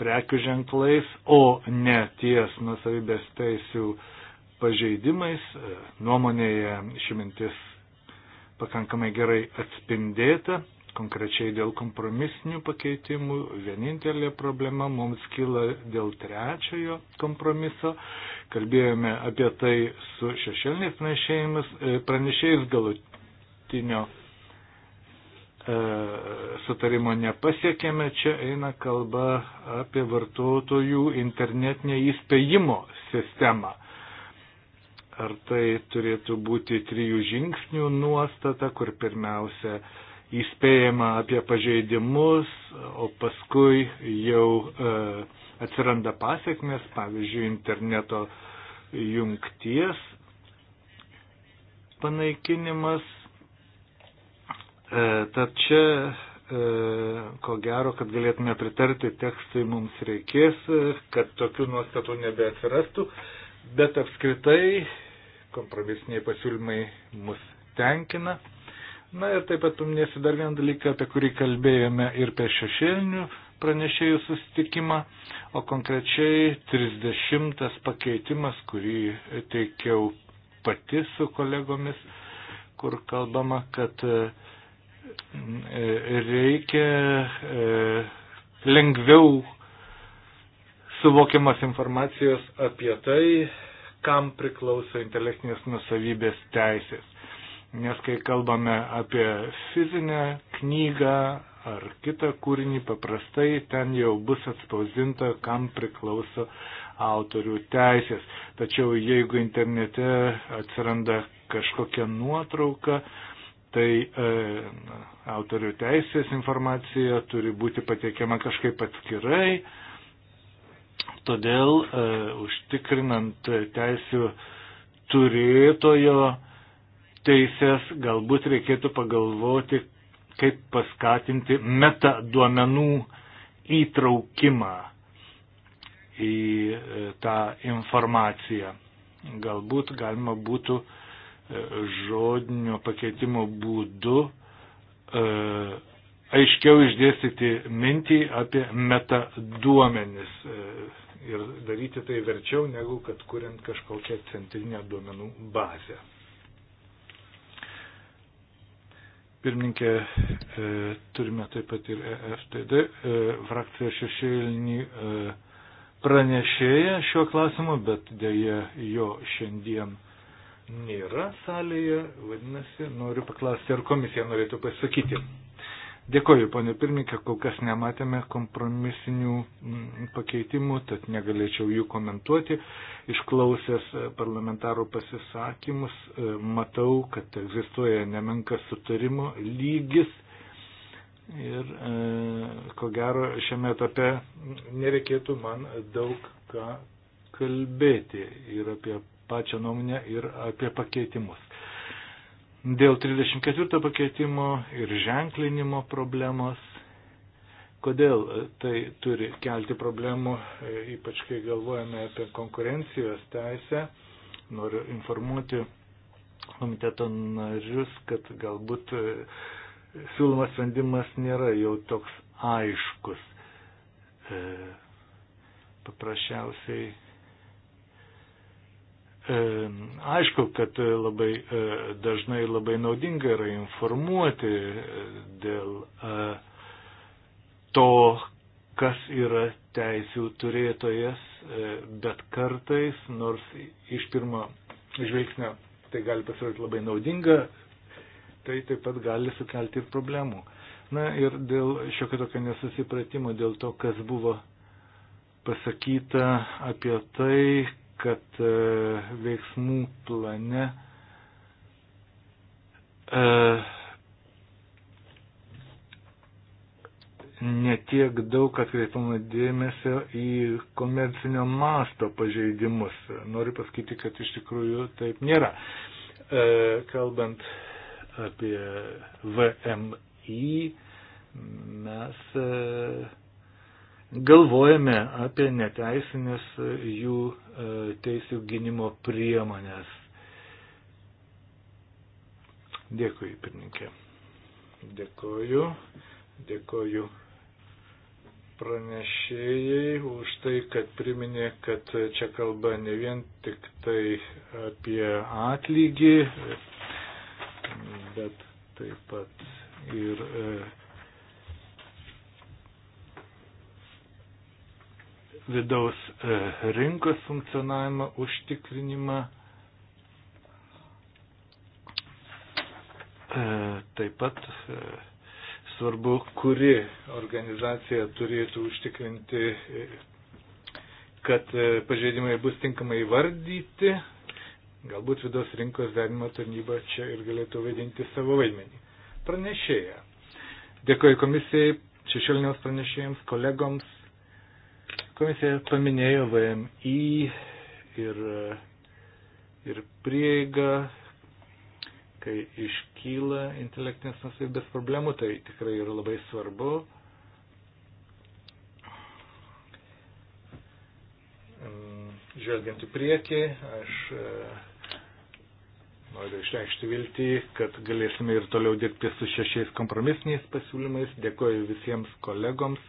prekių ženklais, o ne ties nusavybės teisių pažeidimais. E, nuomonėje ši mintis pakankamai gerai atspindėta. Konkrečiai dėl kompromisinių pakeitimų vienintelė problema mums kyla dėl trečiojo kompromiso. Kalbėjome apie tai su šešėliniais pranešėjais e, galutinio e, sutarimo nepasiekėme, čia eina kalba apie vartotojų internetinę įspėjimo sistemą. Ar tai turėtų būti trijų žingsnių nuostata, kur pirmiausia įspėjama apie pažeidimus, o paskui jau e, atsiranda pasiekmes, pavyzdžiui, interneto jungties panaikinimas. E, tad čia, e, ko gero, kad galėtume pritarti tekstui, mums reikės, e, kad tokių nuostatų nebeatsirastų, bet apskritai kompromisiniai pasiūlymai mus tenkina. Na ir taip pat paminėsiu dar vieną dalyką, apie kurį kalbėjome ir per šešėlinių pranešėjų susitikimą, o konkrečiai 30 pakeitimas, kurį teikiau pati su kolegomis, kur kalbama, kad e, reikia e, lengviau suvokiamas informacijos apie tai, kam priklauso intelektinės nusavybės teisės nes kai kalbame apie fizinę knygą ar kitą kūrinį, paprastai ten jau bus atspausdinta, kam priklauso autorių teisės. Tačiau jeigu internete atsiranda kažkokia nuotrauka, tai e, autorių teisės informacija turi būti pateikiama kažkaip atskirai, todėl e, užtikrinant teisų turėtojo e, teisės, galbūt reikėtų pagalvoti, kaip paskatinti meta duomenų įtraukimą į e, tą informaciją. Galbūt galima būtų e, žodinio pakeitimo būdu e, aiškiau išdėstyti mintį apie meta duomenis ir daryti tai verčiau, negu kad kuriant kažkokią centrinę duomenų bazę. Pirmininkė, e, turime taip pat ir EFTD e, e frakciją šešėlinį e, pranešėją šiuo klausimu, bet dėja jo šiandien nėra salėje, vadinasi, noriu paklausti, ar komisija norėtų pasakyti. Dėkoju, ponė pirmininkė, kol kas nematėme kompromisinių mm, pakeitimų, tad negalėčiau jų komentuoti. Išklausęs e, parlamentarų pasisakymus, e, matau, kad egzistuoja nemenkas sutarimo lygis ir e, ko gero šiame etape nereikėtų man daug ką kalbėti ir apie pačią nuomonę, ir apie pakeitimus. Dėl 34 pakeitimo ir ženklinimo problemos. Kodėl tai turi kelti problemų, e, ypač kai galvojame apie konkurencijos teisę. Noriu informuoti komiteto narius, kad galbūt e, siūlomas sprendimas nėra jau toks aiškus. E, Paprasčiausiai E, aišku, kad e, labai e, dažnai labai naudinga yra informuoti dėl to, kas yra teisių turėtojas, bet kartais, nors iš pirmo žvilgsnio tai gali pasirodyti labai naudinga, tai taip pat gali sukelti ir problemų. Na ir dėl šiokio tokio nesusipratimo, dėl to, kas buvo pasakyta apie tai, kad e, veiksmų plane e, netiek daug atkreipiama dėmesio į komercinio masto pažeidimus. Noriu pasakyti, kad iš tikrųjų taip nėra. E, kalbant apie VMI, mes galvojame apie neteisinės e, jų e, teisų gynimo priemonės. Dėkui, pirmininkė. Dėkoju. Dėkoju pranešėjai už tai, kad priminė, kad čia kalba ne vien tik tai apie atlygį, bet taip pat ir e, vidaus e, rinkos funkcionavimą, užtikrinimą, e, taip pat e, svarbu, kuri organizacija turėtų užtikrinti, kad pažeidimai bus tinkamai vardyti. Galbūt vidaus rinkos vertinimo tarnyba čia ir galėtų vaidinti savo vaidmenį. Pranešėja. Dėkoju komisijai, šešėliniams pranešėjams, kolegoms Komisija paminėjo VMI ir, ir prieigą, kai iškyla intelektinės nusavybės problemų, tai tikrai yra labai svarbu. Mm, žvelgiant į priekį, aš e, noriu išreikšti viltį, kad galėsime ir toliau dirbti su šešiais kompromisiniais pasiūlymais. Dėkoju visiems kolegoms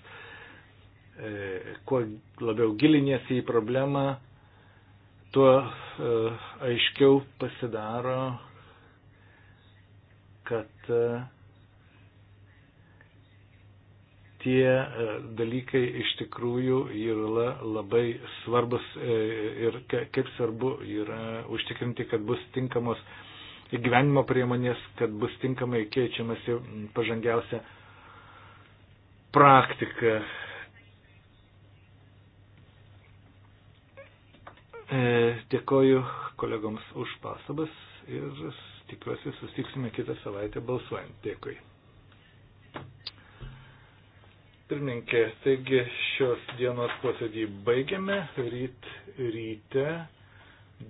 E, kuo labiau giliniesi į problemą, tuo e, aiškiau pasidaro, kad e, tie dalykai iš tikrųjų yra labai svarbus ir kaip svarbu yra užtikrinti, kad bus tinkamos įgyvenimo priemonės, kad bus tinkamai keičiamasi pažangiausia praktika. E, dėkoju kolegoms už pastabas ir tikiuosi susitiksime kitą savaitę balsuojant. Dėkui. Pirmininkė, taigi šios dienos posėdį baigiame. Ryt ryte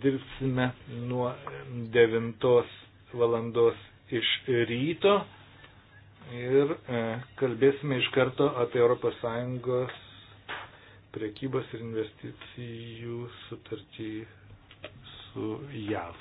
dirbsime nuo 9 valandos iš ryto ir e, kalbėsime iš karto apie ES priekybos ir investicijų sutartį su JAV.